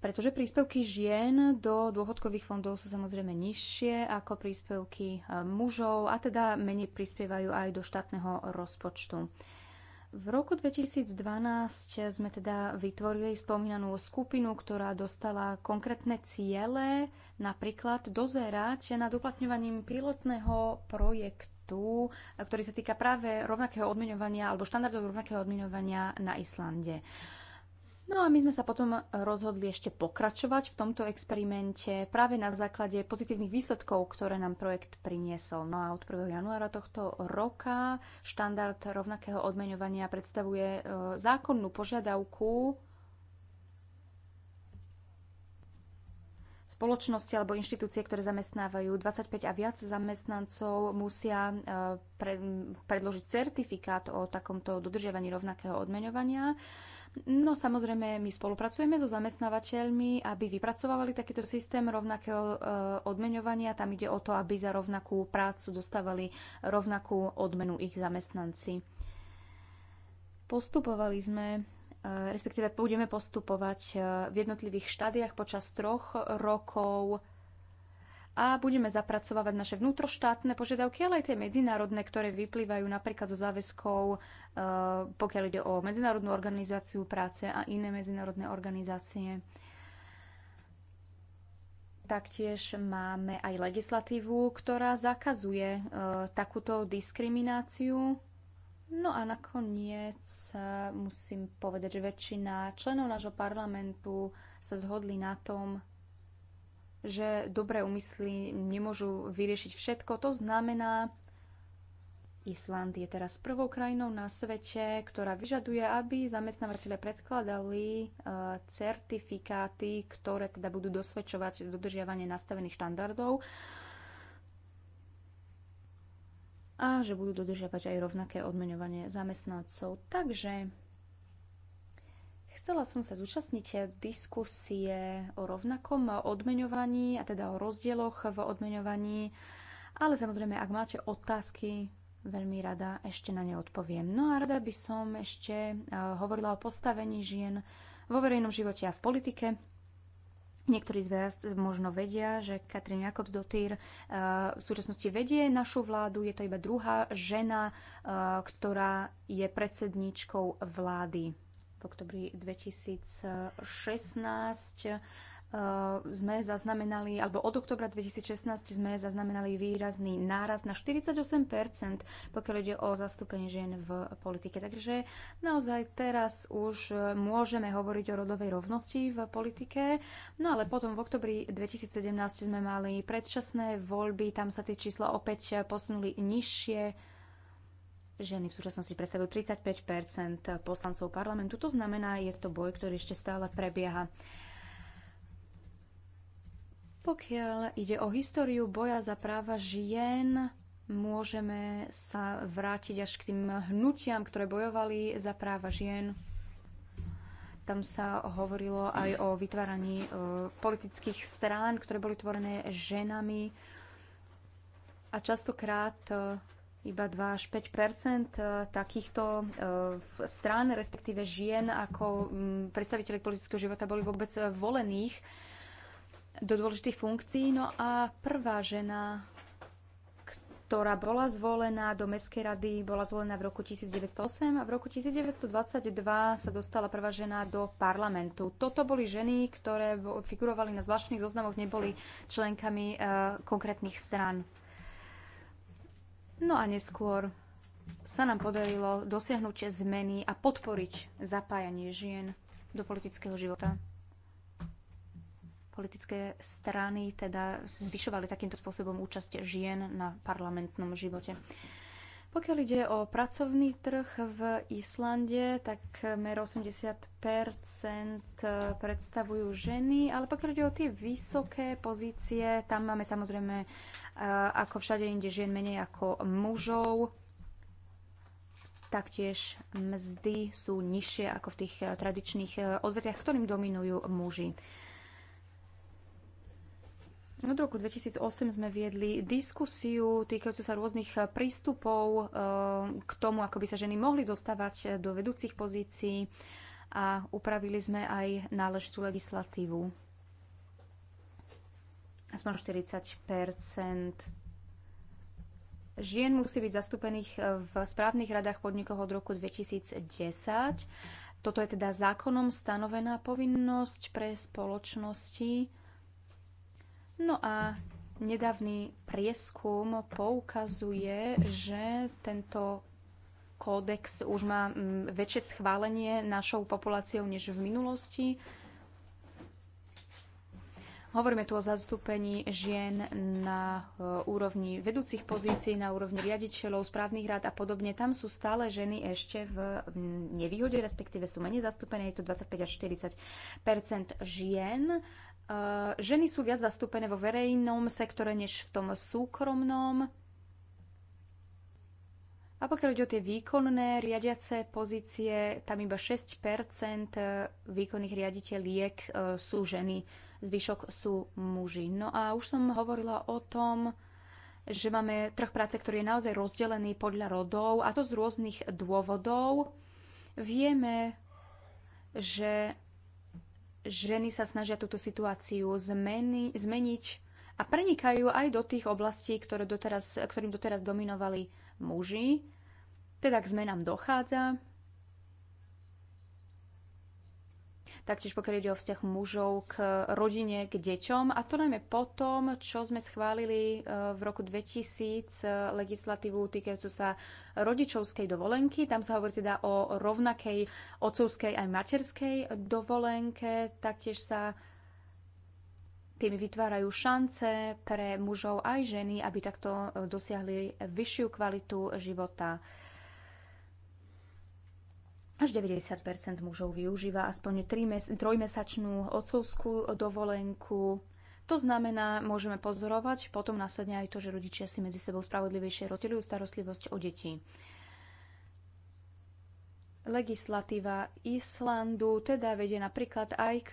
pretože príspevky žien do dôchodkových fondov sú samozrejme nižšie ako príspevky eh, mužov a teda menej prispievajú aj do štátneho rozpočtu. V roku 2012 sme teda vytvorili spomínanú skupinu, ktorá dostala konkrétne ciele, napríklad dozerať nad uplatňovaním pilotného projektu, eh, ktorý sa týka práve rovnakého odmeňovania alebo štandardov rovnakého odmeňovania na Islande. No a my sme sa potom rozhodli ešte pokračovať v tomto experimente práve na základe pozitívnych výsledkov, ktoré nám projekt priniesol. No a od 1. januára tohto roka štandard rovnakého odmeňovania predstavuje e, zákonnú požiadavku spoločnosti alebo inštitúcie, ktoré zamestnávajú 25 a viac zamestnancov, musia e, predložiť certifikát o takomto dodržiavaní rovnakého odmeňovania. No samozrejme, my spolupracujeme so zamestnávateľmi, aby vypracovali takýto systém rovnakého e, odmeňovania. Tam ide o to, aby za rovnakú prácu dostávali rovnakú odmenu ich zamestnanci. Postupovali sme e, respektíve budeme postupovať e, v jednotlivých štádiách počas troch rokov a budeme zapracovávať naše vnútroštátne požiadavky, ale aj tie medzinárodné, ktoré vyplývajú napríklad zo záväzkov, e, pokiaľ ide o Medzinárodnú organizáciu práce a iné medzinárodné organizácie. Taktiež máme aj legislatívu, ktorá zakazuje e, takúto diskrimináciu. No a nakoniec e, musím povedať, že väčšina členov nášho parlamentu sa zhodli na tom, že dobré úmysly nemôžu vyriešiť všetko. To znamená, Island je teraz prvou krajinou na svete, ktorá vyžaduje, aby zamestnávateľe predkladali e, certifikáty, ktoré teda budú dosvedčovať dodržiavanie nastavených štandardov a že budú dodržiavať aj rovnaké odmeňovanie zamestnancov. Takže Chcela som sa zúčastniť diskusie o rovnakom odmeňovaní, a teda o rozdieloch v odmeňovaní. Ale samozrejme, ak máte otázky, veľmi rada ešte na ne odpoviem. No a rada by som ešte eh, hovorila o postavení žien vo verejnom živote a v politike. Niektorí z vás možno vedia, že Katrin Jakobs dotýr eh, v súčasnosti vedie našu vládu. Je to iba druhá žena, eh, ktorá je predsedničkou vlády v oktobri 2016 e, sme zaznamenali, alebo od oktobra 2016 sme zaznamenali výrazný náraz na 48%, pokiaľ ide o zastúpenie žien v politike. Takže naozaj teraz už môžeme hovoriť o rodovej rovnosti v politike. No ale potom v oktobri 2017 sme mali predčasné voľby, tam sa tie čísla opäť posunuli nižšie Ženy v súčasnosti predstavujú 35 poslancov parlamentu. To znamená, je to boj, ktorý ešte stále prebieha. Pokiaľ ide o históriu boja za práva žien, môžeme sa vrátiť až k tým hnutiam, ktoré bojovali za práva žien. Tam sa hovorilo aj o vytváraní e, politických strán, ktoré boli tvorené ženami. A častokrát e, iba 2 až 5 e, takýchto e, strán, respektíve žien ako mm, predstaviteľi politického života boli vôbec e, volených do dôležitých funkcií. No a prvá žena, ktorá bola zvolená do Mestskej rady, bola zvolená v roku 1908 a v roku 1922 sa dostala prvá žena do parlamentu. Toto boli ženy, ktoré figurovali na zvláštnych zoznamoch, neboli členkami konkrétnych strán. No a neskôr sa nám podarilo dosiahnuť zmeny a podporiť zapájanie žien do politického života. Politické strany teda zvyšovali takýmto spôsobom účasť žien na parlamentnom živote. Pokiaľ ide o pracovný trh v Islande, tak mer 80 predstavujú ženy, ale pokiaľ ide o tie vysoké pozície, tam máme samozrejme e, ako všade inde žien menej ako mužov. Taktiež mzdy sú nižšie ako v tých e, tradičných e, odvetiach, ktorým dominujú muži. Od roku 2008 sme viedli diskusiu týkajúcu sa rôznych eh, prístupov eh, k tomu, ako by sa ženy mohli dostávať eh, do vedúcich pozícií a upravili sme aj náležitú legislatívu. Aspoň 40 žien musí byť zastúpených v správnych radách podnikov od roku 2010. Toto je teda zákonom stanovená povinnosť pre spoločnosti No a nedávny prieskum poukazuje, že tento kódex už má mm, väčšie schválenie našou populáciou než v minulosti. Hovoríme tu o zastúpení žien na e, úrovni vedúcich pozícií, na úrovni riaditeľov, správnych rád a podobne. Tam sú stále ženy ešte v nevýhode, respektíve sú menej zastúpené, je to 25 až 40 žien Eh, ženy sú viac zastúpené vo verejnom sektore než v tom súkromnom. A pokiaľ ide o tie výkonné riadiace pozície, tam iba 6 eh, výkonných riaditeľiek eh, sú ženy, zvyšok sú muži. No a už som hovorila o tom, že máme trh práce, ktorý je naozaj rozdelený podľa rodov, a to z rôznych dôvodov. Vieme, že ženy sa snažia túto situáciu zmeni, zmeniť a prenikajú aj do tých oblastí, ktoré doteraz, ktorým doteraz dominovali muži. Teda k zmenám dochádza. taktiež pokiaľ ide o vzťah mužov k rodine, k deťom. A to najmä potom, čo sme schválili e, v roku 2000 e, legislatívu týkajúcu sa rodičovskej dovolenky. Tam sa hovorí teda o rovnakej otcovskej aj materskej dovolenke. Taktiež sa tým vytvárajú šance pre mužov aj ženy, aby takto dosiahli vyššiu kvalitu života. Až 90 mužov využíva aspoň trojmesačnú otcovskú dovolenku. To znamená, môžeme pozorovať potom následne aj to, že rodičia si medzi sebou spravodlivejšie rozdeľujú starostlivosť o deti. Legislatíva Islandu teda vedie napríklad aj k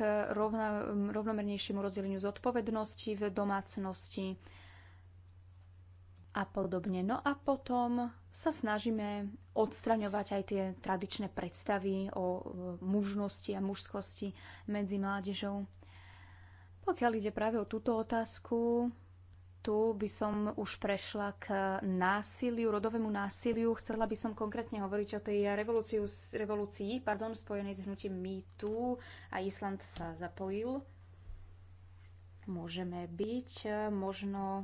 rovnomernejšiemu rozdeleniu zodpovednosti v domácnosti a podobne. No a potom sa snažíme odstraňovať aj tie tradičné predstavy o e, mužnosti a mužskosti medzi mládežou. Pokiaľ ide práve o túto otázku, tu by som už prešla k násiliu, rodovému násiliu. Chcela by som konkrétne hovoriť o tej revolúcii, revolúcii pardon, spojenej s hnutím MeToo a Island sa zapojil môžeme byť e, možno e,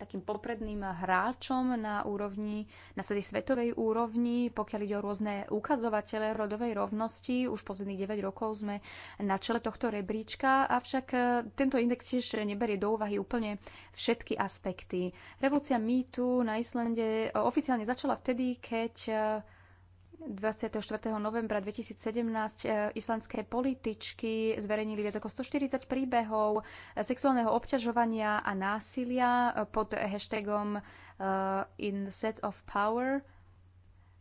takým popredným hráčom na úrovni, na celej svetovej úrovni, pokiaľ ide o rôzne ukazovatele rodovej rovnosti. Už posledných 9 rokov sme na čele tohto rebríčka, avšak e, tento index tiež neberie do úvahy úplne všetky aspekty. Revolúcia MeToo na Islande e, oficiálne začala vtedy, keď e, 24. novembra 2017 e, islandské političky zverejnili viac ako 140 príbehov sexuálneho obťažovania a násilia e, pod hashtagom e, In Set of Power.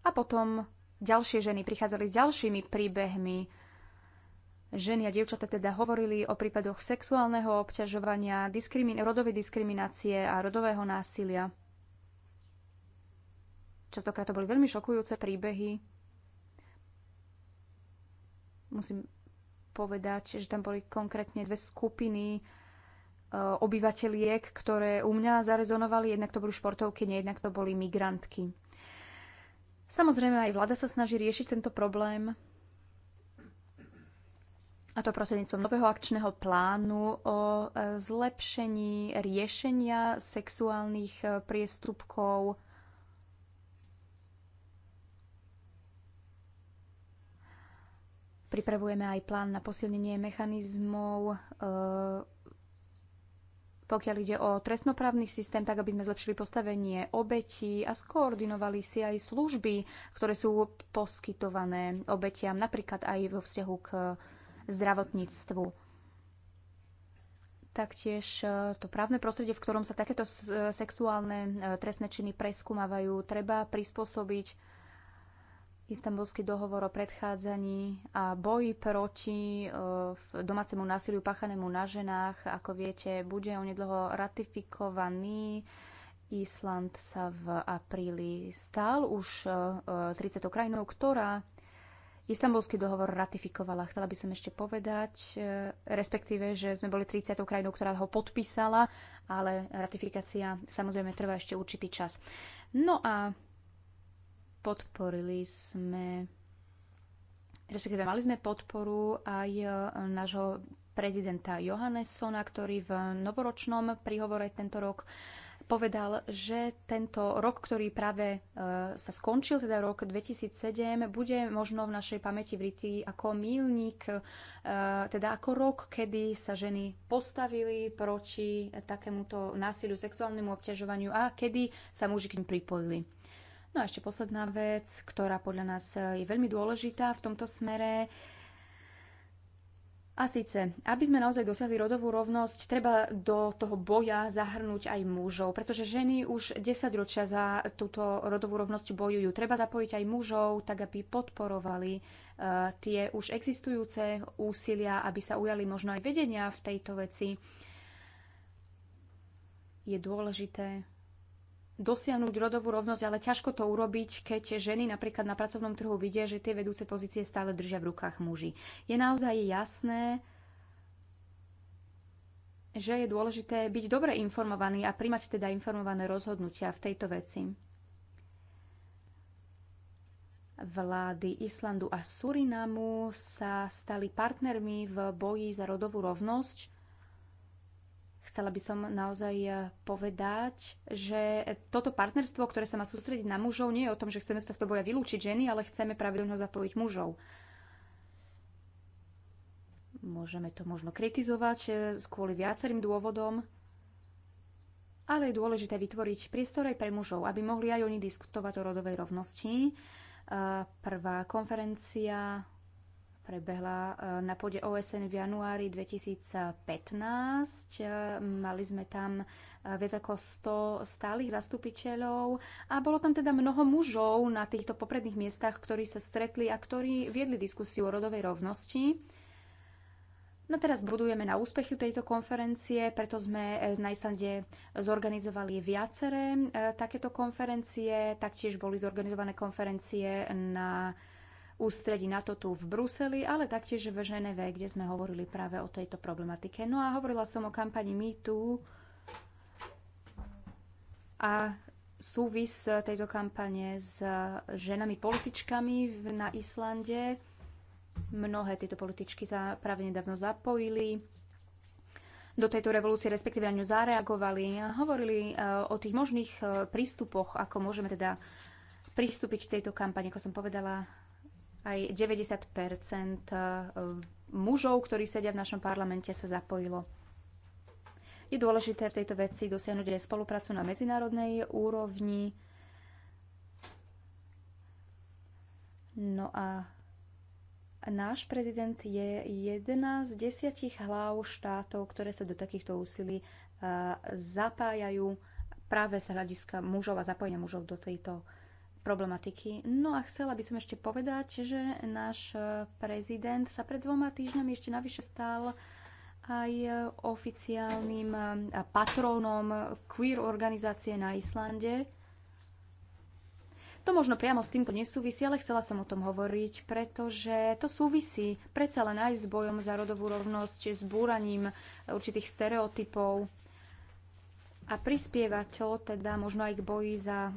A potom ďalšie ženy prichádzali s ďalšími príbehmi. Ženy a dievčatá teda hovorili o prípadoch sexuálneho obťažovania, diskrimin- rodovej diskriminácie a rodového násilia. Častokrát to boli veľmi šokujúce príbehy musím povedať, že tam boli konkrétne dve skupiny e, obyvateľiek, ktoré u mňa zarezonovali. Jednak to boli športovky, jednak to boli migrantky. Samozrejme, aj vláda sa snaží riešiť tento problém, a to prostredníctvom nového akčného plánu o e, zlepšení riešenia sexuálnych e, priestupkov Pripravujeme aj plán na posilnenie mechanizmov, e, pokiaľ ide o trestnoprávny systém, tak aby sme zlepšili postavenie obetí a skoordinovali si aj služby, ktoré sú poskytované obetiam, napríklad aj vo vzťahu k zdravotníctvu. Taktiež e, to právne prostredie, v ktorom sa takéto e, sexuálne trestné činy preskúmavajú, treba prispôsobiť Istanbulský dohovor o predchádzaní a boji proti e, domácemu násiliu páchanému na ženách. Ako viete, bude onedlho ratifikovaný. Island sa v apríli stal už 30 e, e, krajinou, ktorá Istanbulský dohovor ratifikovala. Chcela by som ešte povedať, respektíve, že sme boli 30. krajinou, ktorá ho podpísala, ale ratifikácia samozrejme trvá ešte určitý čas. No a Podporili sme, respektíve mali sme podporu aj e, nášho prezidenta Johannessona, ktorý v novoročnom prihovore tento rok povedal, že tento rok, ktorý práve e, sa skončil, teda rok 2007, bude možno v našej pamäti vritý ako milník, e, teda ako rok, kedy sa ženy postavili proti takémuto násiliu, sexuálnemu obťažovaniu a kedy sa muži k nim pripojili. No a ešte posledná vec, ktorá podľa nás eh, je veľmi dôležitá v tomto smere. A síce, aby sme naozaj dosiahli rodovú rovnosť, treba do toho boja zahrnúť aj mužov, pretože ženy už 10 ročia za túto rodovú rovnosť bojujú. Treba zapojiť aj mužov, tak aby podporovali uh, tie už existujúce úsilia, aby sa ujali možno aj vedenia v tejto veci. Je dôležité dosiahnuť rodovú rovnosť, ale ťažko to urobiť, keď ženy napríklad na pracovnom trhu vidia, že tie vedúce pozície stále držia v rukách muži. Je naozaj jasné, že je dôležité byť dobre informovaný a príjmať teda informované rozhodnutia v tejto veci. Vlády Islandu a Surinamu sa stali partnermi v boji za rodovú rovnosť Chcela by som naozaj eh, povedať, že toto partnerstvo, ktoré sa má sústrediť na mužov, nie je o tom, že chceme z tohto boja vylúčiť ženy, ale chceme pravidelno zapojiť mužov. Môžeme to možno kritizovať eh, kvôli viacerým dôvodom, ale je dôležité vytvoriť priestor aj pre mužov, aby mohli aj oni diskutovať o rodovej rovnosti. Eh, prvá konferencia prebehla eh, na pôde OSN v januári 2015. Eh, mali sme tam eh, viac ako 100 stálych zastupiteľov a bolo tam teda mnoho mužov na týchto popredných miestach, ktorí sa stretli a ktorí viedli diskusiu o rodovej rovnosti. No teraz budujeme na úspechy tejto konferencie, preto sme na Islande zorganizovali viaceré takéto konferencie, taktiež boli zorganizované konferencie na ústredí na to tu v Bruseli, ale taktiež v Ženeve, kde sme hovorili práve o tejto problematike. No a hovorila som o kampani MeToo a súvis tejto kampane s ženami političkami na Islande. Mnohé tieto političky sa práve nedávno zapojili do tejto revolúcie, respektíve na ňu zareagovali a hovorili e, o tých možných e, prístupoch, ako môžeme teda pristúpiť k tejto kampani. Ako som povedala, aj 90 e, mužov, ktorí sedia v našom parlamente, sa zapojilo. Je dôležité v tejto veci dosiahnuť aj spoluprácu na medzinárodnej úrovni. No a náš prezident je jedna z desiatich hlav štátov, ktoré sa do takýchto úsilí e, zapájajú práve z hľadiska mužov a zapojenia mužov do tejto problematiky. No a chcela by som ešte povedať, že náš e, prezident sa pred dvoma týždňami ešte navyše stal aj oficiálnym e, patrónom queer organizácie na Islande. To možno priamo s týmto nesúvisí, ale chcela som o tom hovoriť, pretože to súvisí predsa len aj s bojom za rodovú rovnosť, s búraním určitých stereotypov a prispieva to teda možno aj k boji za e,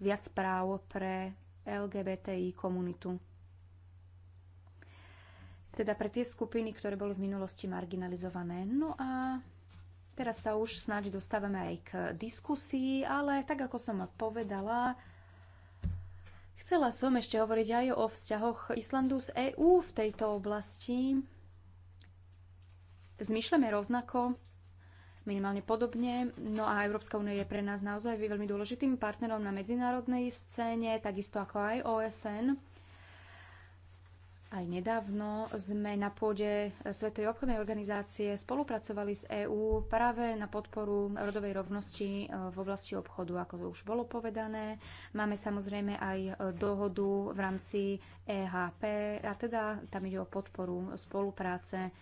viac práv pre LGBTI komunitu. Teda pre tie skupiny, ktoré boli v minulosti marginalizované. No a teraz sa už snáď dostávame aj k diskusii, ale tak ako som povedala, chcela som ešte hovoriť aj o vzťahoch Islandu s EÚ v tejto oblasti. Zmyšľame rovnako minimálne podobne. No a Európska únia je pre nás naozaj veľmi dôležitým partnerom na medzinárodnej scéne, takisto ako aj OSN. Aj nedávno sme na pôde Svetej obchodnej organizácie spolupracovali s EÚ práve na podporu rodovej rovnosti e, v oblasti obchodu, ako to už bolo povedané. Máme samozrejme aj dohodu v rámci EHP, a teda tam ide o podporu spolupráce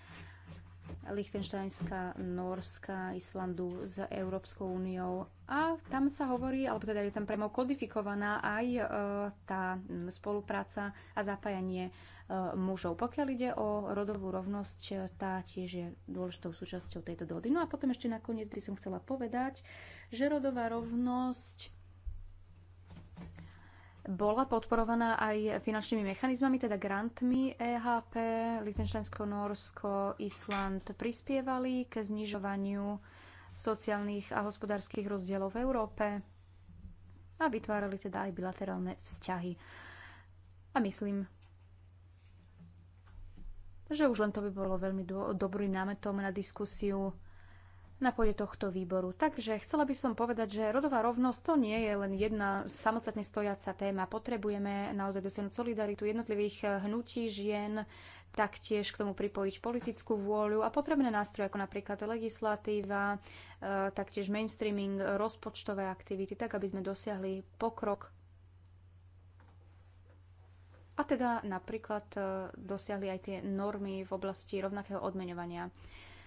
Lichtensteinska, Norska, Islandu s Európskou úniou. A tam sa hovorí, alebo teda je tam priamo kodifikovaná aj e, tá spolupráca a zapájanie e, mužov. Pokiaľ ide o rodovú rovnosť, e, tá tiež je dôležitou súčasťou tejto dohody. No a potom ešte nakoniec by som chcela povedať, že rodová rovnosť bola podporovaná aj finančnými mechanizmami, teda grantmi EHP, Liechtensteinsko, Norsko, Island prispievali ke znižovaniu sociálnych a hospodárskych rozdielov v Európe a vytvárali teda aj bilaterálne vzťahy. A myslím, že už len to by bolo veľmi dobrým námetom na diskusiu na pôde tohto výboru. Takže chcela by som povedať, že rodová rovnosť to nie je len jedna samostatne stojaca téma. Potrebujeme naozaj dosiahnuť solidaritu jednotlivých hnutí žien, taktiež k tomu pripojiť politickú vôľu a potrebné nástroje ako napríklad legislatíva, e, taktiež mainstreaming, rozpočtové aktivity, tak aby sme dosiahli pokrok a teda napríklad e, dosiahli aj tie normy v oblasti rovnakého odmeňovania.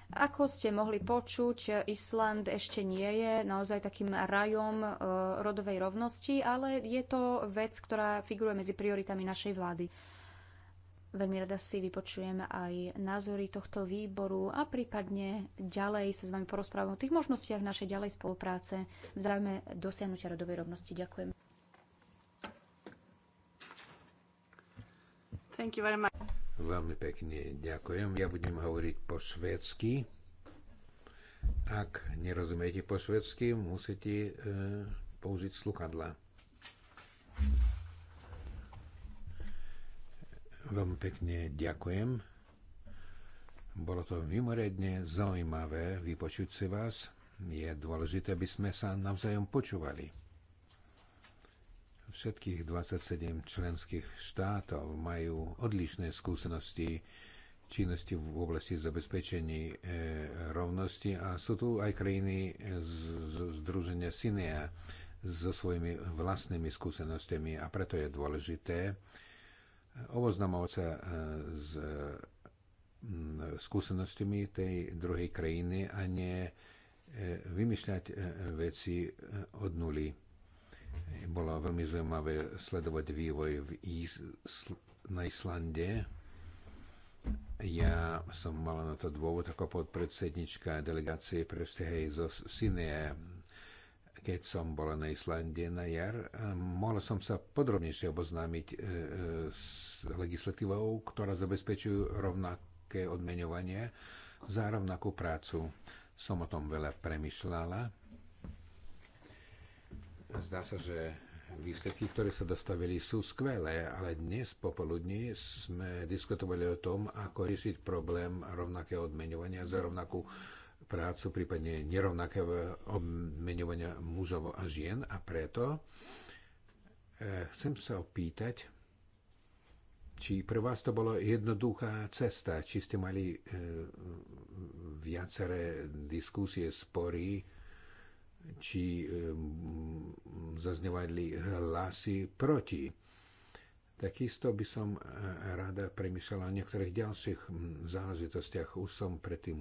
Ako ste mohli počuť, Island ešte nie je naozaj takým rajom e, rodovej rovnosti, ale je to vec, ktorá figuruje medzi prioritami našej vlády. Veľmi rada si vypočujem aj názory tohto výboru a prípadne ďalej sa s vami porozprávam o tých možnostiach našej ďalej spolupráce v záujme dosiahnutia rodovej rovnosti. Ďakujem. Thank you very much. Veľmi pekne ďakujem. Ja budem hovoriť po švedsky. Ak nerozumiete po svedsky, musíte e, použiť sluchadla. Veľmi pekne ďakujem. Bolo to mimoriadne zaujímavé vypočuť si vás. Je dôležité, aby sme sa navzájom počúvali. Všetkých 27 členských štátov majú odlišné skúsenosti činnosti v oblasti zabezpečení e, rovnosti a sú tu aj krajiny z, z združenia SINEA so svojimi vlastnými skúsenostiami a preto je dôležité oboznamovať sa e, s e, skúsenostiami tej druhej krajiny a nie e, vymýšľať e, veci e, od nuly bolo veľmi zaujímavé sledovať vývoj v Is- na Islande. Ja som mala na to dôvod ako podpredsednička delegácie pre vzťahy zo Sinea. Keď som bola na Islande na jar, mohla som sa podrobnejšie oboznámiť e, e, s legislatívou, ktorá zabezpečuje rovnaké odmeňovanie za rovnakú prácu. Som o tom veľa premyšľala Zdá sa, že výsledky, ktoré sa dostavili, sú skvelé, ale dnes popoludní sme diskutovali o tom, ako riešiť problém rovnakého odmenovania za rovnakú prácu, prípadne nerovnakého obmenovania mužov a žien a preto e, chcem sa opýtať, či pre vás to bola jednoduchá cesta, či ste mali e, viaceré diskusie, spory, či zaznevali hlasy proti. Takisto by som e, rada premyšľala o niektorých ďalších záležitostiach. Už som predtým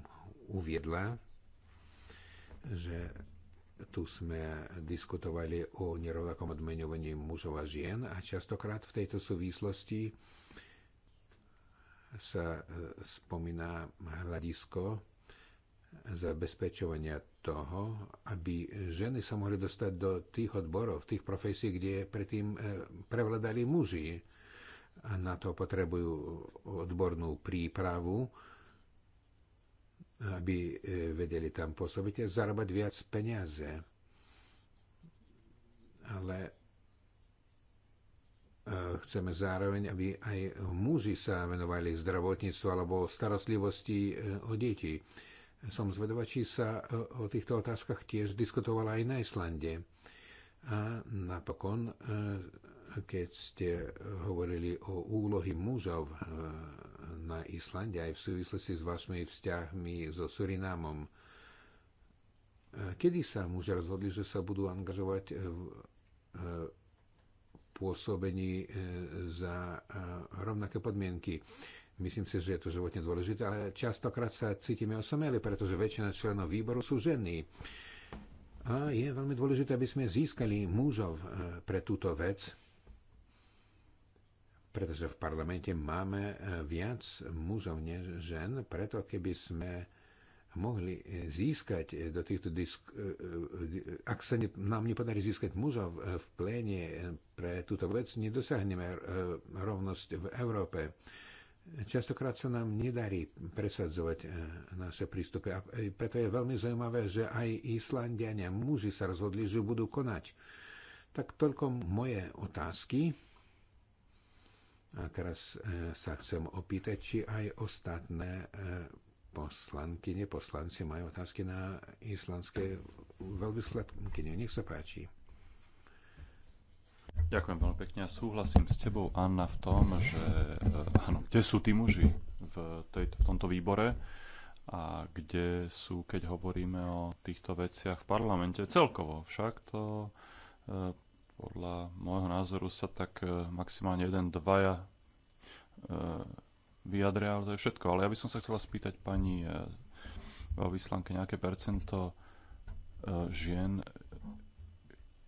uviedla, že tu sme diskutovali o nerovnakom odmenovaní mužov a žien a častokrát v tejto súvislosti sa e, spomína hľadisko zabezpečovania toho, aby ženy sa mohli dostať do tých odborov, tých profesí, kde predtým e, prevladali muži. A na to potrebujú odbornú prípravu, aby e, vedeli tam pôsobiť a zarábať viac peniaze. Ale e, chceme zároveň, aby aj muži sa venovali zdravotníctvu alebo starostlivosti o deti. Som zvedavá, či sa e, o týchto otázkach tiež diskutovala aj na Islande. A napokon, e, keď ste hovorili o úlohy mužov e, na Islande aj v súvislosti s vašimi vzťahmi so Surinamom, kedy sa muži rozhodli, že sa budú angažovať v pôsobení za rovnaké podmienky? Myslím si, že je to životne dôležité, ale častokrát sa cítime osameli, pretože väčšina členov výboru sú ženy. A je veľmi dôležité, aby sme získali mužov e, pre túto vec, pretože v parlamente máme e, viac mužov než žen, preto keby sme mohli e, získať do týchto disk... Ak sa nám nepodarí získať mužov v pléne pre túto vec, nedosiahneme rovnosť v Európe. Častokrát sa nám nedarí presadzovať e, naše prístupy a e, preto je veľmi zaujímavé, že aj Islandiania, muži sa rozhodli, že budú konať. Tak toľko moje otázky. A teraz e, sa chcem opýtať, či aj ostatné poslanky, neposlanci majú otázky na islandské veľvyslankyne. Nech sa páči. Ďakujem veľmi pekne a súhlasím s tebou, Anna, v tom, že eh, áno, kde sú tí muži v, tejto, v tomto výbore a kde sú, keď hovoríme o týchto veciach v parlamente celkovo. Však to eh, podľa môjho názoru sa tak eh, maximálne jeden, dvaja vyjadria, ale to je všetko. Ale ja by som sa chcela spýtať pani Vyslanke nejaké percento žien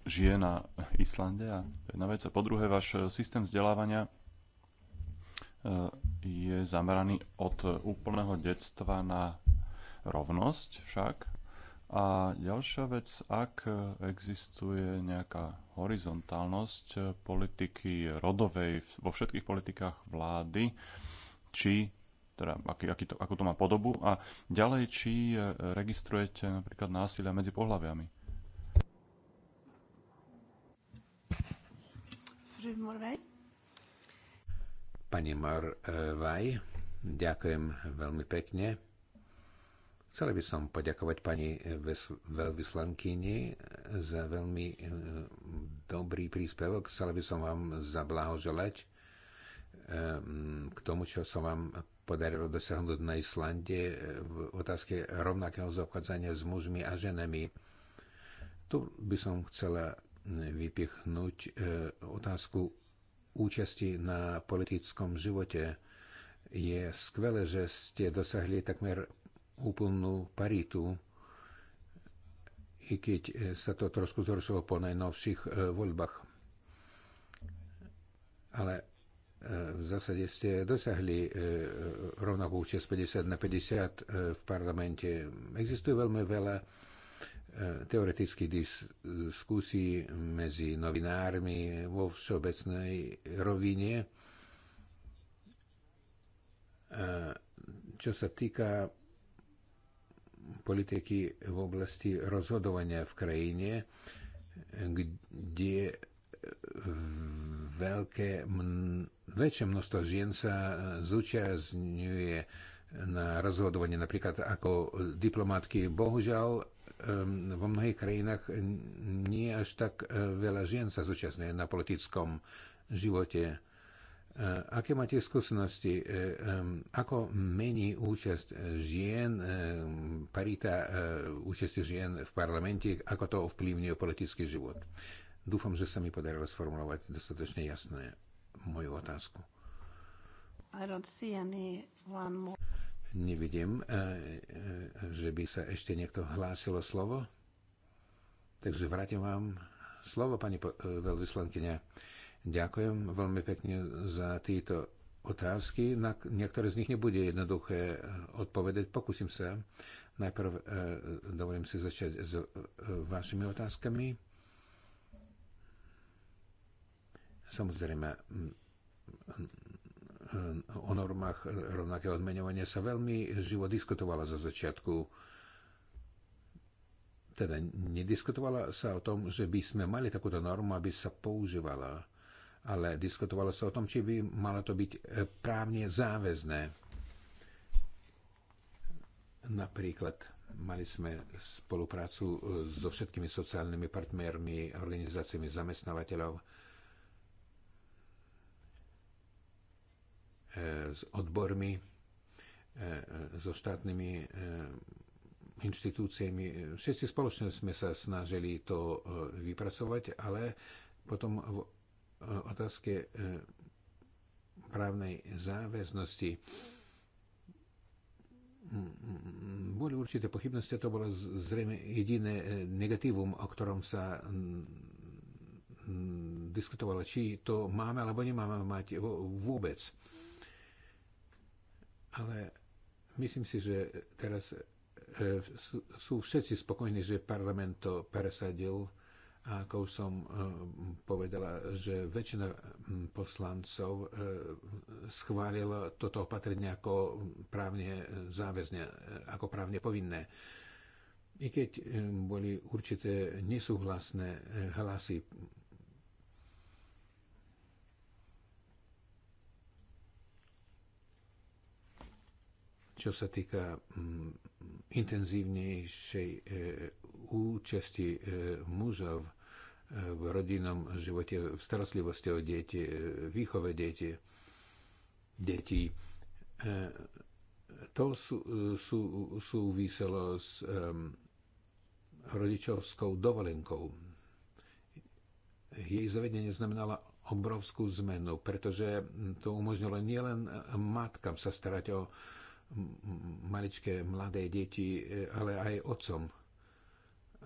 žije na Islande a to je jedna vec. A po druhé, váš eh, systém vzdelávania eh, je zameraný od úplného detstva na rovnosť však. A ďalšia vec, ak existuje nejaká horizontálnosť eh, politiky rodovej vo všetkých politikách vlády, či teda aký, aký to, akú to má podobu a ďalej, či registrujete napríklad násilia medzi pohľaviami. Pani Morvaj, ďakujem veľmi pekne. Chcela by som poďakovať pani veľvyslankyni za veľmi eh, dobrý príspevok. Chcela by som vám zablahoželať eh, k tomu, čo som vám podarilo dosiahnuť na Islande eh, v otázke rovnakého zaobchádzania s mužmi a ženami. Tu by som chcela vypichnúť e, otázku účasti na politickom živote. Je skvelé, že ste dosahli takmer úplnú paritu, i keď e, sa to trošku zhoršilo po najnovších e, voľbách. Ale v zásade ste dosahli rovnakú účasť 50 na 50 v parlamente. Existuje veľmi veľa E, teoretických diskusí medzi novinármi vo všeobecnej rovine. E, čo sa týka politiky v oblasti rozhodovania v krajine, kde veľké, väčšie množstvo žien sa zúčastňuje na rozhodovanie, napríklad ako diplomatky. Bohužiaľ, Ehm, vo mnohých krajinách nie až tak e, veľa žien sa zúčastňuje na politickom živote. E, aké máte skúsenosti? E, ehm, ako mení účasť žien, parita účasti žien v parlamente, ako to ovplyvňuje politický život? Dúfam, že sa mi podarilo sformulovať dostatočne jasné moju otázku. I don't see any one more. Nevidím, e, e, že by sa ešte niekto hlásilo slovo. Takže vrátim vám slovo, pani e, veľvyslankyňa. Ďakujem veľmi pekne za tieto otázky. Na niektoré z nich nebude jednoduché odpovedať. Pokúsim sa. Najprv dovolím si začať s vašimi otázkami. Samozrejme, Eh, o normách eh, rovnakého odmenovania sa veľmi živo diskutovala za začiatku. Teda nediskutovala sa o tom, že by sme mali takúto normu, aby sa používala, ale diskutovala sa o tom, či by malo to byť eh, právne záväzné. Napríklad mali sme spoluprácu so všetkými sociálnymi partnermi, organizáciami zamestnávateľov, E, s odbormi, e, e, so štátnymi inštitúciami. Všetci spoločne sme sa snažili to vypracovať, ale potom v otázke právnej záväznosti boli určité pochybnosti, to bolo zrejme jediné negatívum, o ktorom sa diskutovalo, či to máme alebo nemáme mať vôbec. Ale myslím si, že teraz e, sú všetci spokojní, že parlament to presadil a ako som e, povedala, že väčšina poslancov e, schválila toto opatrenie ako právne záväzne, ako právne povinné. I keď boli určité nesúhlasné hlasy čo sa týka mm, intenzívnejšej e, účasti e, mužov e, v rodinnom živote, v starostlivosti o deti, výchove deti, detí. To sú, sú, súviselo s rodičovskou dovolenkou. Jej zavedenie znamenalo obrovskú zmenu, pretože to umožnilo nielen matkám sa starať o maličké mladé deti, eh, ale aj otcom.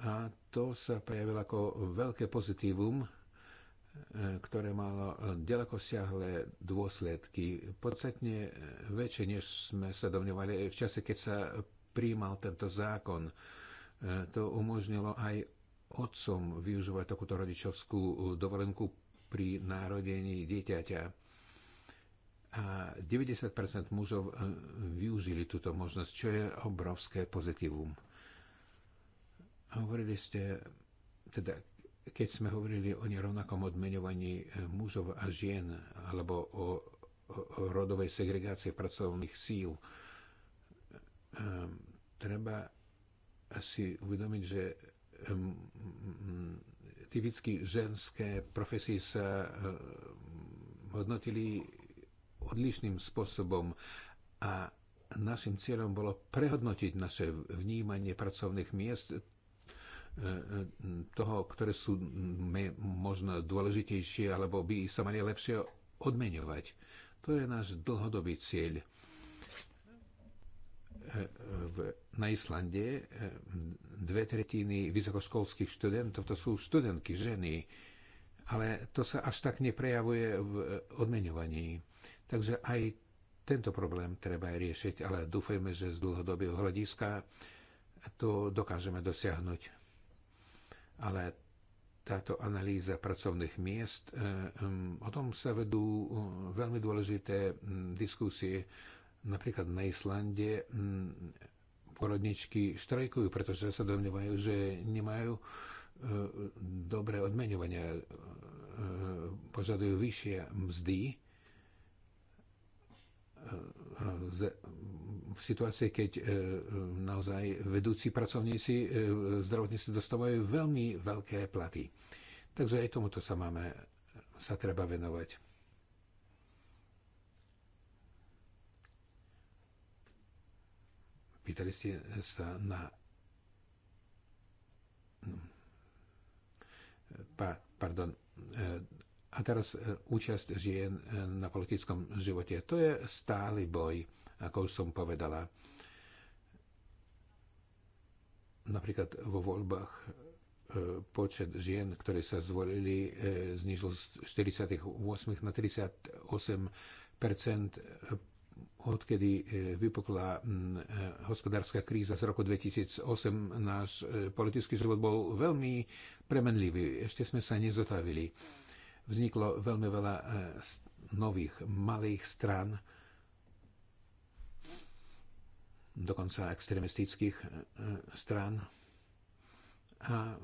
A to sa prejavilo ako veľké pozitívum, eh, ktoré malo ďaleko siahle dôsledky, podstatne eh, väčšie, než sme sa domňovali v čase, keď sa príjmal tento zákon. To umožnilo aj otcom využívať takúto rodičovskú dovolenku pri narodení dieťaťa a 90% mužov e, využili túto možnosť, čo je obrovské pozitívum. Hovorili ste, teda keď sme hovorili o nerovnakom odmenovaní e, mužov a žien, alebo o, o, o rodovej segregácii pracovných síl, e, treba si uvedomiť, že typicky ženské profesie sa hodnotili odlišným spôsobom a našim cieľom bolo prehodnotiť naše vnímanie pracovných miest, e, e, toho, ktoré sú možno dôležitejšie alebo by sa mali lepšie odmeňovať. To je náš dlhodobý cieľ. E, na Islande dve tretiny vysokoškolských študentov to sú študentky, ženy, ale to sa až tak neprejavuje v odmeňovaní. Takže aj tento problém treba riešiť, ale dúfajme, že z dlhodobého hľadiska to dokážeme dosiahnuť. Ale táto analýza pracovných miest, eh, o tom sa vedú eh, veľmi dôležité hm, diskusie. Napríklad na Islande hm, porodničky štrajkujú, pretože sa domnievajú, že nemajú eh, dobré odmeňovania, požadujú vyššie mzdy v situácii, keď e, naozaj vedúci pracovníci e, zdravotníci dostávajú veľmi veľké platy. Takže aj tomuto sa máme, sa treba venovať. Pýtali ste sa na no, pardon, e, a teraz e, účasť žien e, na politickom živote. To je stály boj, ako už som povedala. Napríklad vo voľbách e, počet žien, ktoré sa zvolili, znižil z 48 na 38 odkedy vypukla hospodárska kríza z roku 2008, náš politický život bol veľmi premenlivý. Ešte sme sa nezotavili vzniklo veľmi veľa e, nových malých stran, dokonca extremistických e, e, stran. A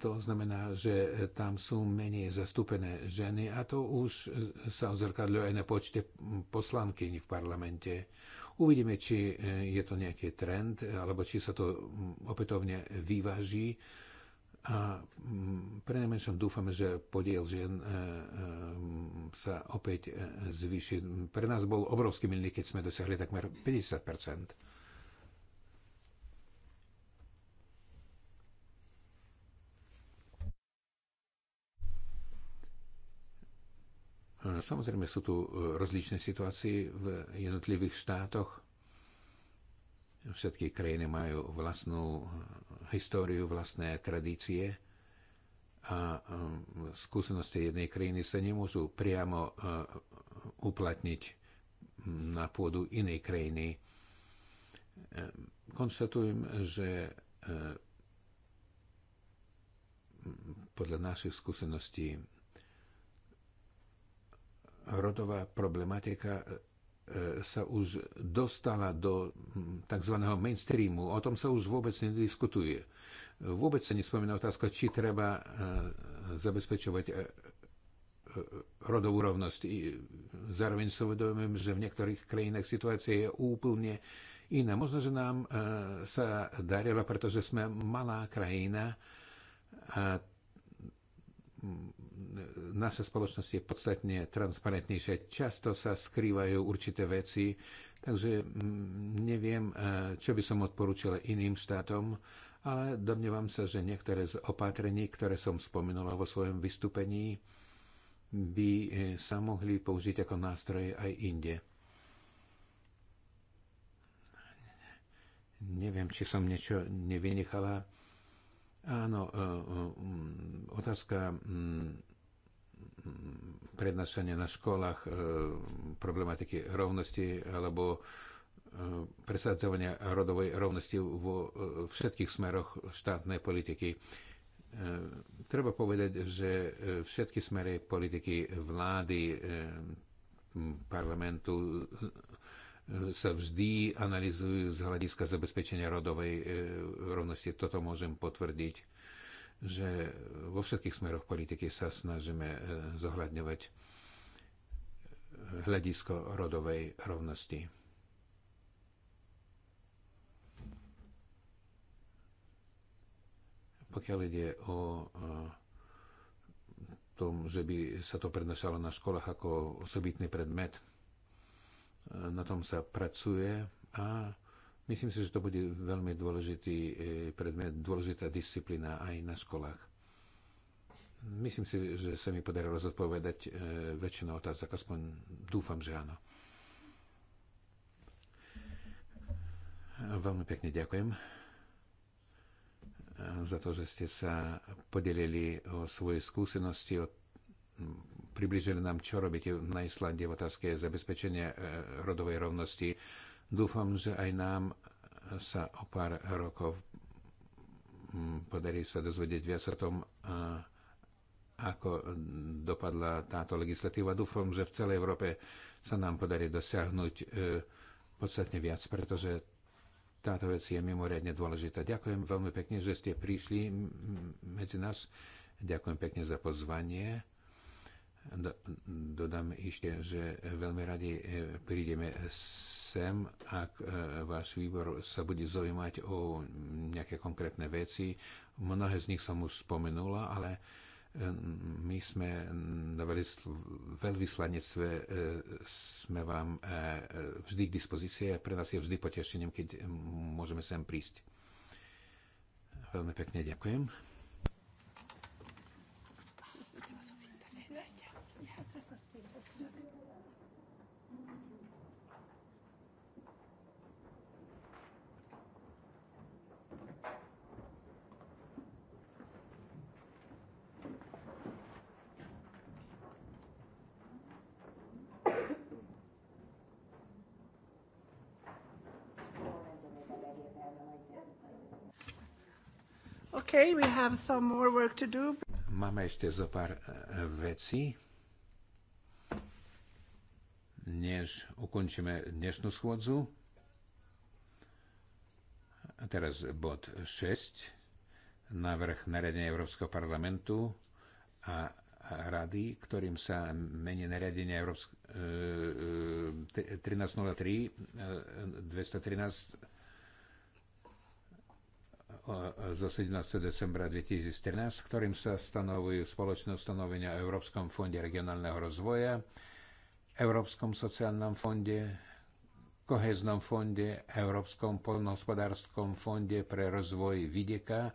to znamená, že tam sú menej zastúpené ženy a to už sa odzrkadľuje aj na počte poslankyň v parlamente. Uvidíme, či je to nejaký trend, alebo či sa to opätovne vyváži a mm, pre najmenšom dúfame, že podiel žien e, e, sa opäť e, zvýši. Pre nás bol obrovský milný, keď sme dosiahli takmer 50 Samozrejme sú tu rozličné situácie v jednotlivých štátoch. Všetky krajiny majú vlastnú históriu, vlastné tradície a skúsenosti jednej krajiny sa nemôžu priamo e, uplatniť na pôdu inej krajiny. E, konštatujem, že e, podľa našich skúseností rodová problematika E, sa už dostala do tzv. mainstreamu. O tom sa už vôbec nediskutuje. Vôbec sa nespomína otázka, či treba e, zabezpečovať e, rodovú rovnosť. Zároveň sa uvedomujem, že v niektorých krajinách situácia je úplne iná. Možno, že nám sa darilo, pretože sme malá krajina a naša spoločnosť je podstatne transparentnejšia. Často sa skrývajú určité veci, takže mm, neviem, e, čo by som odporúčil iným štátom, ale domnievam sa, že niektoré z opatrení, ktoré som spomenula vo svojom vystúpení, by e, sa mohli použiť ako nástroje aj inde. Neviem, či som niečo nevynechala. Áno, e, otázka prednášania na školách e, problematiky rovnosti alebo e, presadzovania rodovej rovnosti vo e, všetkých smeroch štátnej politiky. Treba povedať, že všetky smery politiky vlády, parlamentu sa vždy analizujú z hľadiska zabezpečenia rodovej rovnosti. Toto môžem potvrdiť že vo všetkých smeroch politiky sa snažíme e, zohľadňovať e, hľadisko rodovej rovnosti. Pokiaľ ide o e, tom, že by sa to prednášalo na školách ako osobitný predmet, na tom sa pracuje a Myslím si, že to bude veľmi dôležitý e, predmet, dôležitá disciplína aj na školách. Myslím si, že sa mi podarilo zodpovedať e, väčšinu otázok, aspoň dúfam, že áno. Veľmi pekne ďakujem e, za to, že ste sa podelili o svoje skúsenosti, o približili nám, čo robíte na Islande v otázke zabezpečenia rodovej rovnosti Dúfam, že aj nám sa o pár rokov mm, podarí sa dozvedieť viac o tom, ako dopadla táto legislatíva. Dúfam, že v celej Európe sa nám podarí dosiahnuť e, podstatne viac, pretože táto vec je mimoriadne dôležitá. Ďakujem veľmi pekne, že ste prišli medzi nás. Ďakujem pekne za pozvanie. Dodám ešte, že veľmi radi e, prídeme s sem, ak e, váš výbor sa bude zaujímať o nejaké konkrétne veci. Mnohé z nich som už spomenula, ale e, my sme na veľvyslanectve e, sme vám vždy k dispozícii a pre nás je vždy potešením, keď môžeme sem prísť. Veľmi pekne ďakujem. Okay, we have some more work to do. Máme ešte zo pár e, vecí. Než ukončíme dnešnú schôdzu. A teraz bod 6. Návrh naredenia Európskeho parlamentu a rady, ktorým sa mení nariadenie Európsk- 1303 e, 213 e, zo 17. decembra 2013, ktorým sa stanovujú spoločné ustanovenia o Európskom fonde regionálneho rozvoja, Európskom sociálnom fonde, koheznom fonde, Európskom poľnohospodárskom fonde pre rozvoj vidieka,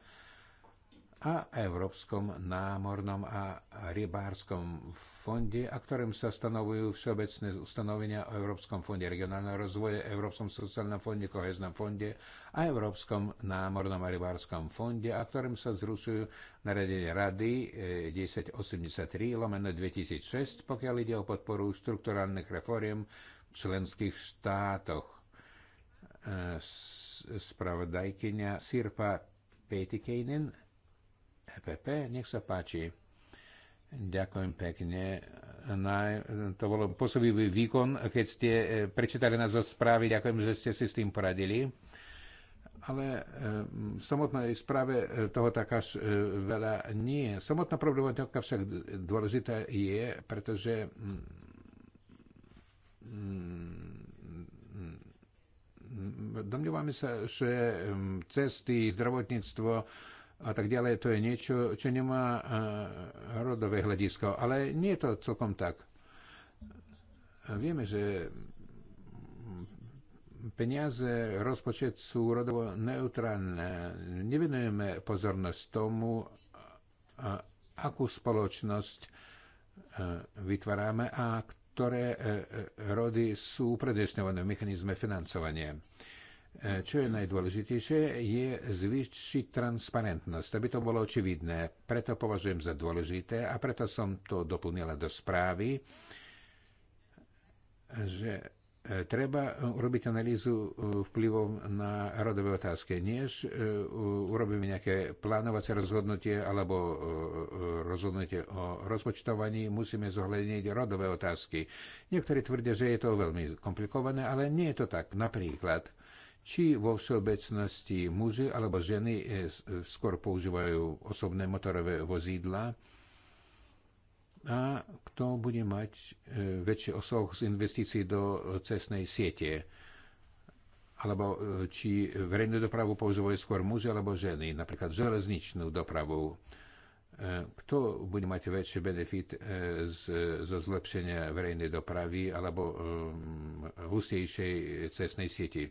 a Európskom námornom a rybárskom fonde, a ktorým sa stanovujú všeobecné ustanovenia o Európskom fonde regionálneho rozvoja, Európskom sociálnom fonde, koheznom fonde a Európskom námornom a rybárskom fonde, a ktorým sa zrušujú naredenie Rady 1083 eh, lomeno 2006, pokiaľ ide o podporu štrukturálnych reforiem v členských štátoch. Eh, Spravodajkynia Sirpa Petikejnen EPP. Nech sa páči. Ďakujem pekne. Na, to bolo posobivý výkon, keď ste e, prečítali nás zo správy. Ďakujem, že ste si s tým poradili. Ale e, v samotnej správe e, toho tak až veľa nie. Samotná problematika však dôležitá je, pretože domnievame sa, že cesty, zdravotníctvo, a tak ďalej, to je niečo, čo nemá eh, rodové hľadisko. Ale nie je to celkom tak. Vieme, že peniaze, rozpočet sú rodovo neutrálne. Nevenujeme pozornosť tomu, eh, akú spoločnosť eh, vytvárame a ktoré rody sú predesňované v mechanizme financovania. Čo je najdôležitejšie, je zvýšiť transparentnosť, aby to bolo očividné. Preto považujem za dôležité a preto som to doplnila do správy, že e, treba urobiť analýzu e, vplyvov na rodové otázky, než e, urobíme nejaké plánovacie rozhodnutie alebo rozhodnutie o rozpočtovaní, musíme zohľadniť rodové otázky. Niektorí tvrdia, že je to veľmi komplikované, ale nie je to tak. Napríklad či vo všeobecnosti muži alebo ženy e, e, skôr používajú osobné motorové vozidla a kto bude mať e, väčší osoch z investícií do cestnej siete alebo či verejnú dopravu používajú skôr muži alebo ženy, napríklad železničnú dopravu. Kto bude mať väčší benefit z, zo zlepšenia verejnej dopravy alebo hustejšej cestnej sieti?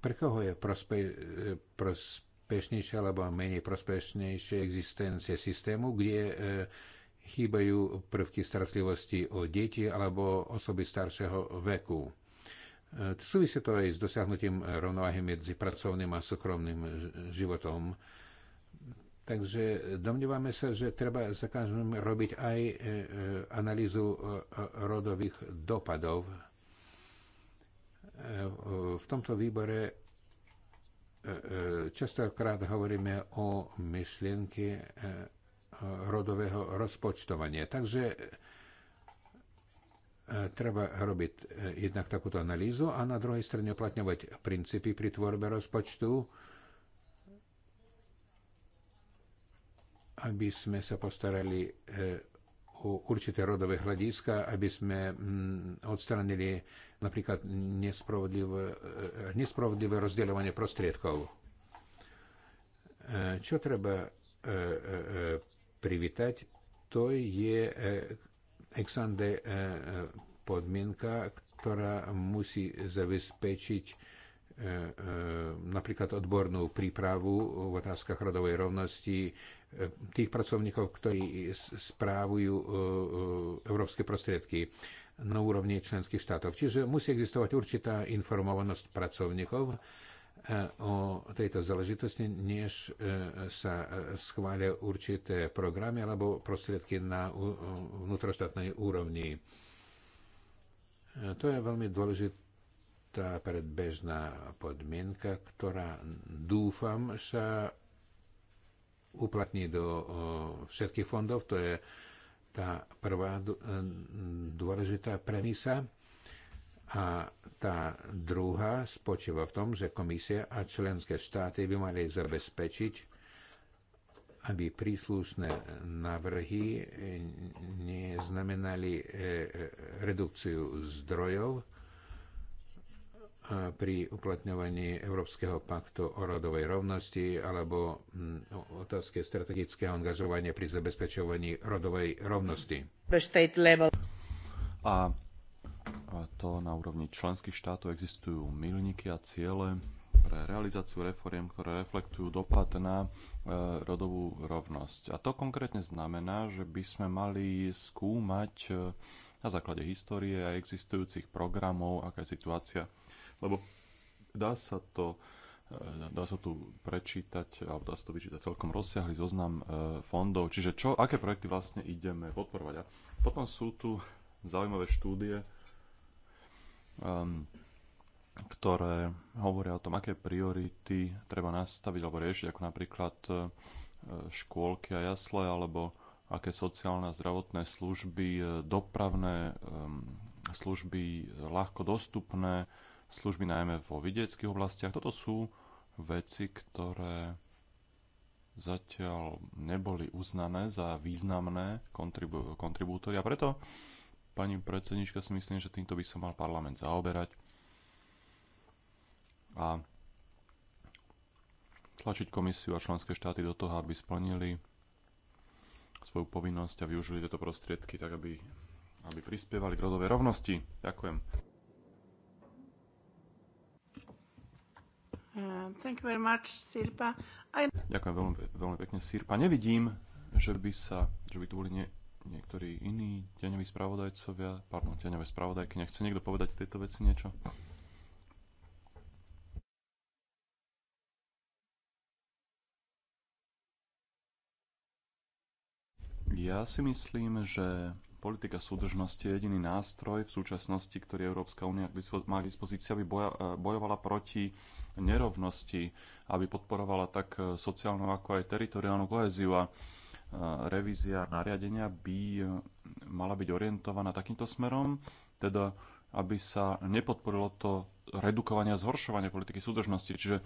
Pre koho je prospe- e, prospešnejšia alebo menej prospešnejšia existencia systému, kde e, chýbajú prvky starostlivosti o deti alebo osoby staršieho veku? E, Súvisí to aj s dosiahnutím rovnováhy medzi pracovným a súkromným životom. Takže domnívame sa, že treba za každým robiť aj e, e analýzu e, e, rodových dopadov v tomto výbore e, e, častokrát hovoríme o myšlienke e, rodového rozpočtovania. Takže treba robiť jednak takúto analýzu a na druhej strane uplatňovať princípy pri tvorbe rozpočtu, aby sme sa postarali určité rodové hľadiska, aby sme mm, odstranili napríklad nespravodlivé, eh, nespravodlivé rozdeľovanie prostriedkov. Eh, čo treba eh, privítať, to je exande podmienka, ktorá musí zabezpečiť napríklad odbornú prípravu v otázkach rodovej rovnosti, tých pracovníkov, ktorí správujú e, e, európske prostriedky na úrovni členských štátov. Čiže musí existovať určitá informovanosť pracovníkov e, o tejto záležitosti, než sa schvália určité programy alebo prostriedky na vnútroštátnej úrovni. To je veľmi dôležitá predbežná podmienka, ktorá dúfam sa uplatní do všetkých fondov. To je tá prvá e, dôležitá premisa. A tá druhá spočíva v tom, že komisia a členské štáty by mali zabezpečiť, aby príslušné návrhy neznamenali e, e, redukciu zdrojov, pri uplatňovaní Európskeho paktu o rodovej rovnosti alebo mm, otázke strategického angažovania pri zabezpečovaní rodovej rovnosti. A to na úrovni členských štátov existujú milníky a ciele pre realizáciu reforiem, ktoré reflektujú dopad na e, rodovú rovnosť. A to konkrétne znamená, že by sme mali skúmať e, na základe histórie a existujúcich programov, aká je situácia lebo dá sa to e, dá sa tu prečítať, alebo dá sa tu vyčítať celkom rozsiahly zoznam e, fondov, čiže čo, aké projekty vlastne ideme podporovať. A potom sú tu zaujímavé štúdie, um, ktoré hovoria o tom, aké priority treba nastaviť alebo riešiť, ako napríklad e, škôlky a jasle, alebo aké sociálne a zdravotné služby, dopravné um, služby ľahko dostupné, služby najmä vo vidieckých oblastiach. Toto sú veci, ktoré zatiaľ neboli uznané za významné kontribu- kontribútory a preto pani predsednička si myslím, že týmto by sa mal parlament zaoberať a tlačiť komisiu a členské štáty do toho, aby splnili svoju povinnosť a využili tieto prostriedky tak, aby, aby prispievali k rodovej rovnosti. Ďakujem. Uh, thank you very much, Sirpa. I... Ďakujem veľmi, veľmi pekne, Sirpa. Nevidím, že by, sa, že by tu boli nie, niektorí iní tieňoví spravodajcovia, pardon, tieňové spravodajky. Nechce niekto povedať tieto veci niečo? Ja si myslím, že politika súdržnosti je jediný nástroj v súčasnosti, ktorý Európska únia má k dispozícii, aby bojovala proti nerovnosti, aby podporovala tak sociálnu ako aj teritoriálnu koheziu a e, revízia nariadenia by e, mala byť orientovaná takýmto smerom, teda aby sa nepodporilo to redukovanie a zhoršovanie politiky súdržnosti. Čiže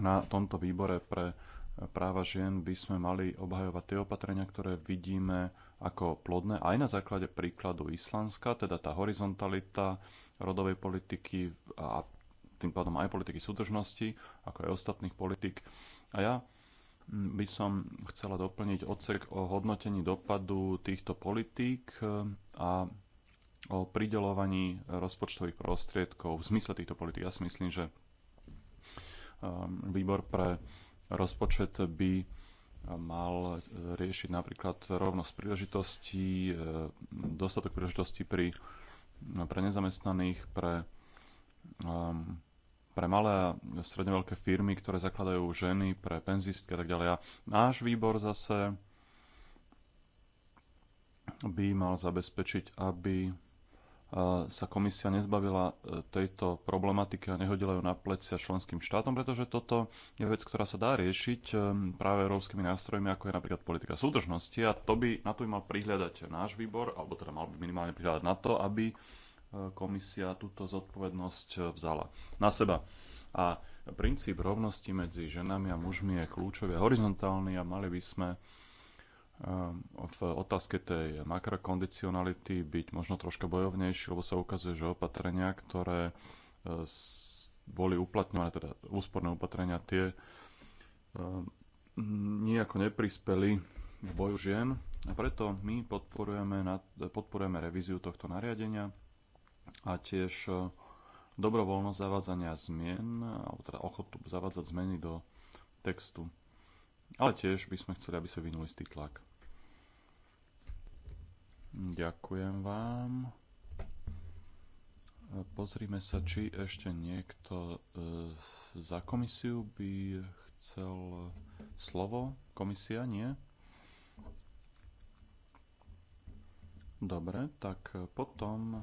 na tomto výbore pre práva žien by sme mali obhajovať tie opatrenia, ktoré vidíme ako plodné aj na základe príkladu Islandska, teda tá horizontalita rodovej politiky a tým pádom aj politiky súdržnosti, ako aj ostatných politik. A ja mm, by som chcela doplniť odsek o hodnotení dopadu týchto politík ehm, a o pridelovaní rozpočtových prostriedkov v zmysle týchto politík. Ja si myslím, že ehm, výbor pre rozpočet by mal e, riešiť napríklad rovnosť príležitostí, e, dostatok príležitostí pri, no, pre nezamestnaných, pre, um, pre malé a stredne veľké firmy, ktoré zakladajú ženy, pre penzistky a tak ďalej. A náš výbor zase by mal zabezpečiť, aby sa komisia nezbavila e, tejto problematiky a nehodila ju na plecia členským štátom, pretože toto je vec, ktorá sa dá riešiť e, práve európskymi nástrojmi, ako je napríklad politika súdržnosti a to by, na to by mal prihľadať náš výbor, alebo teda mal by minimálne prihľadať na to, aby e, komisia túto zodpovednosť vzala na seba. A princíp rovnosti medzi ženami a mužmi je kľúčový a horizontálny a mali by sme Ehm, v otázke tej makrokondicionality byť možno troška bojovnejší, lebo sa ukazuje, že opatrenia, ktoré e, boli uplatňované, teda úsporné opatrenia, tie ehm, nejako neprispeli k boju žien a preto my podporujeme, podporujeme revíziu tohto nariadenia a tiež e, dobrovoľnosť zavádzania zmien, alebo teda ochotu zavádzať zmeny do textu. Ale tiež by sme chceli, aby sa vynul istý tlak. Ďakujem vám. Pozrime sa, či ešte niekto e, za komisiu by chcel slovo. Komisia, nie? Dobre, tak potom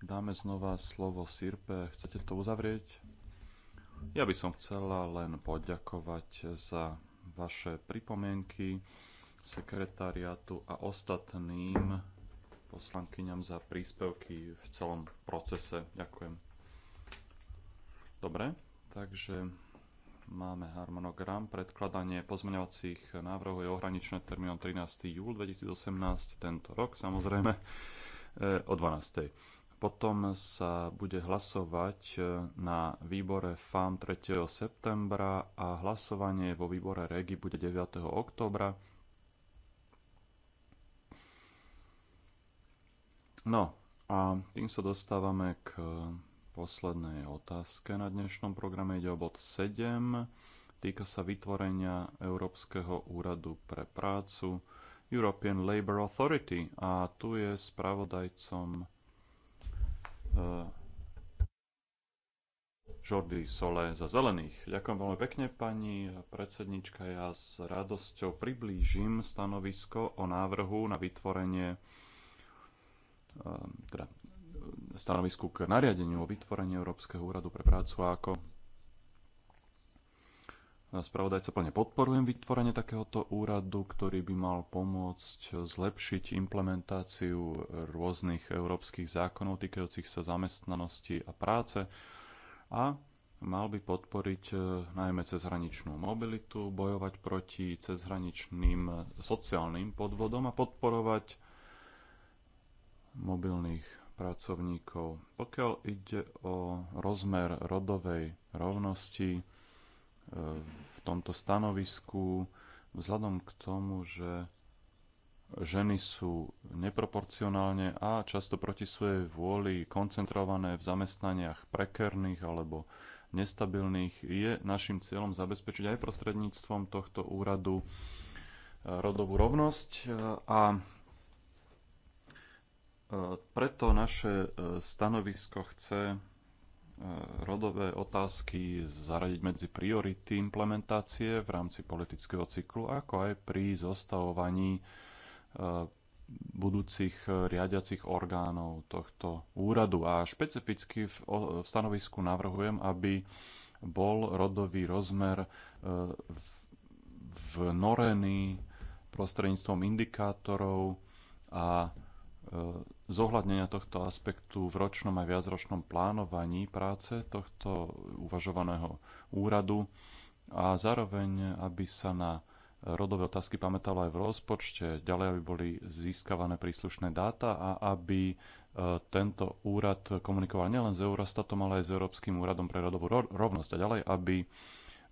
dáme znova slovo Sirpe. Chcete to uzavrieť? Ja by som chcela len poďakovať za vaše pripomienky sekretariatu a ostatným poslankyňam za príspevky v celom procese. Ďakujem. Dobre, takže máme harmonogram. Predkladanie pozmeňovacích návrhov je ohraničené termínom 13. júl 2018, tento rok samozrejme, e, o 12. Potom sa bude hlasovať e, na výbore FAM 3. septembra a hlasovanie vo výbore REGI bude 9. oktobra No a tým sa dostávame k poslednej otázke na dnešnom programe. Ide o bod 7. Týka sa vytvorenia Európskeho úradu pre prácu European Labour Authority. A tu je spravodajcom e, Jordi Sole za zelených. Ďakujem veľmi pekne, pani predsednička. Ja s radosťou priblížim stanovisko o návrhu na vytvorenie Ehm, teda ehm, stanovisku k nariadeniu o vytvorení Európskeho úradu pre prácu a ako spravodajca plne podporujem vytvorenie takéhoto úradu, ktorý by mal pomôcť zlepšiť implementáciu rôznych európskych zákonov týkajúcich sa zamestnanosti a práce a mal by podporiť e, najmä cezhraničnú mobilitu, bojovať proti cezhraničným sociálnym podvodom a podporovať mobilných pracovníkov. Pokiaľ ide o rozmer rodovej rovnosti e, v tomto stanovisku, vzhľadom k tomu, že ženy sú neproporcionálne a často proti svojej vôli koncentrované v zamestnaniach prekerných alebo nestabilných, je našim cieľom zabezpečiť aj prostredníctvom tohto úradu e, rodovú rovnosť e, a E, preto naše e, stanovisko chce e, rodové otázky zaradiť medzi priority implementácie v rámci politického cyklu, ako aj pri zostavovaní budúcich riadiacich orgánov tohto úradu. A špecificky v stanovisku navrhujem, aby bol rodový rozmer vnorený prostredníctvom indikátorov a E, zohľadnenia tohto aspektu v ročnom aj viacročnom plánovaní práce tohto uvažovaného úradu a zároveň, aby sa na rodové otázky pamätalo aj v rozpočte, ďalej, aby boli získavané príslušné dáta a aby e, tento úrad komunikoval nielen s Eurostatom, ale aj s Európskym úradom pre rodovú rovnosť a ďalej, aby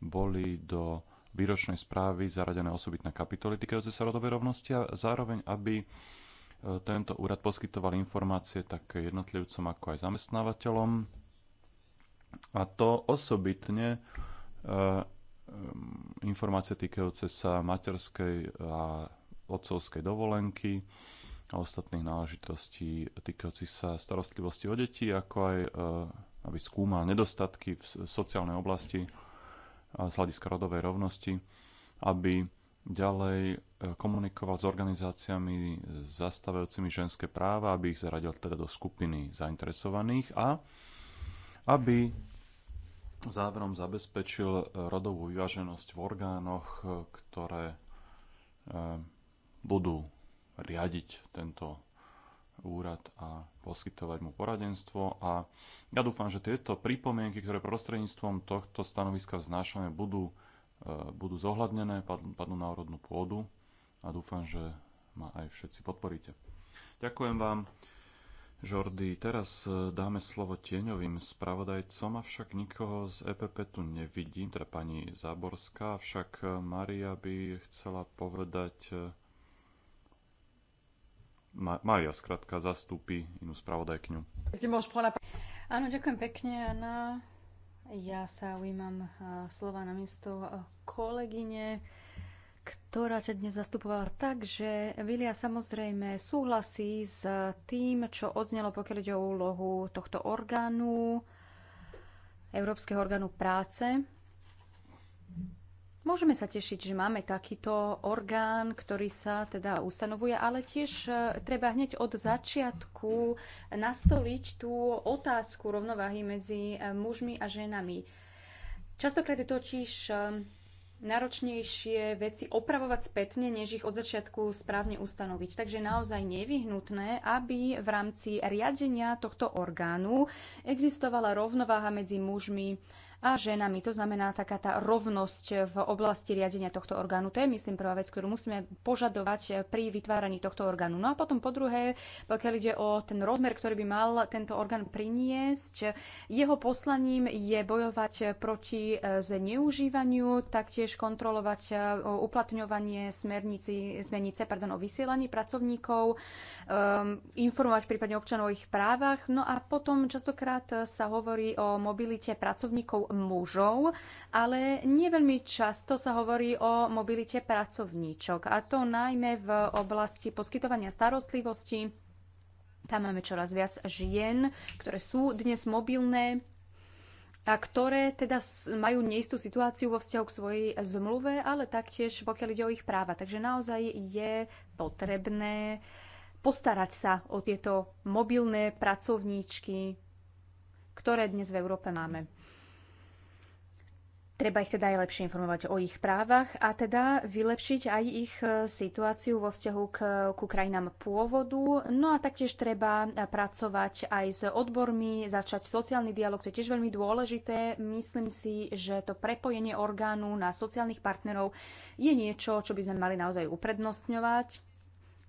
boli do výročnej správy zaradené osobitné kapitoly týkajúce sa rodovej rovnosti a zároveň, aby tento úrad poskytoval informácie tak jednotlivcom ako aj zamestnávateľom. A to osobitne e, e, informácie týkajúce sa materskej a otcovskej dovolenky a ostatných náležitostí týkajúcich sa starostlivosti o deti, ako aj e, aby skúmal nedostatky v sociálnej oblasti z hľadiska rodovej rovnosti, aby Ďalej e, komunikoval s organizáciami zastávajúcimi ženské práva, aby ich zaradil teda do skupiny zainteresovaných a aby záverom zabezpečil rodovú vyváženosť v orgánoch, ktoré e, budú riadiť tento úrad a poskytovať mu poradenstvo. A ja dúfam, že tieto pripomienky, ktoré prostredníctvom tohto stanoviska vznášame, budú E, budú zohľadnené, padnú na úrodnú pôdu a dúfam, že ma aj všetci podporíte. Ďakujem vám, Jordi. Teraz e, dáme slovo tieňovým spravodajcom, avšak nikoho z EPP tu nevidím, teda pani Záborská, avšak e, Maria by chcela povedať... Maria skratka zastúpi inú spravodajkňu. Áno, ďakujem pekne, Anna. Ja sa ujímam eh, slova na miesto eh, kolegyne, ktorá ťa dnes zastupovala tak, že Vilia samozrejme súhlasí s eh, tým, čo odznelo, pokiaľ ide o úlohu tohto orgánu, Európskeho orgánu práce, Môžeme sa tešiť, že máme takýto orgán, ktorý sa teda ustanovuje, ale tiež e, treba hneď od začiatku nastoliť tú otázku rovnováhy medzi e, mužmi a ženami. Častokrát je totiž e, náročnejšie veci opravovať spätne, než ich od začiatku správne ustanoviť. Takže je naozaj nevyhnutné, aby v rámci riadenia tohto orgánu existovala rovnováha medzi mužmi a ženami. To znamená taká tá rovnosť v oblasti riadenia tohto orgánu. To je, myslím, prvá vec, ktorú musíme požadovať pri vytváraní tohto orgánu. No a potom po druhé, pokiaľ ide o ten rozmer, ktorý by mal tento orgán priniesť, jeho poslaním je bojovať proti e, zneužívaniu, taktiež kontrolovať e, uplatňovanie smernici, smernice pardon, o vysielaní pracovníkov, um, informovať prípadne občanov o ich právach. No a potom častokrát sa hovorí o mobilite pracovníkov mužov, ale neveľmi často sa hovorí o mobilite pracovníčok, a to najmä v oblasti poskytovania starostlivosti. Tam máme čoraz viac žien, ktoré sú dnes mobilné a ktoré teda majú neistú situáciu vo vzťahu k svojej zmluve, ale taktiež pokiaľ ide o ich práva. Takže naozaj je potrebné postarať sa o tieto mobilné pracovníčky, ktoré dnes v Európe máme. Treba ich teda aj lepšie informovať o ich právach a teda vylepšiť aj ich e, situáciu vo vzťahu k, ku krajinám pôvodu. No a taktiež treba pracovať aj s odbormi, začať sociálny dialog, to je tiež veľmi dôležité. Myslím si, že to prepojenie orgánu na sociálnych partnerov je niečo, čo by sme mali naozaj uprednostňovať.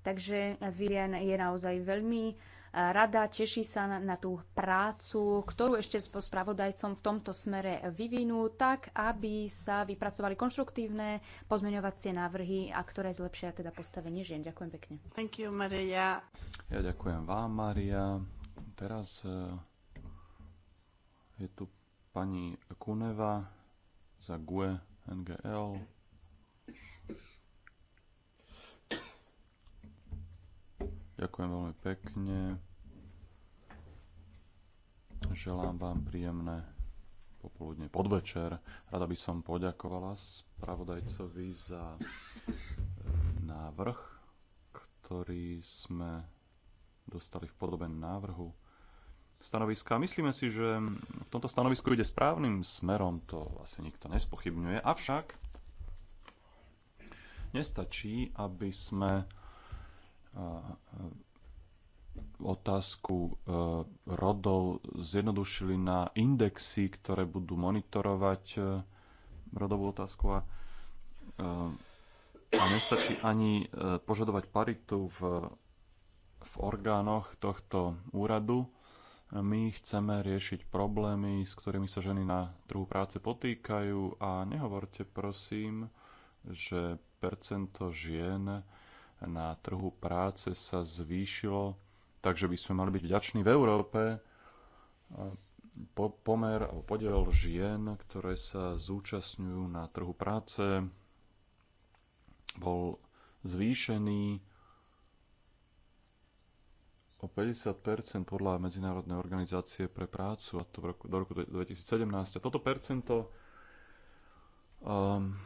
Takže Vilian je naozaj veľmi Rada teší sa na, na tú prácu, ktorú ešte s spravodajcom v tomto smere vyvinú, tak aby sa vypracovali konštruktívne pozmeňovacie návrhy, a ktoré zlepšia teda postavenie žien. Ďakujem pekne. Thank you, Maria. Ja ďakujem vám, Maria. Teraz e, je tu pani Kuneva za GUE NGL. Ďakujem veľmi pekne. Želám vám príjemné popoludne podvečer. Rada by som poďakovala spravodajcovi za e, návrh, ktorý sme dostali v podobe návrhu stanoviska. Myslíme si, že v tomto stanovisku ide správnym smerom, to asi nikto nespochybňuje. Avšak nestačí, aby sme E, otázku e, rodov zjednodušili na indexy, ktoré budú monitorovať e, rodovú otázku a, a nestačí ani požadovať paritu v, v orgánoch tohto úradu. My chceme riešiť problémy, s ktorými sa ženy na trhu práce potýkajú a nehovorte prosím, že percento žien na trhu práce sa zvýšilo, takže by sme mali byť vďační v Európe po, pomer alebo podiel žien, ktoré sa zúčastňujú na trhu práce, bol zvýšený o 50 podľa Medzinárodnej organizácie pre prácu a to v roku, do roku 2017. A toto percento um,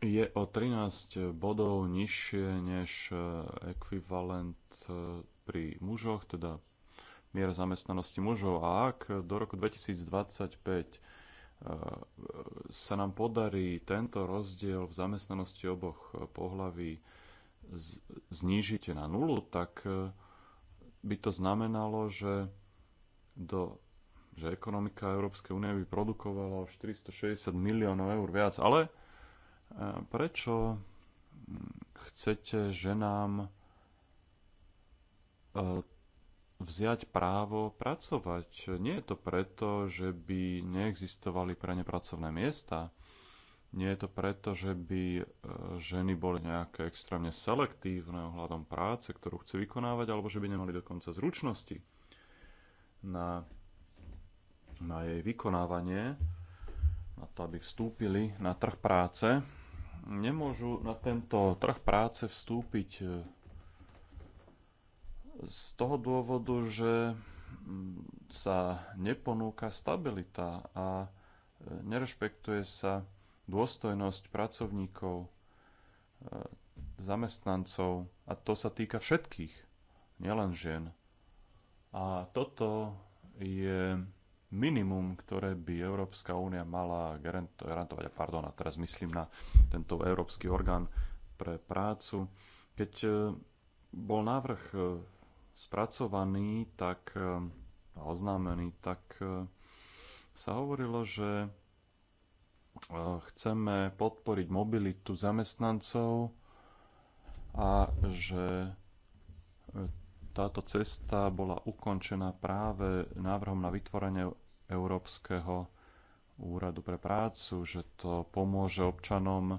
je o 13 bodov nižšie než e, ekvivalent e, pri mužoch, teda miera zamestnanosti mužov. A ak do roku 2025 e, sa nám podarí tento rozdiel v zamestnanosti oboch pohlaví znížiť na nulu, tak by to znamenalo, že, do, že ekonomika Európskej únie by produkovala o 460 miliónov eur viac. Ale Prečo chcete ženám e, vziať právo pracovať? Nie je to preto, že by neexistovali pre ne pracovné miesta, nie je to preto, že by e, ženy boli nejaké extrémne selektívne ohľadom práce, ktorú chcú vykonávať, alebo že by nemali dokonca zručnosti na, na jej vykonávanie, na to, aby vstúpili na trh práce nemôžu na tento trh práce vstúpiť e, z toho dôvodu, že mm, sa neponúka stabilita a e, nerešpektuje sa dôstojnosť pracovníkov, e, zamestnancov a to sa týka všetkých, nielen žien. A toto je minimum, ktoré by Európska únia mala garantovať, a pardon, a teraz myslím na tento Európsky orgán pre prácu. Keď e, bol návrh e, spracovaný, tak e, oznámený, tak sa hovorilo, že chceme podporiť mobilitu zamestnancov a že táto cesta bola ukončená práve návrhom na vytvorenie Európskeho úradu pre prácu, že to pomôže občanom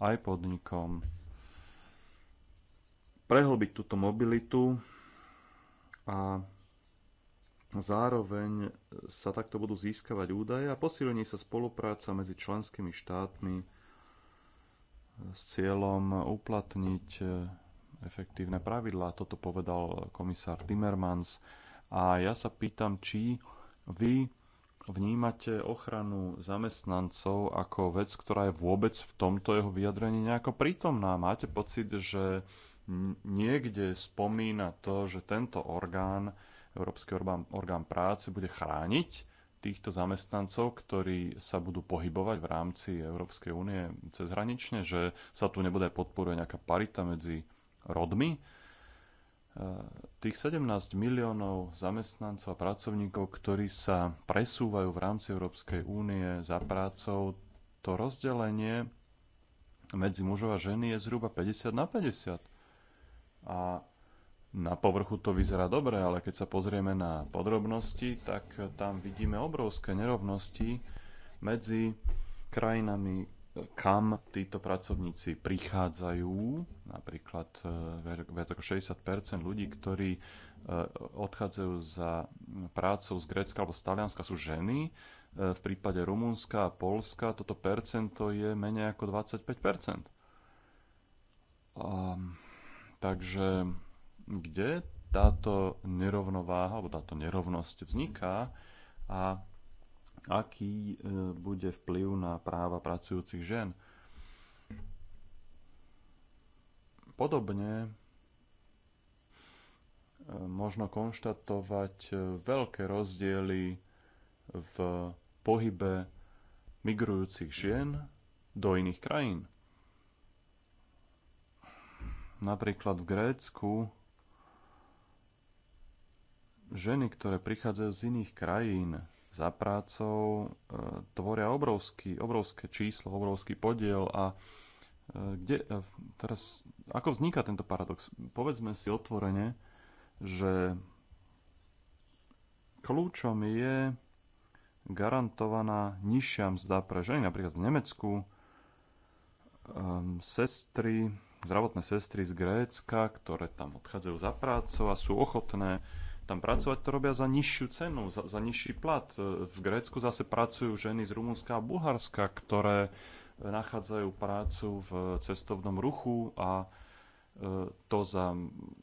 aj podnikom prehlbiť túto mobilitu a zároveň sa takto budú získavať údaje a posilní sa spolupráca medzi členskými štátmi s cieľom uplatniť efektívne pravidlá. Toto povedal komisár Timmermans. A ja sa pýtam, či vy vnímate ochranu zamestnancov ako vec, ktorá je vôbec v tomto jeho vyjadrení nejako prítomná. Máte pocit, že niekde spomína to, že tento orgán, Európsky orgán, orgán práce, bude chrániť týchto zamestnancov, ktorí sa budú pohybovať v rámci Európskej únie cezhranične, že sa tu nebude podporuje nejaká parita medzi rodmi. E, tých 17 miliónov zamestnancov a pracovníkov, ktorí sa presúvajú v rámci Európskej únie za prácou, to rozdelenie medzi mužov a ženy je zhruba 50 na 50. A na povrchu to vyzerá dobre, ale keď sa pozrieme na podrobnosti, tak tam vidíme obrovské nerovnosti medzi krajinami, kam títo pracovníci prichádzajú, napríklad e, viac ako 60 ľudí, ktorí e, odchádzajú za prácou z Grécka alebo z Talianska sú ženy. E, v prípade Rumunska a Polska toto percento je menej ako 25 a, takže kde táto nerovnováha alebo táto nerovnosť vzniká a aký e, bude vplyv na práva pracujúcich žien. Podobne e, možno konštatovať e, veľké rozdiely v pohybe migrujúcich žien do iných krajín. Napríklad v Grécku ženy, ktoré prichádzajú z iných krajín za prácou e, tvoria obrovský, obrovské číslo, obrovský podiel a e, kde, e, teraz, ako vzniká tento paradox? Povedzme si otvorene, že kľúčom je garantovaná nižšia mzda pre ženy. Napríklad v Nemecku um, sestry, zdravotné sestry z Grécka, ktoré tam odchádzajú za prácu a sú ochotné tam pracovať, to robia za nižšiu cenu, za, za nižší plat. E, v Grécku zase pracujú ženy z Rumunska a Bulharska, ktoré e, nachádzajú prácu v cestovnom ruchu a e, to za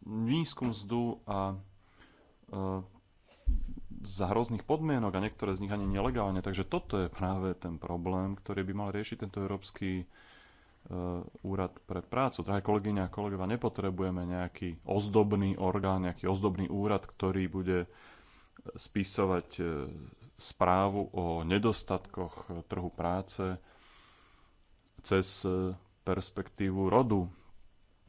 nízku mzdu a za hrozných podmienok a niektoré z nich ani nelegálne. Takže toto je práve ten problém, ktorý by mal riešiť tento európsky E, úrad pre prácu. Drahé kolegyňa a kolegova, nepotrebujeme nejaký ozdobný orgán, nejaký ozdobný úrad, ktorý bude spisovať e, správu o nedostatkoch e, trhu práce cez perspektívu rodu.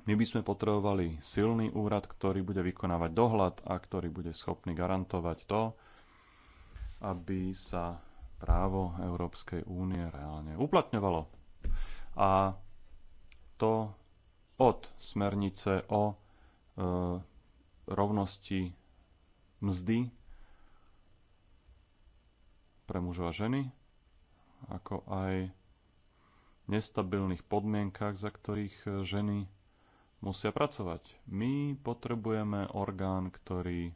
My by sme potrebovali silný úrad, ktorý bude vykonávať dohľad a ktorý bude schopný garantovať to, aby sa právo Európskej únie reálne uplatňovalo. A to od smernice o e, rovnosti mzdy pre mužov a ženy, ako aj nestabilných podmienkach, za ktorých e, ženy musia pracovať. My potrebujeme orgán, ktorý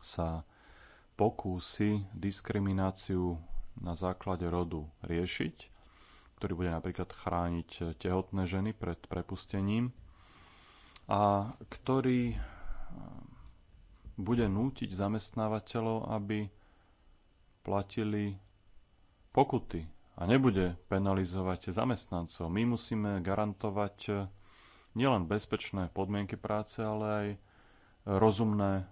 sa pokúsi diskrimináciu na základe rodu riešiť ktorý bude napríklad chrániť eh, tehotné ženy pred prepustením a ktorý eh, bude nútiť zamestnávateľov, aby platili pokuty a nebude penalizovať zamestnancov. My musíme garantovať eh, nielen bezpečné podmienky práce, ale aj rozumné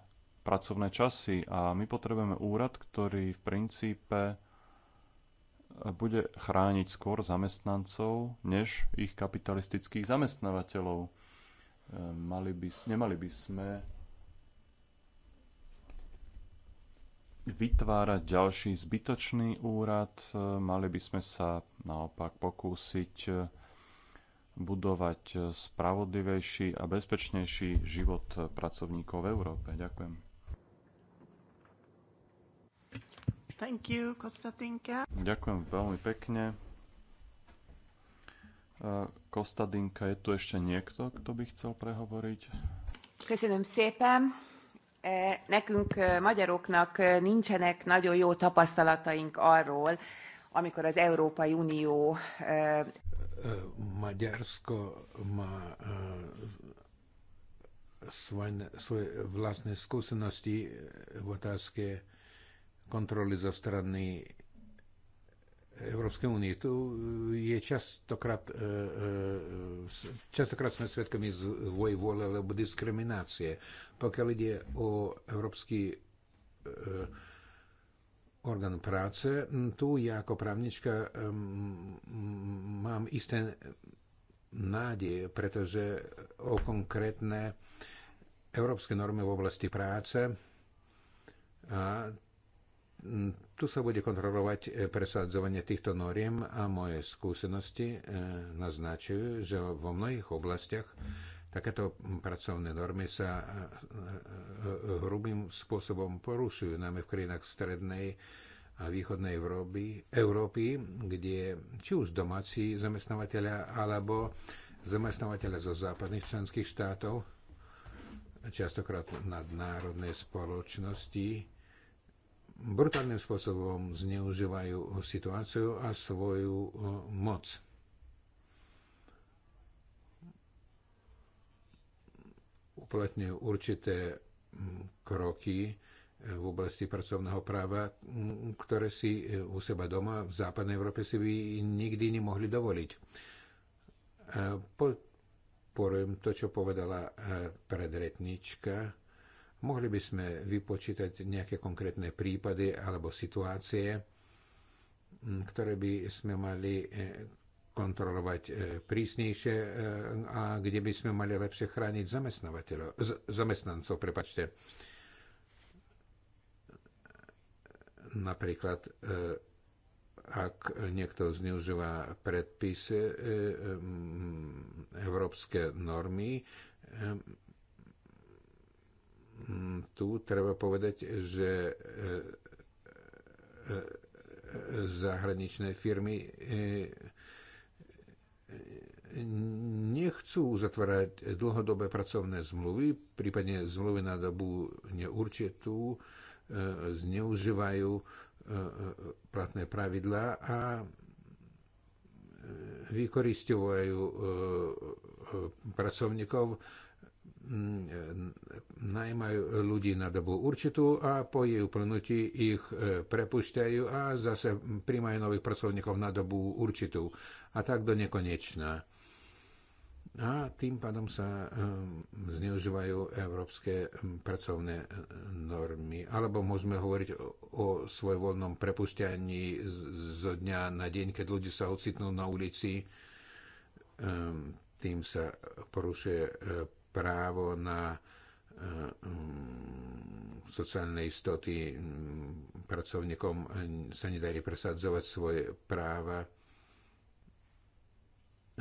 pracovné časy a my potrebujeme úrad, ktorý v princípe bude chrániť skôr zamestnancov, než ich kapitalistických zamestnávateľov. E, mali by, nemali by sme vytvárať ďalší zbytočný úrad, e, mali by sme sa naopak pokúsiť e, budovať spravodlivejší a bezpečnejší život pracovníkov v Európe. Ďakujem. Thank you, Kostatinka. Ďakujem veľmi pekne. Kostadinka, je tu ešte niekto, kto by chcel prehovoriť? Köszönöm szépen. E, nekünk e, magyaroknak e, nincsenek nagyon jó tapasztalataink arról, amikor az Európai Unió... Magyarsko má svoje vlastné skúsenosti v otázke kontroly zo strany Európskej únie. Tu je častokrát, e, e, častokrát sme svedkami zvoji vôle alebo diskriminácie. Pokiaľ ide o Európsky e, orgán práce, tu ja ako právnička mám isté nádej, pretože o konkrétne európske normy v oblasti práce a Mm, tu sa bude kontrolovať e, presadzovanie týchto noriem a moje skúsenosti e, naznačujú, že vo mnohých oblastiach takéto pracovné normy sa e, hrubým spôsobom porušujú, najmä v krajinách strednej a východnej Európy, Európy kde či už domáci zamestnávateľia alebo zamestnávateľa zo západných členských štátov, častokrát nadnárodné spoločnosti, brutálnym spôsobom zneužívajú situáciu a svoju e, moc. Uplatňujú určité kroky e, v oblasti pracovného práva, ktoré si e, u seba doma v západnej Európe si by nikdy nemohli dovoliť. Podporujem to, čo povedala predretnička Mohli by sme vypočítať nejaké konkrétne prípady alebo situácie, ktoré by sme mali e, kontrolovať e, prísnejšie e, a kde by sme mali lepšie chrániť zamestnancov. Prepačte. Napríklad, ak niekto zneužíva predpisy, európske normy, Mm, tu treba povedať, že e, e, e, zahraničné firmy nechcú zatvárať dlhodobé pracovné zmluvy, prípadne zmluvy na dobu neurčitú, zneužívajú platné pravidlá a vykoristujú pracovníkov Mm, e, najmajú ľudí na dobu určitú a po jej uplnutí ich e, prepušťajú a zase príjmajú nových pracovníkov na dobu určitú a tak do nekonečná. A tým pádom sa e, zneužívajú európske pracovné normy. Alebo môžeme hovoriť o svojvoľnom prepušťaní zo dňa na deň, keď ľudia sa ocitnú na ulici. Ehm, tým sa porušuje právo na eh, mm, sociálnej istoty mm, pracovníkom eh, sa nedarí presadzovať svoje práva.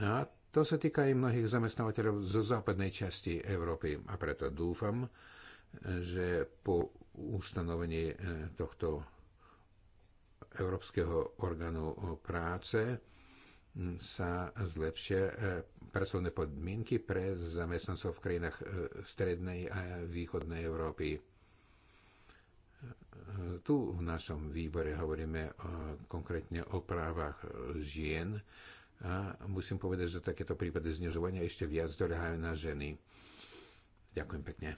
A to sa týka aj mnohých zamestnávateľov zo západnej časti Európy. A preto dúfam, že po ustanovení eh, tohto Európskeho orgánu práce sa zlepšia e, pracovné podmienky pre zamestnancov v krajinách e, strednej a východnej Európy. E, tu v našom výbore hovoríme konkrétne o právach žien a musím povedať, že takéto prípady znižovania ešte viac doľahajú na ženy. Ďakujem pekne.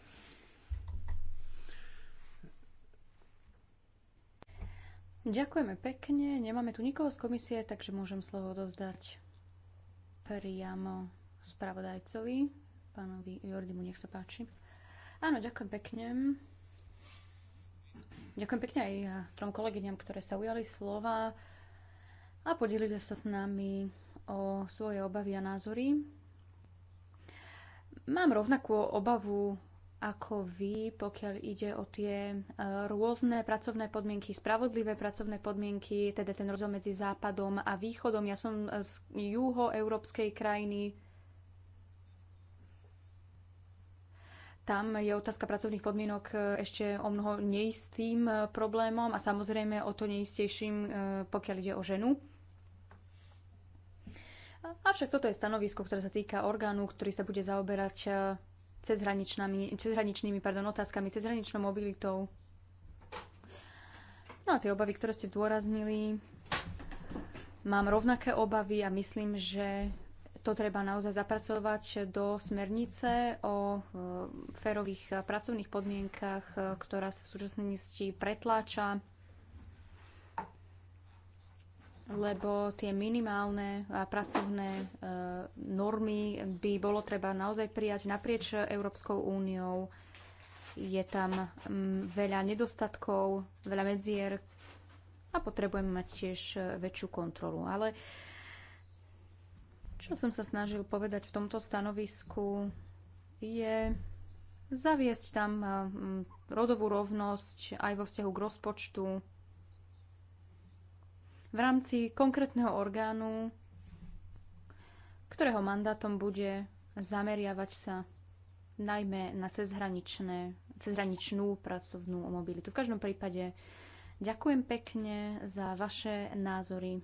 Ďakujeme pekne. Nemáme tu nikoho z komisie, takže môžem slovo odovzdať priamo spravodajcovi, pánovi Jordimu, nech sa páči. Áno, ďakujem pekne. Ďakujem pekne aj eh, trom kolegyňam, ktoré sa ujali slova a podelili sa s nami o svoje obavy a názory. Mám rovnakú obavu ako vy, pokiaľ ide o tie e, rôzne pracovné podmienky, spravodlivé pracovné podmienky, teda ten rozdiel medzi západom a východom. Ja som z juhoeurópskej krajiny. Tam je otázka pracovných podmienok e, ešte o mnoho neistým e, problémom a samozrejme o to neistejším, pokiaľ ide o ženu. Avšak toto je stanovisko, ktoré sa týka orgánu, ktorý sa bude zaoberať cezhraničnými, cezhraničnými pardon, otázkami, cezhraničnou mobilitou. No a tie obavy, ktoré ste zdôraznili, mám rovnaké obavy a myslím, že to treba naozaj zapracovať do smernice o e, férových pracovných podmienkach, e, ktorá sa v súčasnosti pretláča lebo tie minimálne a pracovné e, normy by bolo treba naozaj prijať naprieč Európskou úniou. Je tam mm, veľa nedostatkov, veľa medzier a potrebujeme mať tiež e, väčšiu kontrolu. Ale čo som sa snažil povedať v tomto stanovisku je zaviesť tam e, rodovú rovnosť aj vo vzťahu k rozpočtu v rámci konkrétneho orgánu, ktorého mandátom bude zameriavať sa najmä na cezhraničné, cezhraničnú pracovnú mobilitu. V každom prípade ďakujem pekne za vaše názory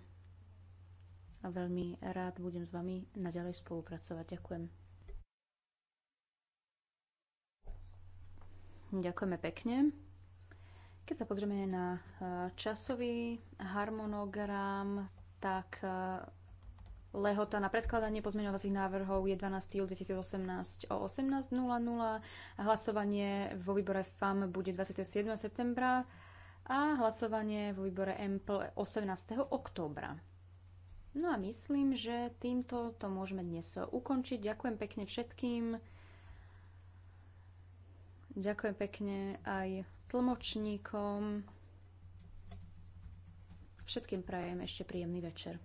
a veľmi rád budem s vami naďalej spolupracovať. Ďakujem. Ďakujeme pekne. Keď sa pozrieme na eh, časový harmonogram, tak eh, Lehota na predkladanie pozmeňovacích návrhov je 12. júl 2018 o 18.00 hlasovanie vo výbore FAM bude 27. septembra a hlasovanie vo výbore MPL 18. októbra. No a myslím, že týmto to môžeme dnes ukončiť. Ďakujem pekne všetkým Ďakujem pekne aj tlmočníkom. Všetkým prajem ešte príjemný večer.